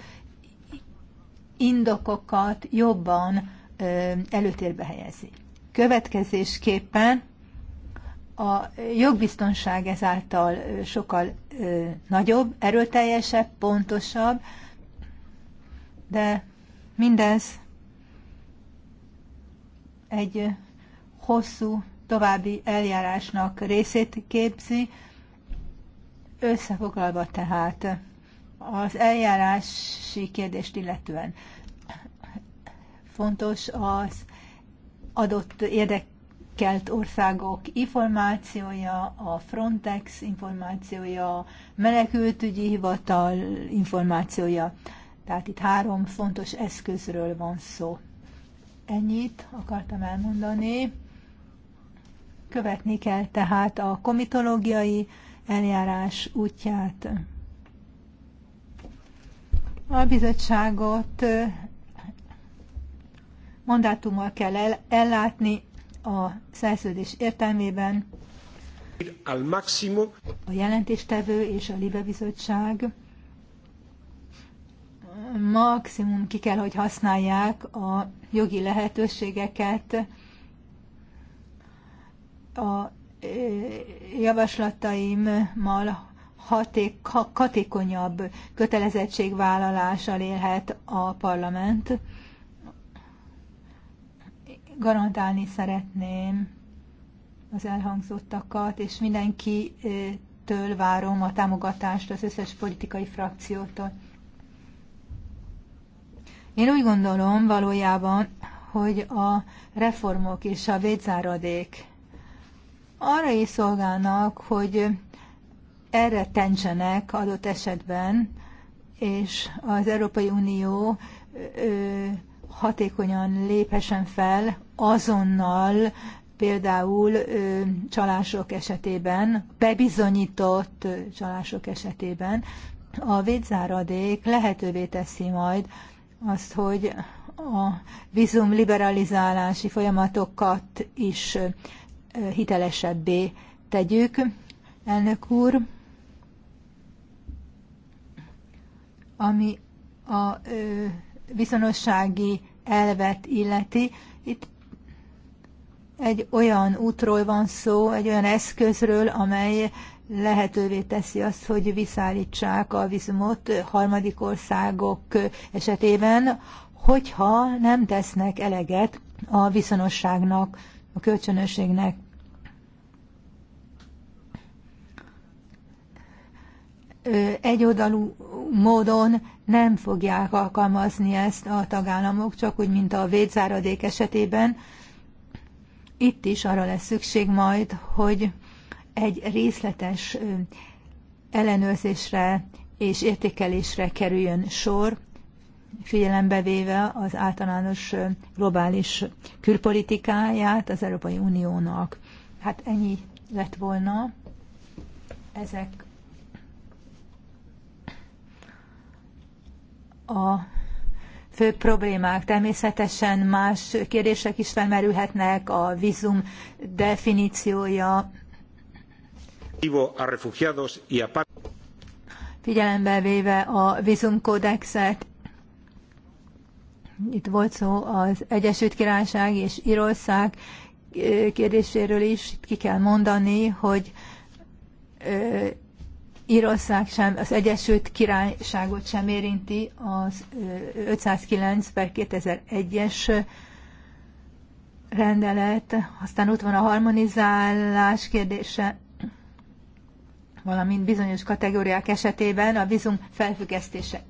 indokokat jobban előtérbe helyezi. Következésképpen a jogbiztonság ezáltal sokkal nagyobb, erőteljesebb, pontosabb, de mindez egy hosszú további eljárásnak részét képzi, összefoglalva tehát az eljárási kérdést illetően fontos az adott érdek kelt országok információja, a Frontex információja, a menekültügyi hivatal információja. Tehát itt három fontos eszközről van szó. Ennyit akartam elmondani. Követni kell tehát a komitológiai eljárás útját. A bizottságot mandátummal kell ellátni, a szerződés értelmében a jelentéstevő és a Libe Bizottság maximum ki kell, hogy használják a jogi lehetőségeket a e, javaslataimmal haték, hatékonyabb kötelezettségvállalással élhet a parlament garantálni szeretném az elhangzottakat, és mindenkitől várom a támogatást az összes politikai frakciótól. Én úgy gondolom valójában, hogy a reformok és a védzáradék arra is szolgálnak, hogy erre tentsenek adott esetben, és az Európai Unió hatékonyan léphessen fel azonnal például csalások esetében, bebizonyított csalások esetében a védzáradék lehetővé teszi majd azt, hogy a vízum liberalizálási folyamatokat is hitelesebbé tegyük. Elnök úr, ami a ö, viszonossági elvet illeti, itt egy olyan útról van szó, egy olyan eszközről, amely lehetővé teszi azt, hogy visszaállítsák a vizumot harmadik országok esetében, hogyha nem tesznek eleget a viszonosságnak, a kölcsönösségnek. Egyoldalú módon nem fogják alkalmazni ezt a tagállamok, csak úgy, mint a védzáradék esetében, itt is arra lesz szükség majd, hogy egy részletes ellenőrzésre és értékelésre kerüljön sor, figyelembe véve az általános globális külpolitikáját az Európai Uniónak. Hát ennyi lett volna ezek a fő problémák. Természetesen más kérdések is felmerülhetnek, a vízum definíciója. Figyelembe véve a vízumkódexet, itt volt szó az Egyesült Királyság és Írország kérdéséről is, itt ki kell mondani, hogy Írország sem, az Egyesült Királyságot sem érinti az 509 per 2001-es rendelet, aztán ott van a harmonizálás kérdése, valamint bizonyos kategóriák esetében a vízum felfüggesztése,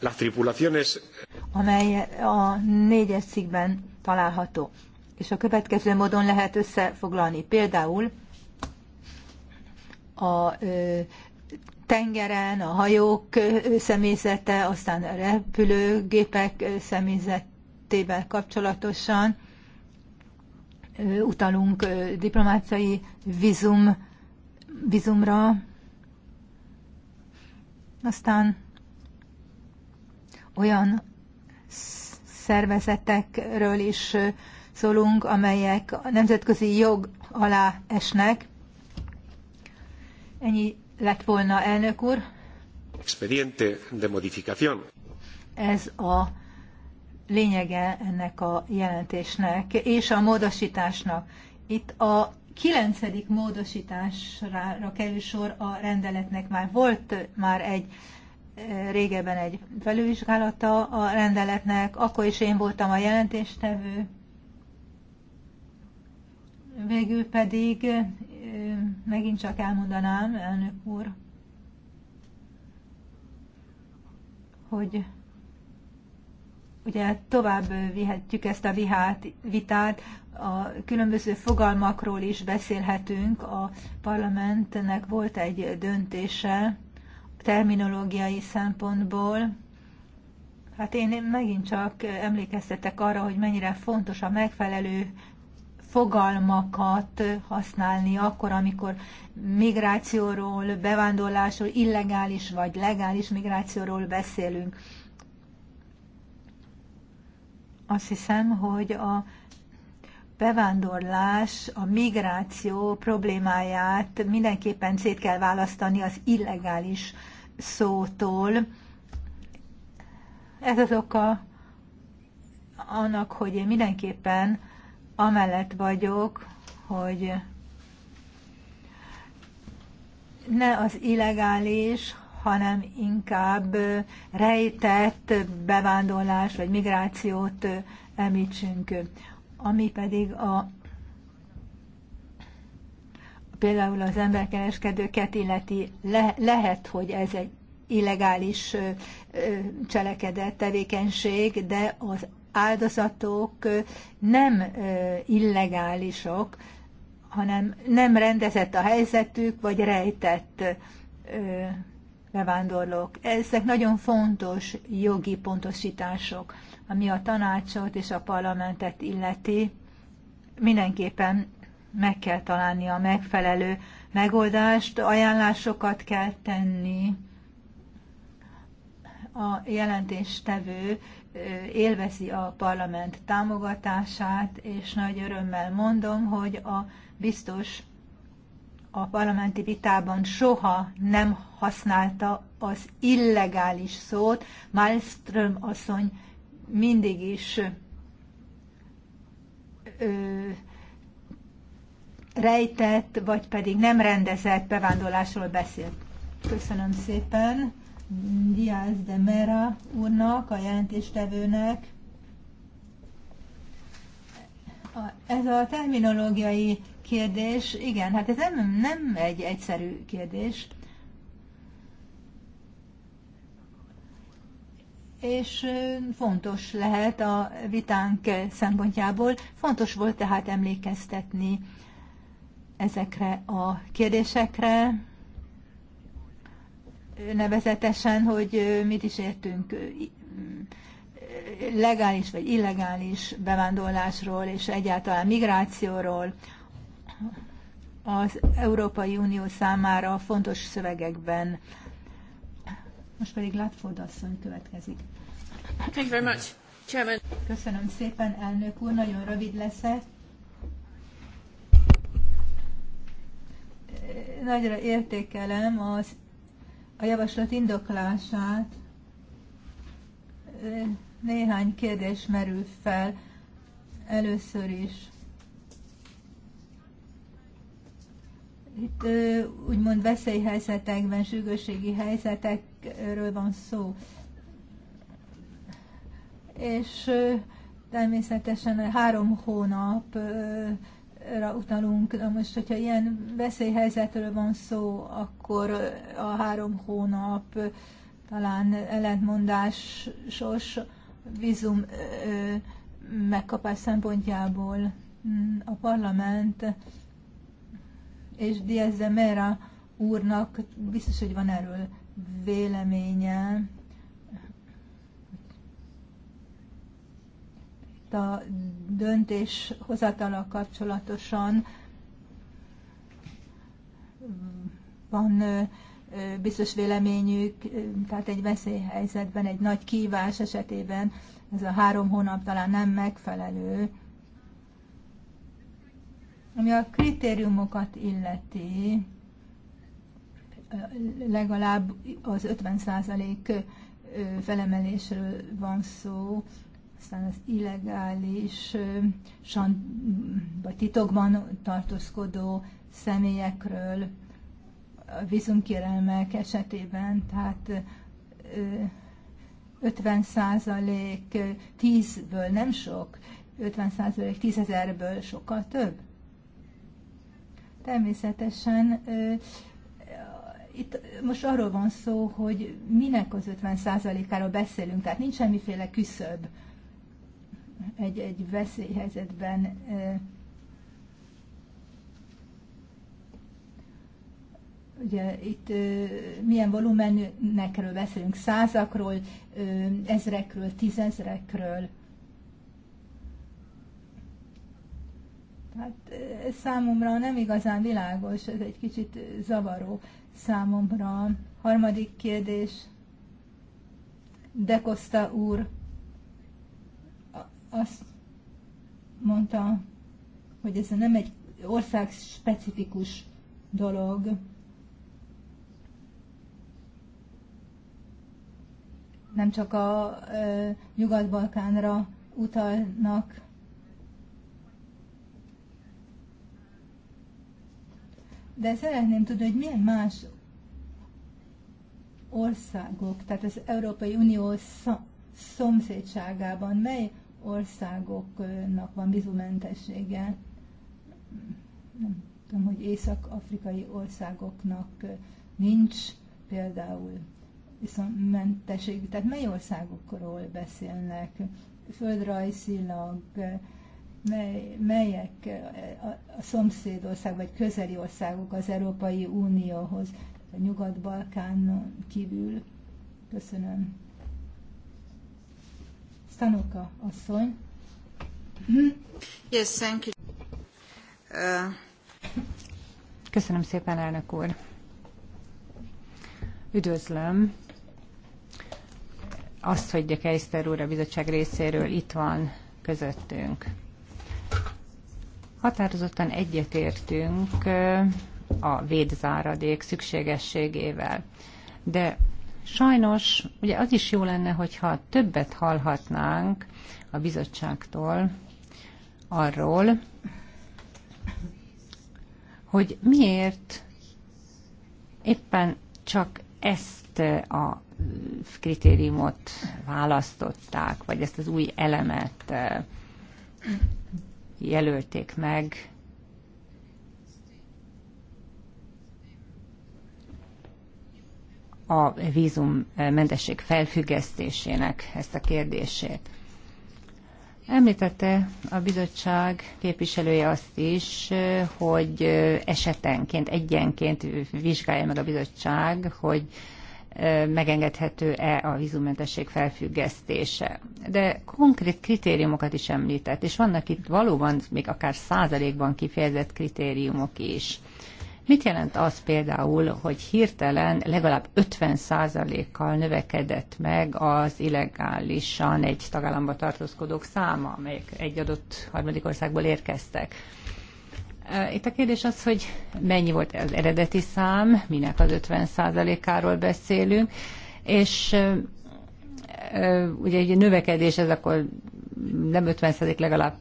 Las tripulaciones... amely a négyes cikkben található. És a következő módon lehet összefoglalni. Például a ö, tengeren, a hajók személyzete, aztán a repülőgépek személyzetével kapcsolatosan utalunk diplomáciai vizum, vizumra, aztán olyan szervezetekről is szólunk, amelyek a nemzetközi jog alá esnek. Ennyi lett volna, elnök úr. Expediente de modificación. Ez a lényege ennek a jelentésnek és a módosításnak. Itt a kilencedik módosításra kerül sor a rendeletnek. Már volt már egy eh, régebben egy felülvizsgálata a rendeletnek, akkor is én voltam a jelentéstevő. Végül pedig megint csak elmondanám, elnök úr, hogy ugye tovább vihetjük ezt a vihát, vitát, a különböző fogalmakról is beszélhetünk. A parlamentnek volt egy döntése terminológiai szempontból. Hát én megint csak emlékeztetek arra, hogy mennyire fontos a megfelelő fogalmakat használni akkor, amikor migrációról, bevándorlásról, illegális vagy legális migrációról beszélünk. Azt hiszem, hogy a bevándorlás, a migráció problémáját mindenképpen szét kell választani az illegális szótól. Ez az oka annak, hogy én mindenképpen amellett vagyok, hogy ne az illegális, hanem inkább rejtett bevándorlás vagy migrációt említsünk. Ami pedig a például az emberkereskedőket illeti, le, lehet, hogy ez egy illegális cselekedet, tevékenység, de az áldozatok nem illegálisok, hanem nem rendezett a helyzetük, vagy rejtett bevándorlók. Ezek nagyon fontos jogi pontosítások, ami a tanácsot és a parlamentet illeti. Mindenképpen meg kell találni a megfelelő megoldást, ajánlásokat kell tenni. A jelentéstevő élvezi a parlament támogatását, és nagy örömmel mondom, hogy a biztos a parlamenti vitában soha nem használta az illegális szót. Malmström asszony mindig is ö, rejtett, vagy pedig nem rendezett bevándorlásról beszélt. Köszönöm szépen. Diaz de Mera úrnak, a jelentéstevőnek. Ez a terminológiai kérdés, igen, hát ez nem, nem egy egyszerű kérdés. és fontos lehet a vitánk szempontjából. Fontos volt tehát emlékeztetni ezekre a kérdésekre nevezetesen, hogy mit is értünk legális vagy illegális bevándorlásról és egyáltalán migrációról az Európai Unió számára fontos szövegekben. Most pedig Latford asszony következik. Thank you very much, Chairman. Köszönöm szépen, elnök úr, nagyon rövid leszek. Nagyra értékelem az a javaslat indoklását, néhány kérdés merül fel. Először is itt úgymond veszélyhelyzetekben, sürgősségi helyzetekről van szó. És természetesen három hónap utalunk. Na most, hogyha ilyen veszélyhelyzetről van szó, akkor a három hónap talán ellentmondásos vízum megkapás szempontjából hmm, a parlament és Diaz de Mera úrnak biztos, hogy van erről véleménye. a döntéshozatala kapcsolatosan van biztos véleményük, tehát egy veszélyhelyzetben, egy nagy kívás esetében ez a három hónap talán nem megfelelő. Ami a kritériumokat illeti, legalább az 50% felemelésről van szó, aztán az illegális, vagy titokban tartózkodó személyekről, a vízumkérelmek esetében, tehát 50 százalék tízből nem sok, 50 százalék tízezerből sokkal több. Természetesen itt most arról van szó, hogy minek az 50 százalékáról beszélünk, tehát nincs semmiféle küszöb egy, egy veszélyhelyzetben ugye itt milyen volumenekről beszélünk, százakról, ezrekről, tízezrekről. Hát számomra nem igazán világos, ez egy kicsit zavaró számomra. Harmadik kérdés. Dekosta úr azt mondta, hogy ez nem egy ország specifikus dolog. Nem csak a Nyugat-Balkánra utalnak. De szeretném tudni, hogy milyen más országok, tehát az Európai Unió szomszédságában mely országoknak van vízumentessége, nem tudom, hogy észak-afrikai országoknak nincs például viszont mentesség, tehát mely országokról beszélnek, földrajzilag, mely, melyek a szomszédország vagy közeli országok az Európai Unióhoz, a Nyugat-Balkánon kívül. Köszönöm. Stanuka asszony. Yes, thank you. Uh... Köszönöm szépen, elnök úr. Üdvözlöm azt, hogy a Kejszter úr a bizottság részéről itt van közöttünk. Határozottan egyetértünk uh, a védzáradék szükségességével, de Sajnos, ugye az is jó lenne, hogyha többet hallhatnánk a bizottságtól arról, hogy miért éppen csak ezt a kritériumot választották, vagy ezt az új elemet jelölték meg a vízummentesség felfüggesztésének ezt a kérdését. Említette a bizottság képviselője azt is, hogy esetenként, egyenként vizsgálja meg a bizottság, hogy megengedhető-e a vízummentesség felfüggesztése. De konkrét kritériumokat is említett, és vannak itt valóban még akár százalékban kifejezett kritériumok is. Mit jelent az például, hogy hirtelen legalább 50%-kal növekedett meg az illegálisan egy tagállamba tartózkodók száma, amelyek egy adott harmadik országból érkeztek? E, itt a kérdés az, hogy mennyi volt az eredeti szám, minek az 50%-áról beszélünk, és e, e, ugye egy növekedés, ez akkor nem 50 legalább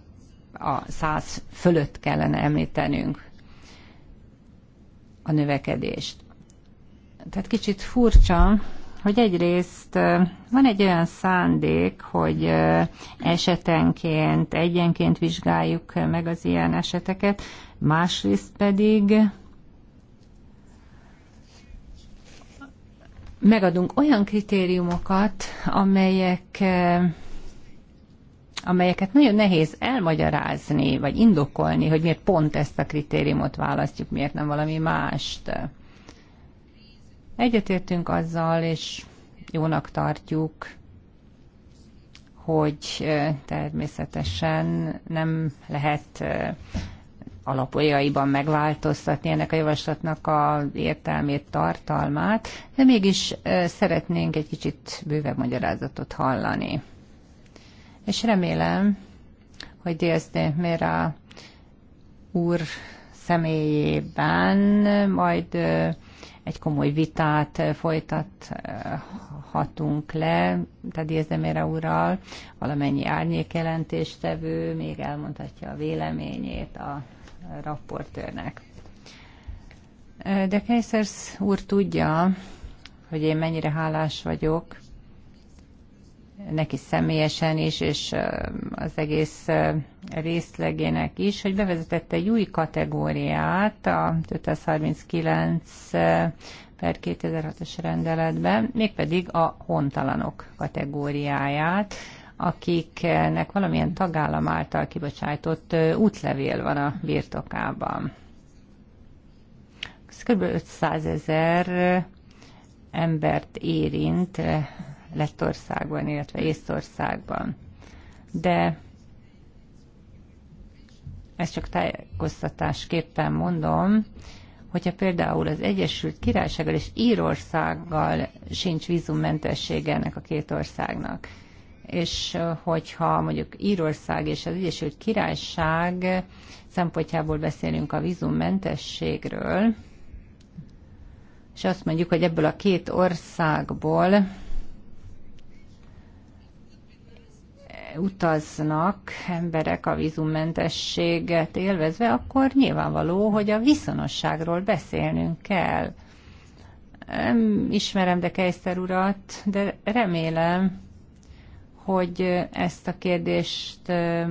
a 100 fölött kellene említenünk a növekedést. Tehát kicsit furcsa, hogy egyrészt van egy olyan szándék, hogy esetenként, egyenként vizsgáljuk meg az ilyen eseteket, másrészt pedig megadunk olyan kritériumokat, amelyek amelyeket nagyon nehéz elmagyarázni, vagy indokolni, hogy miért pont ezt a kritériumot választjuk, miért nem valami mást. Egyetértünk azzal, és jónak tartjuk, hogy természetesen nem lehet alapoljaiban megváltoztatni ennek a javaslatnak a értelmét, tartalmát, de mégis szeretnénk egy kicsit bővebb magyarázatot hallani és remélem, hogy mert Mera úr személyében majd egy komoly vitát folytathatunk le, tehát Dézdemére úrral, valamennyi árnyék tevő, még elmondhatja a véleményét a rapportőrnek. De Kejszersz úr tudja, hogy én mennyire hálás vagyok neki személyesen is, és az egész részlegének is, hogy bevezetett egy új kategóriát a 539 per 2006-os rendeletben, mégpedig a hontalanok kategóriáját, akiknek valamilyen tagállam által kibocsájtott útlevél van a birtokában. Ez kb. 500 ezer embert érint Lettországban, illetve Észtországban. De ezt csak tájékoztatásképpen mondom, hogyha például az Egyesült Királysággal és Írországgal sincs vízummentessége ennek a két országnak, és hogyha mondjuk Írország és az Egyesült Királyság szempontjából beszélünk a vízummentességről, és azt mondjuk, hogy ebből a két országból utaznak emberek a vízummentességet élvezve, akkor nyilvánvaló, hogy a viszonosságról beszélnünk kell. Nem ismerem de Kejszer urat, de remélem, hogy ezt a kérdést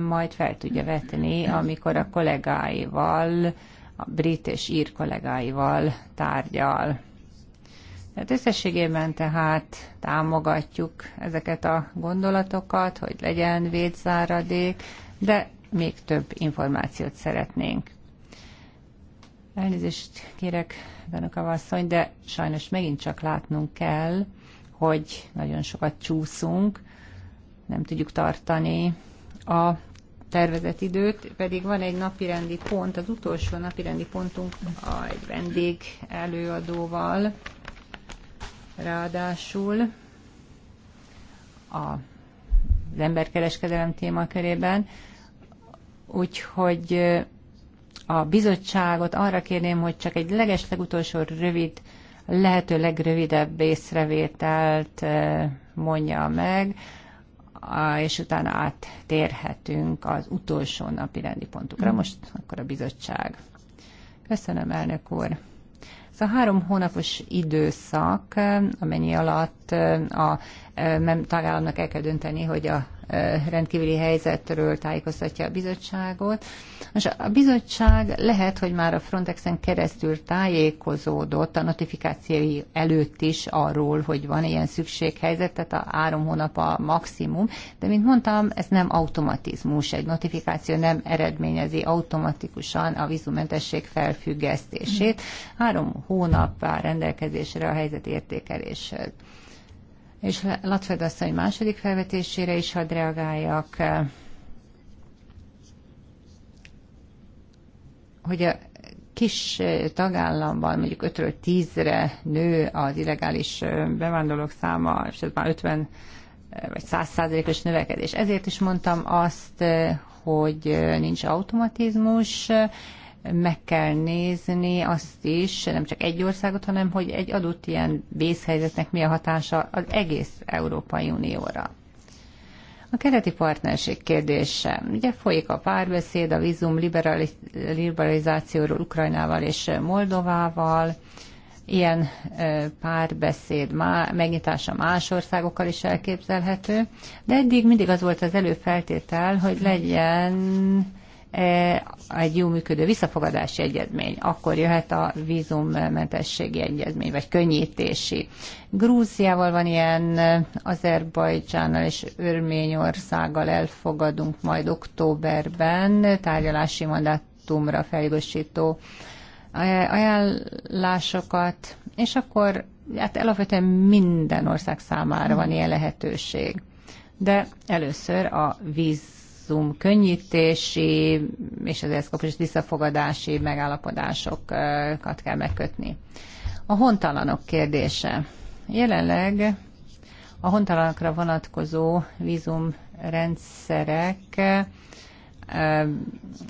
majd fel tudja vetni, amikor a kollégáival, a brit és ír kollégáival tárgyal. Hát összességében tehát támogatjuk ezeket a gondolatokat, hogy legyen védzáradék, de még több információt szeretnénk. Elnézést kérek, Danuka Vasszony, de sajnos megint csak látnunk kell, hogy nagyon sokat csúszunk, nem tudjuk tartani a tervezett időt, pedig van egy napirendi pont, az utolsó napirendi pontunk a egy vendég előadóval, ráadásul az emberkereskedelem témakörében, úgyhogy a bizottságot arra kérném, hogy csak egy legesleg utolsó rövid, lehető legrövidebb észrevételt mondja meg, és utána áttérhetünk az utolsó napi rendi pontukra. Mm. Most akkor a bizottság. Köszönöm, elnök úr! a három hónapos időszak, amennyi alatt a tagállamnak el kell dönteni, hogy a rendkívüli helyzetről tájékoztatja a bizottságot. Most a bizottság lehet, hogy már a Frontexen keresztül tájékozódott a notifikációi előtt is arról, hogy van ilyen szükséghelyzet, tehát a három hónap a maximum, de mint mondtam, ez nem automatizmus, egy notifikáció nem eredményezi automatikusan a vízumentesség felfüggesztését. Három hónap áll rendelkezésre a helyzet értékeléshez. És Latfed asszony második felvetésére is hadd reagáljak, hogy a kis tagállamban mondjuk 5-ről 10-re nő az illegális bevándorlók száma, és ez már 50 vagy 100%-os növekedés. Ezért is mondtam azt, hogy nincs automatizmus, meg kell nézni azt is, nem csak egy országot, hanem hogy egy adott ilyen vészhelyzetnek mi a hatása az egész Európai Unióra. A keleti partnerség kérdése. Ugye folyik a párbeszéd a vízum liberalizációról Ukrajnával és Moldovával. Ilyen párbeszéd megnyitása más országokkal is elképzelhető, de eddig mindig az volt az előfeltétel, hogy legyen E, egy jó működő visszafogadási egyezmény, akkor jöhet a vízummentességi egyezmény, vagy könnyítési. Grúziával van ilyen, Azerbajdzsánnal és Örményországgal elfogadunk majd októberben tárgyalási mandátumra feljogosító e, ajánlásokat, és akkor hát alapvetően minden ország számára van ilyen lehetőség. De először a víz vízum könnyítési és az ehhez kapcsolatos visszafogadási megállapodásokat kell megkötni. A hontalanok kérdése. Jelenleg a hontalanokra vonatkozó vízumrendszerek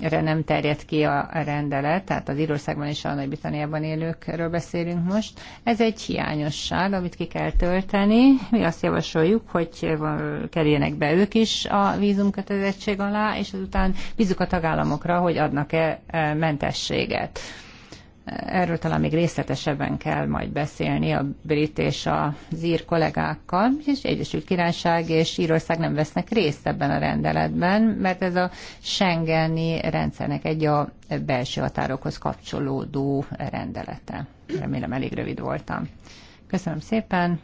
erre nem terjed ki a rendelet, tehát az Írországban és a Nagy-Britanniában élőkről beszélünk most. Ez egy hiányosság, amit ki kell tölteni. Mi azt javasoljuk, hogy kerjenek be ők is a vízumkötelezettség alá, és azután bízunk a tagállamokra, hogy adnak-e mentességet. Erről talán még részletesebben kell majd beszélni a brit és az ír kollégákkal, és Egyesült Királyság és Írország nem vesznek részt ebben a rendeletben, mert ez a Schengeni rendszernek egy a belső határokhoz kapcsolódó rendelete. Remélem elég rövid voltam. Köszönöm szépen.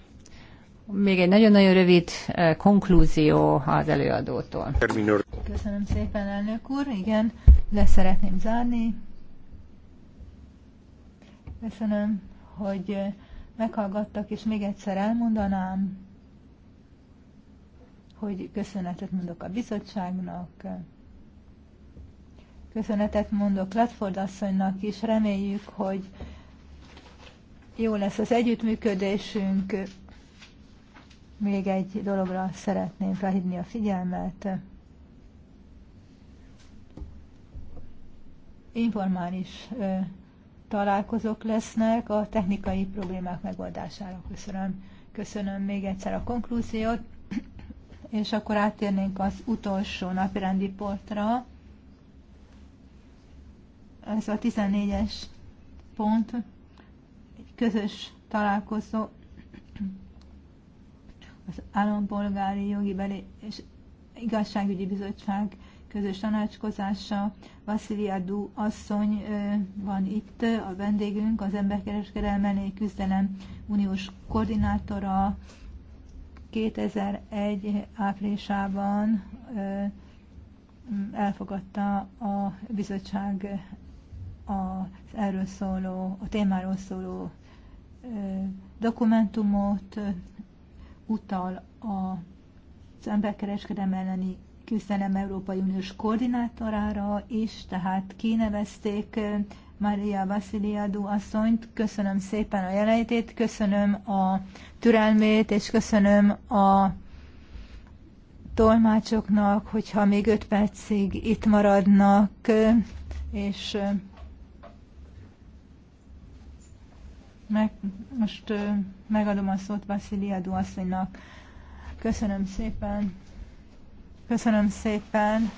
Még egy nagyon-nagyon rövid eh, konklúzió az előadótól. Köszönöm szépen, elnök úr. Igen, leszeretném zárni. Köszönöm, hogy meghallgattak, és még egyszer elmondanám, hogy köszönetet mondok a bizottságnak, köszönetet mondok Latford asszonynak is, reméljük, hogy jó lesz az együttműködésünk. Még egy dologra szeretném felhívni a figyelmet. Informális találkozók lesznek a technikai problémák megoldására. Köszönöm, köszönöm még egyszer a konklúziót, és akkor áttérnénk az utolsó napirendi portra. Ez a 14-es pont, egy közös találkozó az Állampolgári Jogi Belé és Igazságügyi Bizottság közös tanácskozása. Du asszony van itt, a vendégünk, az emberkereskedelmené küzdelem uniós koordinátora 2001 áprilisában elfogadta a bizottság az erről szóló, a témáról szóló dokumentumot utal a az emberkereskedelem elleni küzdelem Európai Uniós koordinátorára és tehát kinevezték eh, Maria Vasiliadu asszonyt. Köszönöm szépen a jelenlétét, köszönöm a türelmét, és köszönöm a tolmácsoknak, hogyha még öt percig itt maradnak, eh, és eh, meg, most megadom a szót Vasiliadu asszonynak. Köszönöm szépen. Köszönöm szépen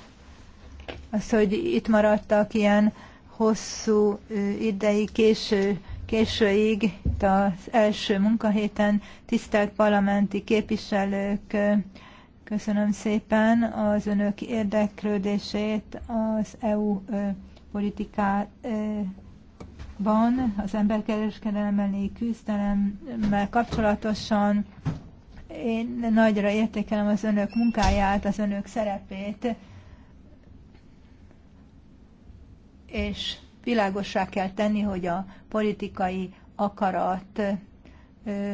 azt, hogy itt maradtak ilyen hosszú idei késő, későig, itt az első munkahéten, tisztelt parlamenti képviselők, köszönöm szépen az önök érdeklődését az EU politikában, az emberkereskedelemmel küzdelemmel kapcsolatosan. Én nagyra értékelem az önök munkáját, az önök szerepét, és világossá kell tenni, hogy a politikai akarat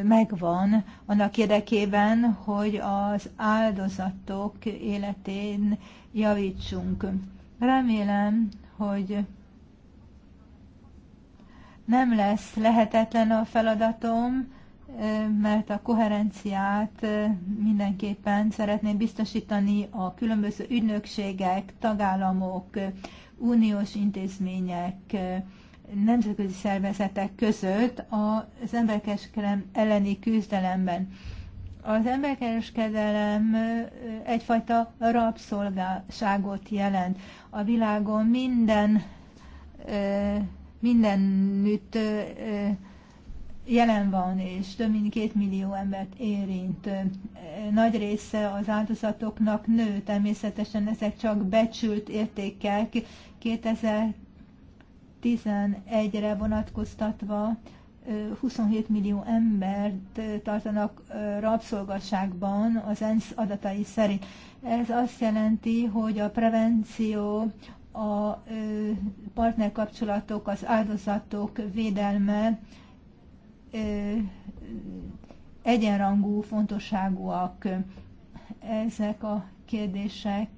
megvan annak érdekében, hogy az áldozatok életén javítsunk. Remélem, hogy nem lesz lehetetlen a feladatom, mert a koherenciát mindenképpen szeretném biztosítani a különböző ügynökségek, tagállamok, uniós intézmények, nemzetközi szervezetek között az emberkereskedelem elleni küzdelemben. Az emberkereskedelem egyfajta rabszolgáságot jelent. A világon minden mindenütt jelen van, és több mint két millió embert érint. Nagy része az áldozatoknak nő, természetesen ezek csak becsült értékek. 2011-re vonatkoztatva 27 millió embert tartanak rabszolgaságban az ENSZ adatai szerint. Ez azt jelenti, hogy a prevenció, a partnerkapcsolatok, az áldozatok védelme, egyenrangú, fontosságúak ezek a kérdések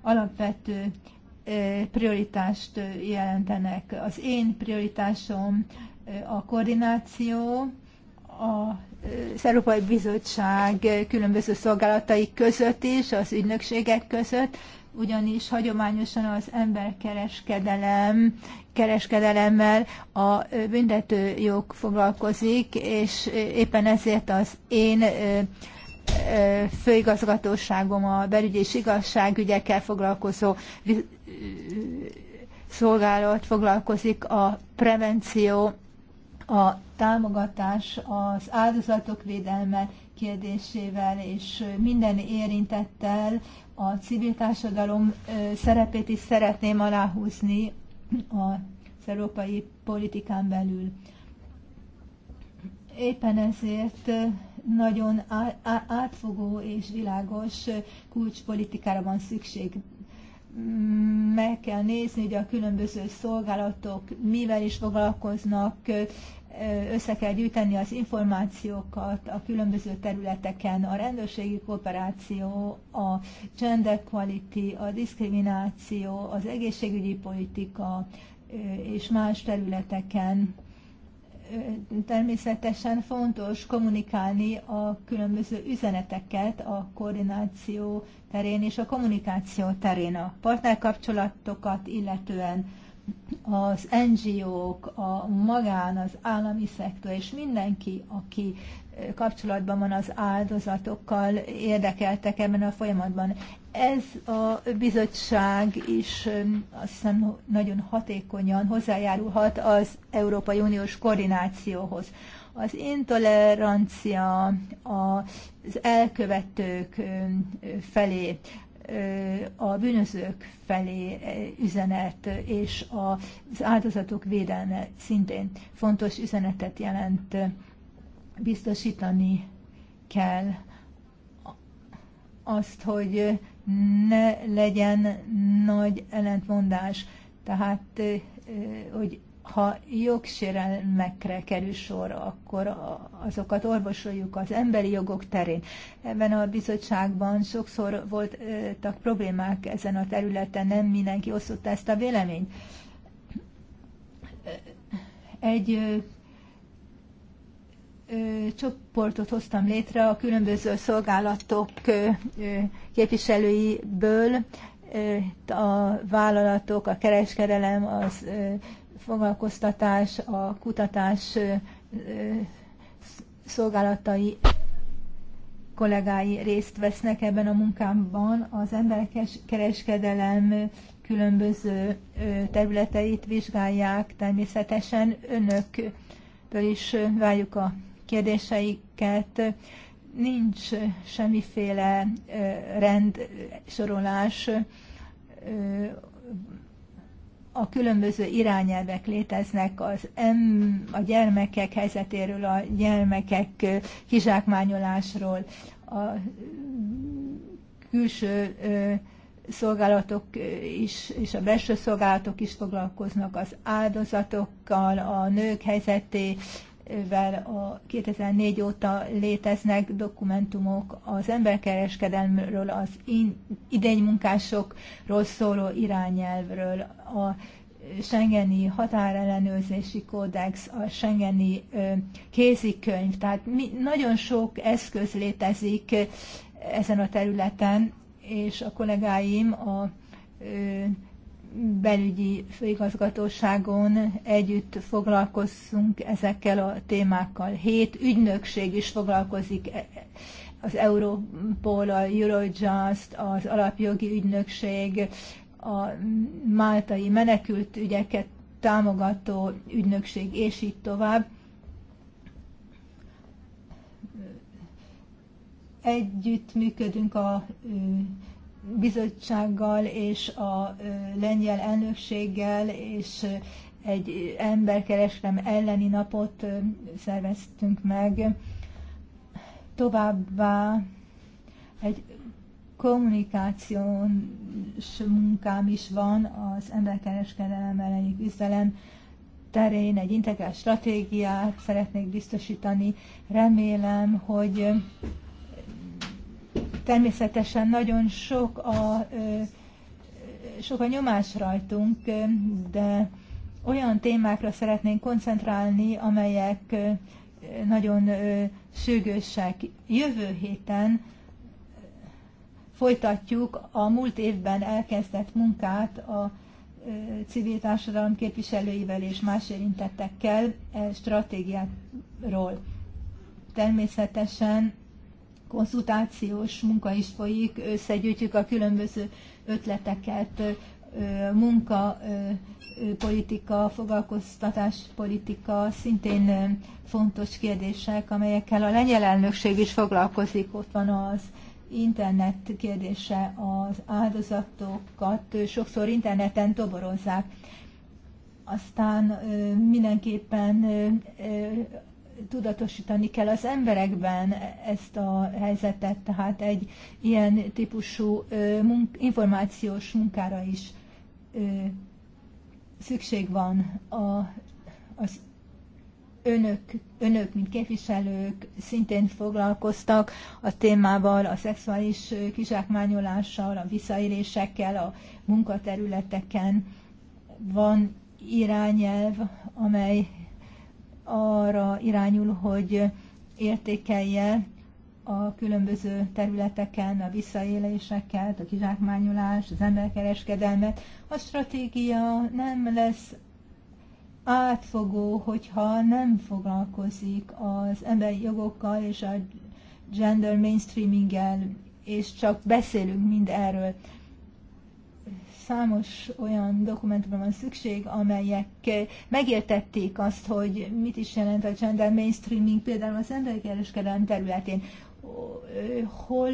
alapvető prioritást jelentenek. Az én prioritásom a koordináció, az Európai Bizottság különböző szolgálatai között is, az ügynökségek között, ugyanis hagyományosan az emberkereskedelem kereskedelemmel a büntetőjog foglalkozik, és éppen ezért az én főigazgatóságom a belügyi és igazságügyekkel foglalkozó szolgálat foglalkozik a prevenció, a támogatás, az áldozatok védelme kérdésével és minden érintettel a civil társadalom szerepét is szeretném aláhúzni az európai politikán belül. Éppen ezért nagyon átfogó és világos kulcspolitikára van szükség. Meg kell nézni, hogy a különböző szolgálatok mivel is foglalkoznak, össze kell gyűjteni az információkat a különböző területeken, a rendőrségi kooperáció, a gender quality, a diszkrimináció, az egészségügyi politika és más területeken. Természetesen fontos kommunikálni a különböző üzeneteket a koordináció terén és a kommunikáció terén, a partnerkapcsolatokat illetően az NGO-k, a magán, az állami szektor, és mindenki, aki kapcsolatban van az áldozatokkal, érdekeltek ebben a folyamatban. Ez a bizottság is azt hiszem nagyon hatékonyan hozzájárulhat az Európai Uniós koordinációhoz. Az intolerancia az elkövetők felé, a bűnözők felé eh, üzenet és az áldozatok védelme szintén fontos üzenetet jelent. Biztosítani kell azt, hogy ne legyen nagy ellentmondás, tehát eh, hogy ha jogsérelmekre kerül sor, akkor azokat orvosoljuk az emberi jogok terén. Ebben a bizottságban sokszor voltak problémák ezen a területen, nem mindenki osztotta ezt a véleményt. Egy csoportot hoztam létre a különböző szolgálatok képviselőiből, a vállalatok, a kereskedelem, az foglalkoztatás, a kutatás szolgálatai kollégái részt vesznek ebben a munkámban. Az kereskedelem különböző területeit vizsgálják, természetesen önöktől is várjuk a kérdéseiket. Nincs semmiféle rendsorolás a különböző irányelvek léteznek az em, a gyermekek helyzetéről, a gyermekek kizsákmányolásról, a külső szolgálatok is, és a belső szolgálatok is foglalkoznak az áldozatokkal, a nők helyzeté, vel a 2004 óta léteznek dokumentumok az emberkereskedelmről, az idénymunkásokról szóló irányelvről, a Schengeni határellenőrzési kódex, a Schengeni kézikönyv, tehát mi, nagyon sok eszköz létezik ezen a területen, és a kollégáim a belügyi főigazgatóságon együtt foglalkozzunk ezekkel a témákkal. Hét ügynökség is foglalkozik e- az Európol, a Eurojust, az alapjogi ügynökség, a máltai menekült ügyeket támogató ügynökség, és így tovább. Együtt működünk a bizottsággal és a lengyel elnökséggel, és egy emberkereskedelem elleni napot szerveztünk meg. Továbbá egy kommunikációs munkám is van az emberkereskedelem elleni küzdelem terén, egy integrált stratégiát szeretnék biztosítani. Remélem, hogy Természetesen nagyon sok a, sok a nyomás rajtunk, de olyan témákra szeretnénk koncentrálni, amelyek nagyon sürgősek. Jövő héten folytatjuk a múlt évben elkezdett munkát a civil társadalom képviselőivel és más érintettekkel e stratégiáról. Természetesen konzultációs munka is folyik, összegyűjtjük a különböző ötleteket, munka, politika, foglalkoztatás politika szintén fontos kérdések, amelyekkel a lengyel elnökség is foglalkozik. Ott van az internet kérdése, az áldozatokat sokszor interneten toborozzák. Aztán mindenképpen tudatosítani kell az emberekben ezt a helyzetet, tehát egy ilyen típusú információs munkára is szükség van a, az önök, önök, mint képviselők szintén foglalkoztak a témával, a szexuális kizsákmányolással, a visszaélésekkel, a munkaterületeken. Van irányelv, amely arra irányul, hogy értékelje a különböző területeken a visszaéléseket, a kizsákmányolás, az emberkereskedelmet. A stratégia nem lesz átfogó, hogyha nem foglalkozik az emberi jogokkal és a gender mainstreaminggel, és csak beszélünk mind erről számos olyan dokumentumra van szükség, amelyek megértették azt, hogy mit is jelent a gender mainstreaming, például az emberkereskedelem területén. Hol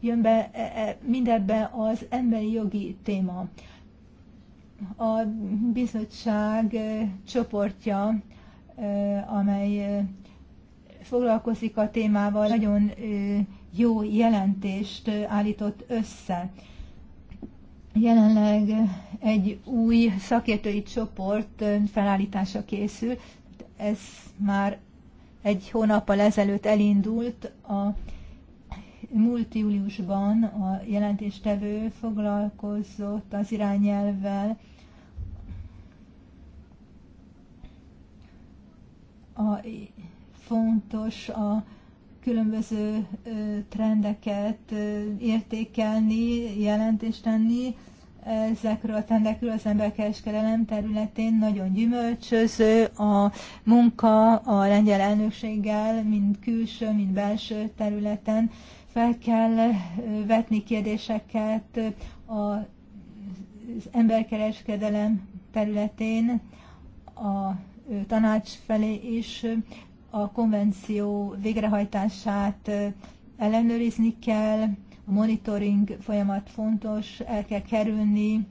jön be e, e, mindebbe az emberi jogi téma? A bizottság csoportja, amely foglalkozik a témával, nagyon jó jelentést állított össze. Jelenleg egy új szakértői csoport felállítása készül. Ez már egy hónappal ezelőtt elindult. A múlt júliusban a jelentéstevő foglalkozott az irányelvvel, a, fontos a különböző trendeket értékelni, jelentést tenni. Ezekről a trendekről az emberkereskedelem területén nagyon gyümölcsöző a munka a lengyel elnökséggel, mind külső, mind belső területen. Fel kell vetni kérdéseket az emberkereskedelem területén, a tanács felé is a konvenció végrehajtását ellenőrizni kell, a monitoring folyamat fontos, el kell kerülni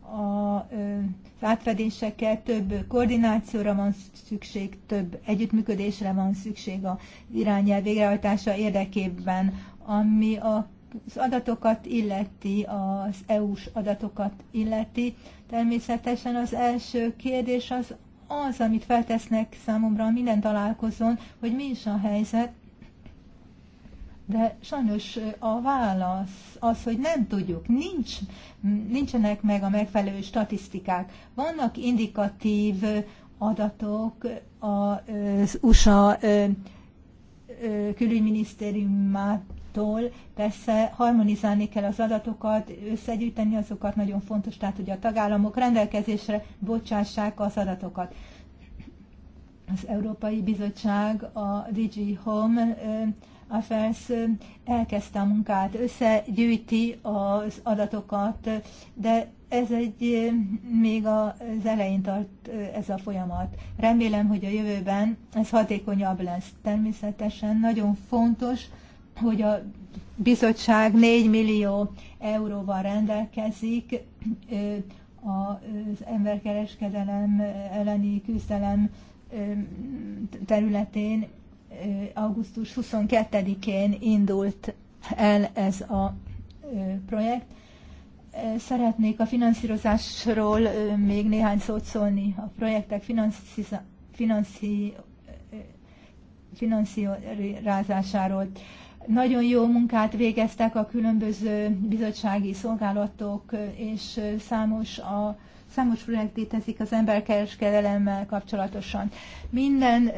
az átfedéseket, több koordinációra van szükség, több együttműködésre van szükség a irányel végrehajtása érdekében, ami a az adatokat illeti, az EU-s adatokat illeti. Természetesen az első kérdés az az, amit feltesznek számomra minden találkozón, hogy mi is a helyzet, de sajnos a válasz az, hogy nem tudjuk, nincs, nincsenek meg a megfelelő statisztikák. Vannak indikatív adatok az USA külügyminisztériumát, adatától. Persze harmonizálni kell az adatokat, összegyűjteni azokat, nagyon fontos, tehát hogy a tagállamok rendelkezésre bocsássák az adatokat. Az Európai Bizottság, a DG Home Affairs elkezdte a munkát, összegyűjti az adatokat, de ez egy még az elején tart ez a folyamat. Remélem, hogy a jövőben ez hatékonyabb lesz. Természetesen nagyon fontos hogy a bizottság 4 millió euróval rendelkezik az emberkereskedelem elleni küzdelem területén. Augusztus 22-én indult el ez a projekt. Szeretnék a finanszírozásról még néhány szót szólni. A projektek finanszírozásáról. Nagyon jó munkát végeztek a különböző bizottsági szolgálatok, és számos a számos projekt létezik az emberkereskedelemmel kapcsolatosan. Minden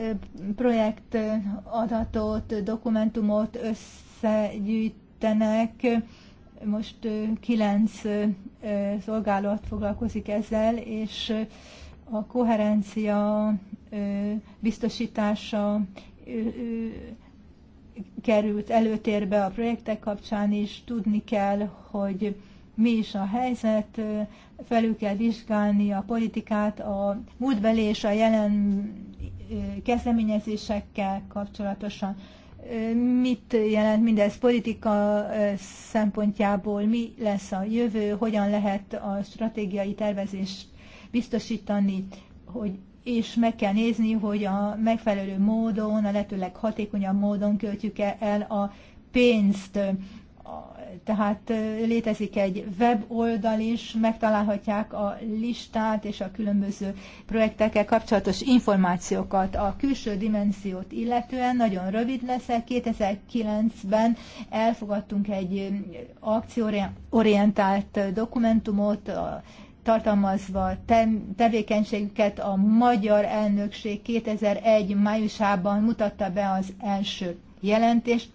projekt adatot, dokumentumot összegyűjtenek, most kilenc szolgálat foglalkozik ezzel, és a koherencia biztosítása került előtérbe a projektek kapcsán is. Tudni kell, hogy mi is a helyzet, felül kell vizsgálni a politikát a múltbeli és a jelen kezdeményezésekkel kapcsolatosan. Mit jelent mindez politika szempontjából, mi lesz a jövő, hogyan lehet a stratégiai tervezést biztosítani, hogy és meg kell nézni, hogy a megfelelő módon, a lehetőleg hatékonyabb módon költjük -e el a pénzt. Tehát létezik egy weboldal is, megtalálhatják a listát és a különböző projektekkel kapcsolatos információkat. A külső dimenziót illetően nagyon rövid leszek. 2009-ben elfogadtunk egy akcióorientált dokumentumot, tartalmazva tem, tevékenységüket a magyar elnökség 2001 májusában mutatta be az első jelentést,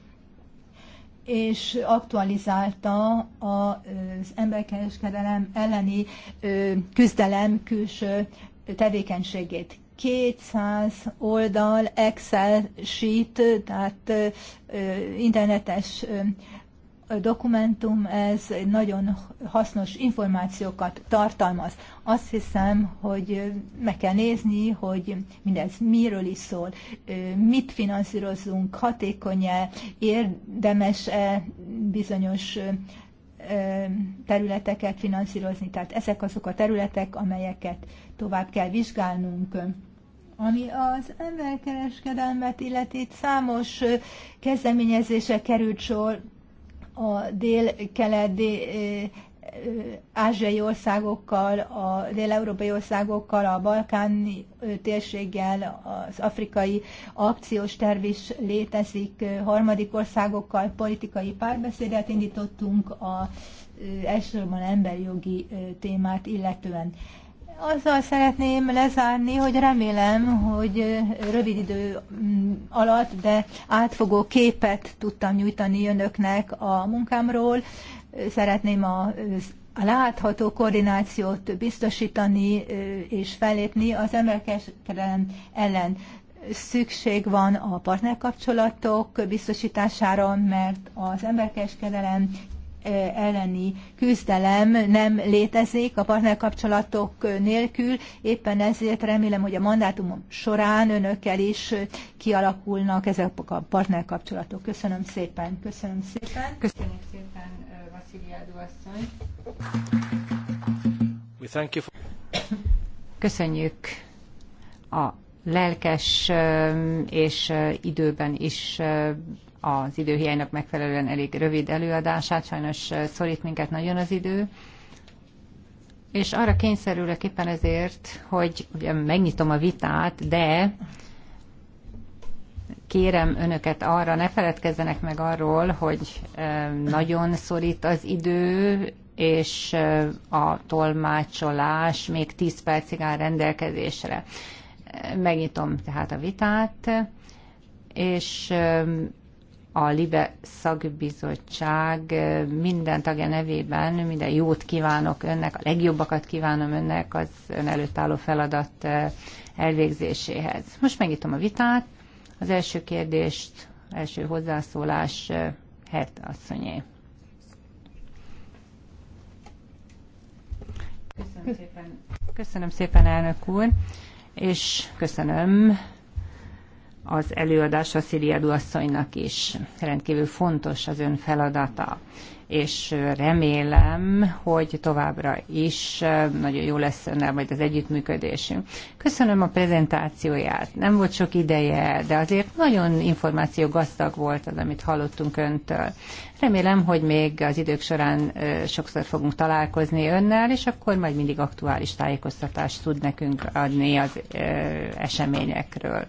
és aktualizálta az emberkereskedelem elleni küzdelem külső tevékenységét. 200 oldal Excel sheet, tehát internetes dokumentum, ez nagyon hasznos információkat tartalmaz. Azt hiszem, hogy meg kell nézni, hogy mindez miről is szól, mit finanszírozunk, hatékony-e, érdemes-e bizonyos területeket finanszírozni. Tehát ezek azok a területek, amelyeket tovább kell vizsgálnunk. Ami az emberkereskedelmet illeti, számos kezdeményezése került sor, a dél-keleti ázsiai országokkal, a dél-európai országokkal, a balkáni térséggel, az afrikai akciós terv is létezik, harmadik országokkal politikai párbeszédet indítottunk a elsősorban emberjogi témát illetően. Azzal szeretném lezárni, hogy remélem, hogy rövid idő mm, alatt, de átfogó képet tudtam nyújtani önöknek a munkámról. Szeretném a a látható koordinációt biztosítani és fellépni az emelkedelem ellen. Szükség van a partnerkapcsolatok biztosítására, mert az emberkereskedelem elleni küzdelem nem létezik a partnerkapcsolatok nélkül, éppen ezért remélem, hogy a mandátumom során önökkel is kialakulnak ezek a partnerkapcsolatok. Köszönöm szépen, köszönöm szépen. Köszönjük szépen, Vasziliádó asszony. Köszönjük a lelkes és időben is az időhiánynak megfelelően elég rövid előadását, sajnos szorít minket nagyon az idő. És arra kényszerülök éppen ezért, hogy ugye megnyitom a vitát, de kérem önöket arra, ne feledkezzenek meg arról, hogy nagyon szorít az idő, és a tolmácsolás még 10 percig áll rendelkezésre. Megnyitom tehát a vitát, és a LIBE szakbizottság minden tagja nevében minden jót kívánok önnek, a legjobbakat kívánom önnek az ön előtt álló feladat elvégzéséhez. Most megnyitom a vitát. Az első kérdést, első hozzászólás Hert asszonyé. Köszönöm szépen. Köszönöm szépen, elnök úr, és köszönöm az előadása Sziliadú asszonynak is. Rendkívül fontos az ön feladata és remélem, hogy továbbra is nagyon jó lesz önnel majd az együttműködésünk. Köszönöm a prezentációját. Nem volt sok ideje, de azért nagyon információ gazdag volt az, amit hallottunk öntől. Remélem, hogy még az idők során sokszor fogunk találkozni önnel, és akkor majd mindig aktuális tájékoztatást tud nekünk adni az eseményekről.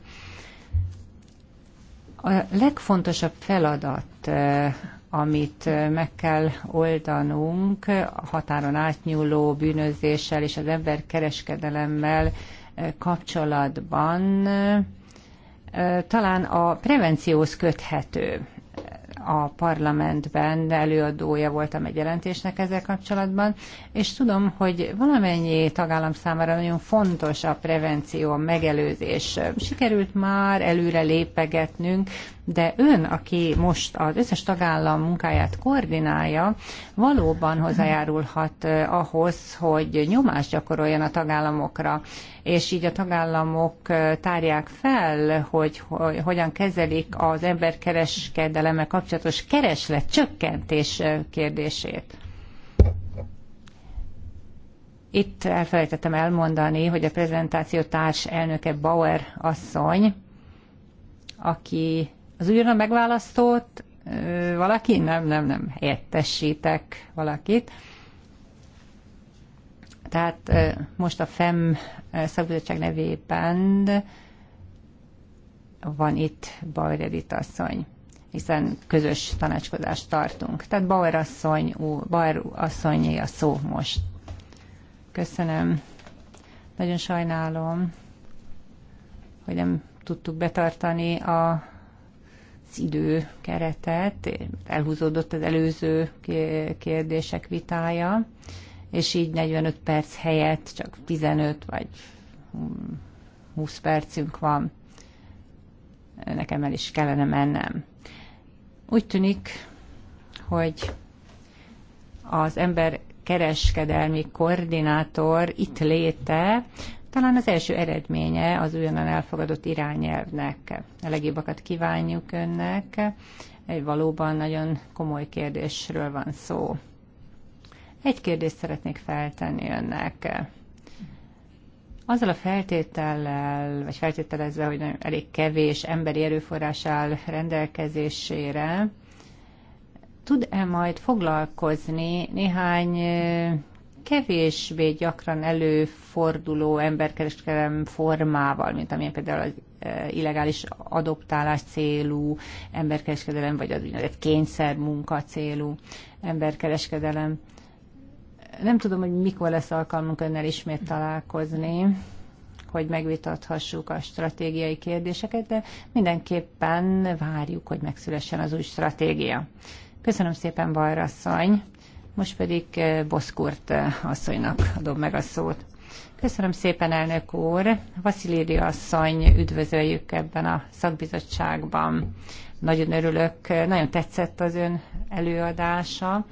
A legfontosabb feladat, amit meg kell oldanunk a határon átnyúló bűnözéssel és az emberkereskedelemmel kapcsolatban, talán a prevencióhoz köthető a parlamentben előadója voltam egy jelentésnek ezzel kapcsolatban, és tudom, hogy valamennyi tagállam számára nagyon fontos a prevenció, a megelőzés. Sikerült már előre lépegetnünk, de ön, aki most az összes tagállam munkáját koordinálja, valóban hozzájárulhat eh, ahhoz, hogy nyomást gyakoroljon a tagállamokra, és így a tagállamok tárják fel, hogy hogyan kezelik az emberkereskedeleme kapcsolatos kereslet csökkentés kérdését. Itt elfelejtettem elmondani, hogy a prezentáció társ elnöke Bauer asszony, aki az újra megválasztott, valaki? Nem, nem, nem, helyettesítek valakit. Tehát most a FEM szakbizottság nevében van itt Bauer Edith asszony, hiszen közös tanácskozást tartunk. Tehát Bauer asszony, Bauer asszonyé a szó most. Köszönöm. Nagyon sajnálom, hogy nem tudtuk betartani a, az idő keretet. Elhúzódott az előző kérdések vitája és így 45 perc helyett csak 15 vagy 20 hmm, percünk van. Nekem el is kellene mennem. Úgy tűnik, hogy az ember kereskedelmi koordinátor itt léte talán az első eredménye az újonnan elfogadott irányelvnek. A legjobbakat kívánjuk önnek. Egy valóban nagyon komoly kérdésről van szó. Egy kérdést szeretnék feltenni önnek. Azzal a feltétellel, vagy feltételezve, hogy elég kevés emberi erőforrás áll rendelkezésére, tud-e majd foglalkozni néhány kevésbé gyakran előforduló emberkereskedelem formával, mint amilyen például az illegális adoptálás célú emberkereskedelem, vagy az úgynevezett munka célú emberkereskedelem. Nem tudom, hogy mikor lesz alkalmunk önnel ismét találkozni, hogy megvitathassuk a stratégiai kérdéseket, de mindenképpen várjuk, hogy megszülessen az új stratégia. Köszönöm szépen, Bajrasszony! Most pedig eh, Boszkurt eh, asszonynak adom meg a szót. Köszönöm szépen, elnök úr! Vasilédi asszony, üdvözöljük ebben a szakbizottságban. Nagyon örülök, eh, nagyon tetszett az ön előadása,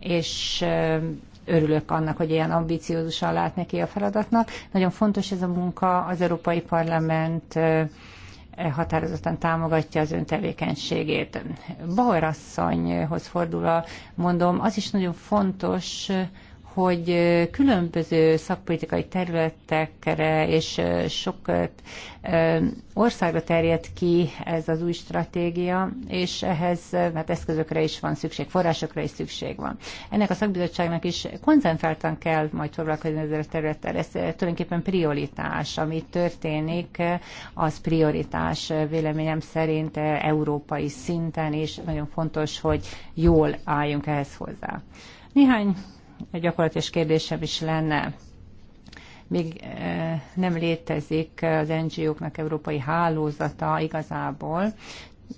és örülök annak, hogy ilyen ambiciózusan lát neki a feladatnak. Nagyon fontos ez a munka, az Európai Parlament e, határozottan támogatja az ön tevékenységét. Bauer asszonyhoz fordulva mondom, az is nagyon fontos, hogy különböző szakpolitikai területekre és sok országra terjed ki ez az új stratégia, és ehhez hát eszközökre is van szükség, forrásokra is szükség van. Ennek a szakbizottságnak is koncentráltan kell majd foglalkozni ezzel a területtel. Ez tulajdonképpen prioritás, ami történik, az prioritás véleményem szerint európai szinten, és nagyon fontos, hogy jól álljunk ehhez hozzá. Néhány egy gyakorlatos kérdésem is lenne. Még eh, nem létezik az NGO-knak európai hálózata igazából,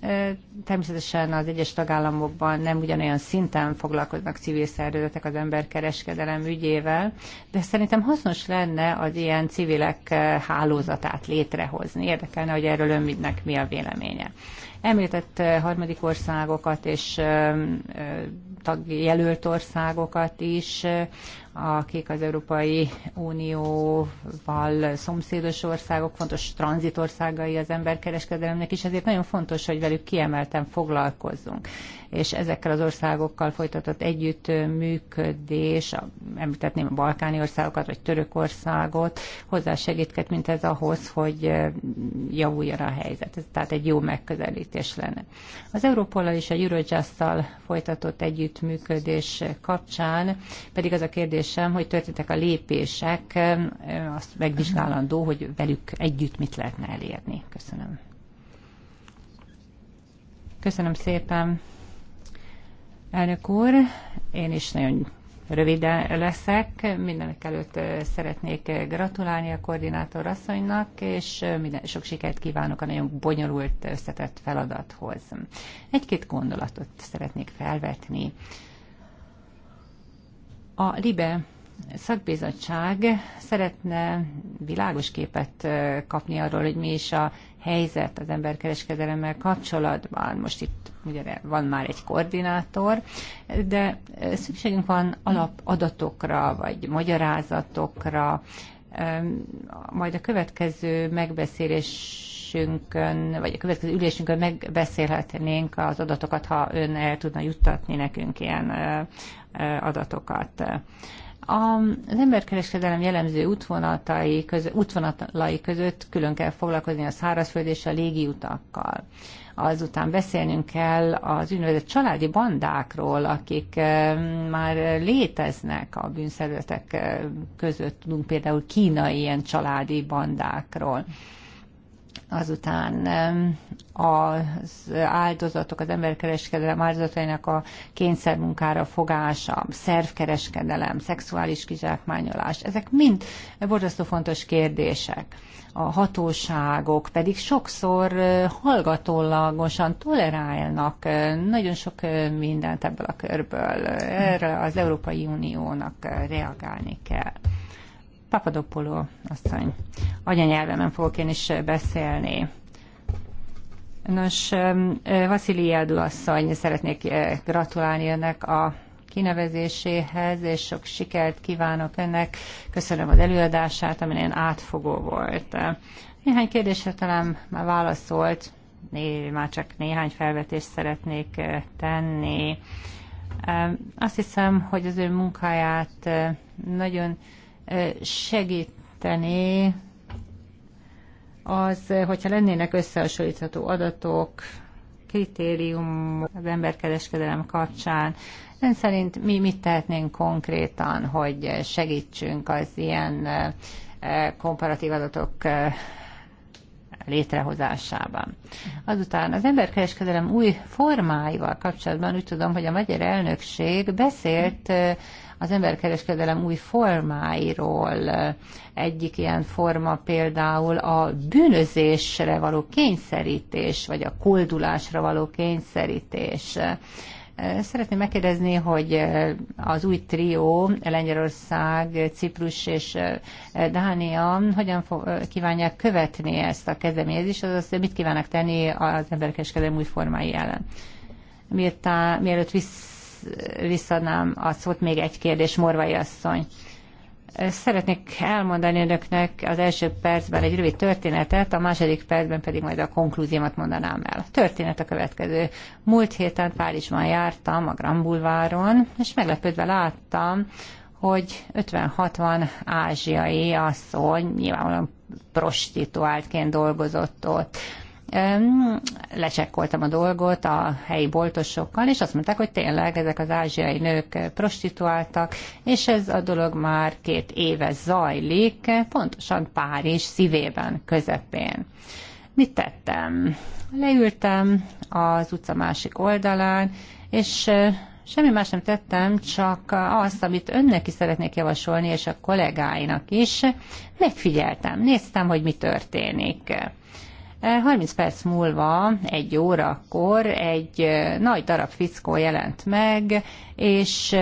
eh, Természetesen az egyes tagállamokban nem ugyanolyan szinten foglalkoznak civil szervezetek az emberkereskedelem ügyével, de szerintem hasznos lenne az ilyen civilek eh, hálózatát létrehozni. Érdekelne, hogy erről önnek mi a véleménye. Említett harmadik országokat és tagjelölt országokat is, akik az Európai Unióval szomszédos országok, fontos tranzitországai az emberkereskedelemnek is, ezért nagyon fontos, hogy velük kiemelten foglalkozzunk. És ezekkel az országokkal folytatott együttműködés, említetném a balkáni országokat, vagy Törökországot, hozzásegítket, mint ez ahhoz, hogy javuljon a helyzet. Ez tehát egy jó megközelítés szükséges lenne. Az Európollal és a eurojust folytatott együttműködés kapcsán pedig az a kérdésem, hogy történtek a lépések, eh, azt megvizsgálandó, hogy velük együtt mit lehetne elérni. Köszönöm. Köszönöm szépen, elnök úr. Én is nagyon röviden leszek. Mindenek előtt szeretnék gratulálni a koordinátor asszonynak, és minden, sok sikert kívánok a nagyon bonyolult, összetett feladathoz. Egy-két gondolatot szeretnék felvetni. A LIBE szakbizottság szeretne világos képet kapni arról, hogy mi is a helyzet az emberkereskedelemmel kapcsolatban. Most itt ugye van már egy koordinátor, de szükségünk van alapadatokra, vagy magyarázatokra, majd a következő megbeszélés vagy a következő ülésünkön megbeszélhetnénk az adatokat, ha ön el tudna juttatni nekünk ilyen eh, eh, adatokat. Az emberkereskedelem jellemző útvonatai, között, útvonatai között külön kell foglalkozni a szárazföld és a utakkal. Azután beszélnünk kell az úgynevezett családi bandákról, akik eh, már léteznek a bűnszervezetek eh, között, tudunk például kínai ilyen családi bandákról azután az áldozatok, az emberkereskedelem áldozatainak a kényszermunkára fogása, szervkereskedelem, szexuális kizsákmányolás, ezek mind borzasztó fontos kérdések. A hatóságok pedig sokszor hallgatólagosan tolerálnak nagyon sok mindent ebből a körből. Erre az Európai Uniónak reagálni kell. Papadopoulou asszony, anyanyelvemen fogok én is beszélni. Nos, Vasziliádú asszony, szeretnék gratulálni önnek a kinevezéséhez, és sok sikert kívánok önnek. Köszönöm az előadását, ami ilyen átfogó volt. Néhány kérdésre talán már válaszolt, már csak néhány felvetést szeretnék tenni. Azt hiszem, hogy az ő munkáját nagyon segíteni az, hogyha lennének összehasonlítható adatok, kritérium az emberkereskedelem kapcsán, Ön szerint mi mit tehetnénk konkrétan, hogy segítsünk az ilyen komparatív adatok létrehozásában. Azután az emberkereskedelem új formáival kapcsolatban úgy tudom, hogy a magyar elnökség beszélt az emberkereskedelem új formáiról. Egyik ilyen forma például a bűnözésre való kényszerítés, vagy a koldulásra való kényszerítés. Szeretném megkérdezni, hogy az új trió, Lengyelország, Ciprus és Dánia hogyan kívánják követni ezt a kezdeményezést, azaz mit kívánnak tenni az emberkereskedelem új formái ellen. tá, mielőtt vissza visszadnám a szót. Még egy kérdés, Morvai asszony. Szeretnék elmondani önöknek az első percben egy rövid történetet, a második percben pedig majd a konklúziómat mondanám el. Történet a következő. Múlt héten Párizsban jártam, a Grand Boulevardon, és meglepődve láttam, hogy 50-60 ázsiai asszony nyilvánvalóan prostituáltként dolgozott ott. Lecsekkoltam a dolgot a helyi boltosokkal, és azt mondták, hogy tényleg ezek az ázsiai nők prostituáltak, és ez a dolog már két éve zajlik, pontosan Párizs szívében, közepén. Mit tettem? Leültem az utca másik oldalán, és semmi más nem tettem, csak azt, amit önnek is szeretnék javasolni, és a kollégáinak is, megfigyeltem, néztem, hogy mi történik. 30 perc múlva, egy órakor egy nagy darab fickó jelent meg, és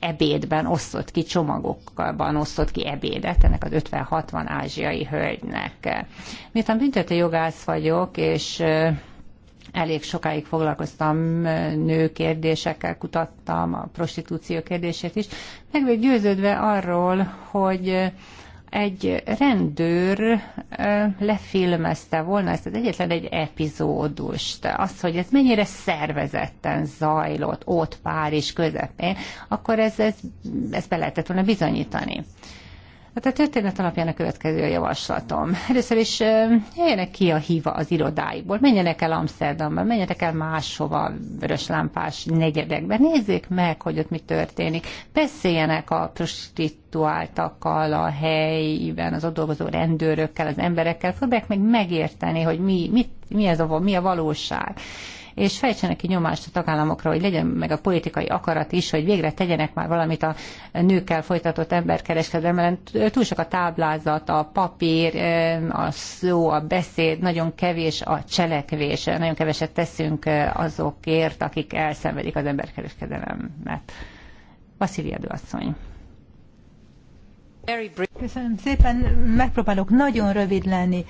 ebédben osztott ki, csomagokban osztott ki ebédet ennek az 50-60 ázsiai hölgynek. Miután büntető jogász vagyok, és elég sokáig foglalkoztam nő kérdésekkel, kutattam a prostitúció kérdését is, meg győződve arról, hogy egy rendőr lefilmezte volna ezt az egyetlen egy epizódust, az, hogy ez mennyire szervezetten zajlott ott Párizs közepén, akkor ez, ez, ez be lehetett volna bizonyítani. Hát a történet alapján a következő a javaslatom. Először is jöjjenek ki a híva az irodáiból, menjenek el Amsterdamba, menjenek el máshova, vörös lámpás negyedekbe, nézzék meg, hogy ott mi történik. Beszéljenek a prostituáltakkal, a helyben, az ott dolgozó rendőrökkel, az emberekkel, próbálják meg megérteni, hogy mi, mit, mi, ez a, mi a valóság és fejtsenek ki nyomást a tagállamokra, hogy legyen meg a politikai akarat is, hogy végre tegyenek már valamit a nőkkel folytatott emberkereskedelem, túl sok a táblázat, a papír, a szó, a beszéd, nagyon kevés a cselekvés, nagyon keveset teszünk azokért, akik elszenvedik az emberkereskedelemet. Vasilia asszony. Köszönöm szépen, megpróbálok nagyon rövid lenni.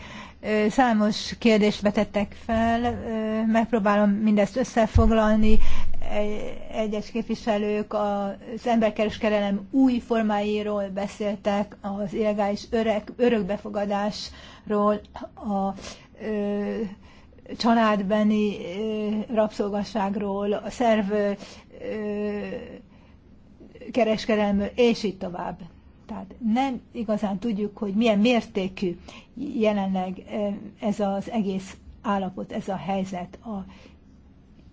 Számos kérdést vetettek fel, megpróbálom mindezt összefoglalni. Egyes képviselők az emberkereskedelem új formáiról beszéltek, az illegális örök, örökbefogadásról, a ö, családbeni ö, rabszolgasságról, a szerv ö, kereskedelmről, és így tovább. Tehát nem igazán tudjuk, hogy milyen mértékű jelenleg eh, ez az egész állapot, ez a helyzet a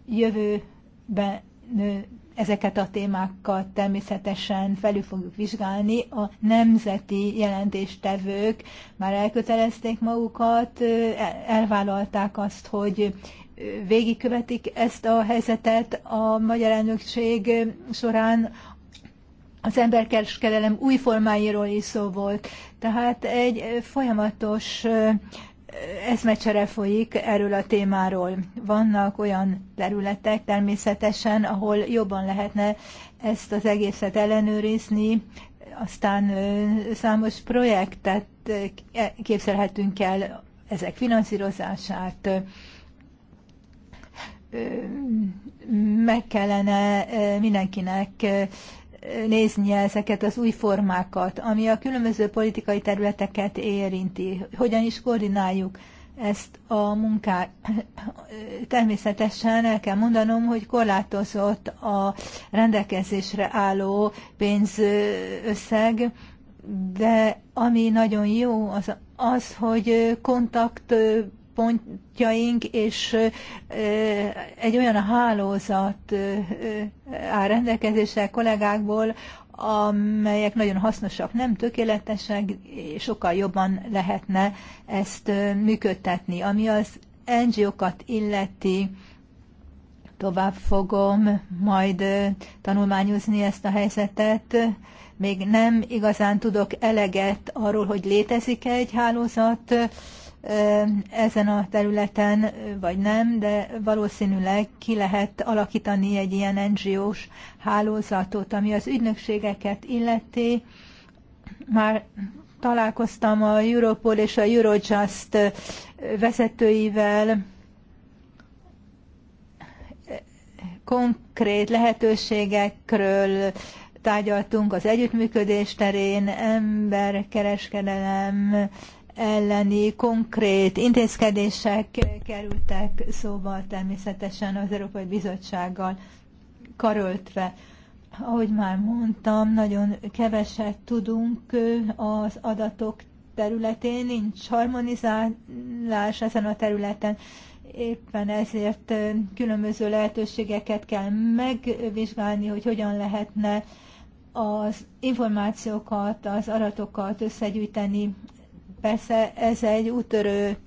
jövőben eh, ezeket a témákat természetesen felül fogjuk vizsgálni. A nemzeti jelentéstevők már elkötelezték magukat, eh, elvállalták azt, hogy végigkövetik ezt a helyzetet a magyar elnökség során az emberkereskedelem új formáiról is szó volt. Tehát egy folyamatos eszmecsere folyik erről a témáról. Vannak olyan területek természetesen, ahol jobban lehetne ezt az egészet ellenőrizni, aztán számos projektet e, képzelhetünk el, ezek finanszírozását, meg kellene mindenkinek nézni ezeket az új formákat, ami a különböző politikai területeket érinti. Hogyan is koordináljuk ezt a munkát? Természetesen el kell mondanom, hogy korlátozott a rendelkezésre álló pénzösszeg, de ami nagyon jó, az, az hogy kontakt pontjaink, és egy olyan hálózat áll rendelkezésre kollégákból, amelyek nagyon hasznosak, nem tökéletesek, sokkal jobban lehetne ezt működtetni. Ami az NGO-kat illeti, tovább fogom majd tanulmányozni ezt a helyzetet. Még nem igazán tudok eleget arról, hogy létezik-e egy hálózat, ezen a területen, vagy nem, de valószínűleg ki lehet alakítani egy ilyen NGO-s hálózatot, ami az ügynökségeket illeti. Már találkoztam a Europol és a Eurojust vezetőivel, konkrét lehetőségekről tárgyaltunk az együttműködés terén, emberkereskedelem, elleni konkrét intézkedések kerültek szóba természetesen az Európai Bizottsággal karöltve. Ahogy már mondtam, nagyon keveset tudunk az adatok területén, nincs harmonizálás ezen a területen, éppen ezért különböző lehetőségeket kell megvizsgálni, hogy hogyan lehetne az információkat, az adatokat összegyűjteni Persze ez egy útörő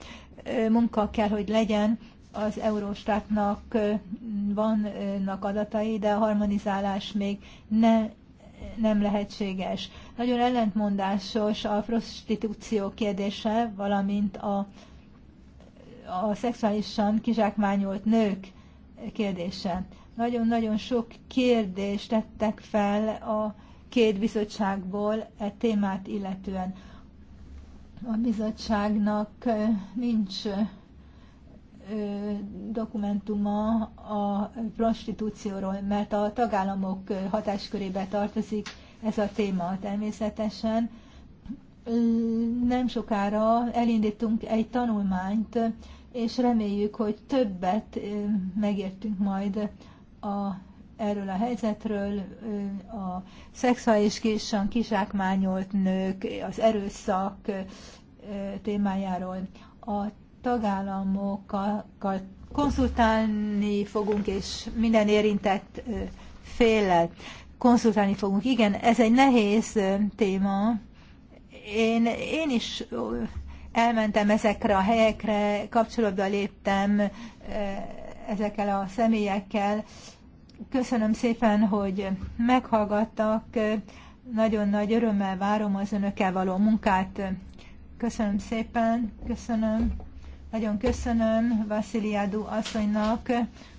munka kell, hogy legyen, az Eurostatnak vannak adatai, de a harmonizálás még ne, nem lehetséges. Nagyon ellentmondásos a prostitúció kérdése, valamint a, a szexuálisan kizsákmányolt nők kérdése. Nagyon-nagyon sok kérdést tettek fel a két bizottságból e témát illetően. A bizottságnak nincs dokumentuma a prostitúcióról, mert a tagállamok hatáskörébe tartozik ez a téma természetesen. Nem sokára elindítunk egy tanulmányt, és reméljük, hogy többet megértünk majd a erről a helyzetről, a szexuális kisan kizsákmányolt nők, az erőszak témájáról. A tagállamokkal konzultálni fogunk, és minden érintett féllel konzultálni fogunk. Igen, ez egy nehéz téma. Én, én is elmentem ezekre a helyekre, kapcsolatba léptem ezekkel a személyekkel, Köszönöm szépen, hogy meghallgattak. Nagyon nagy örömmel várom az önökkel való munkát. Köszönöm szépen, köszönöm. Nagyon köszönöm Vasziliádú asszonynak,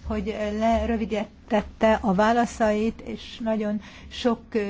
hogy lerövidítette a válaszait, és nagyon sok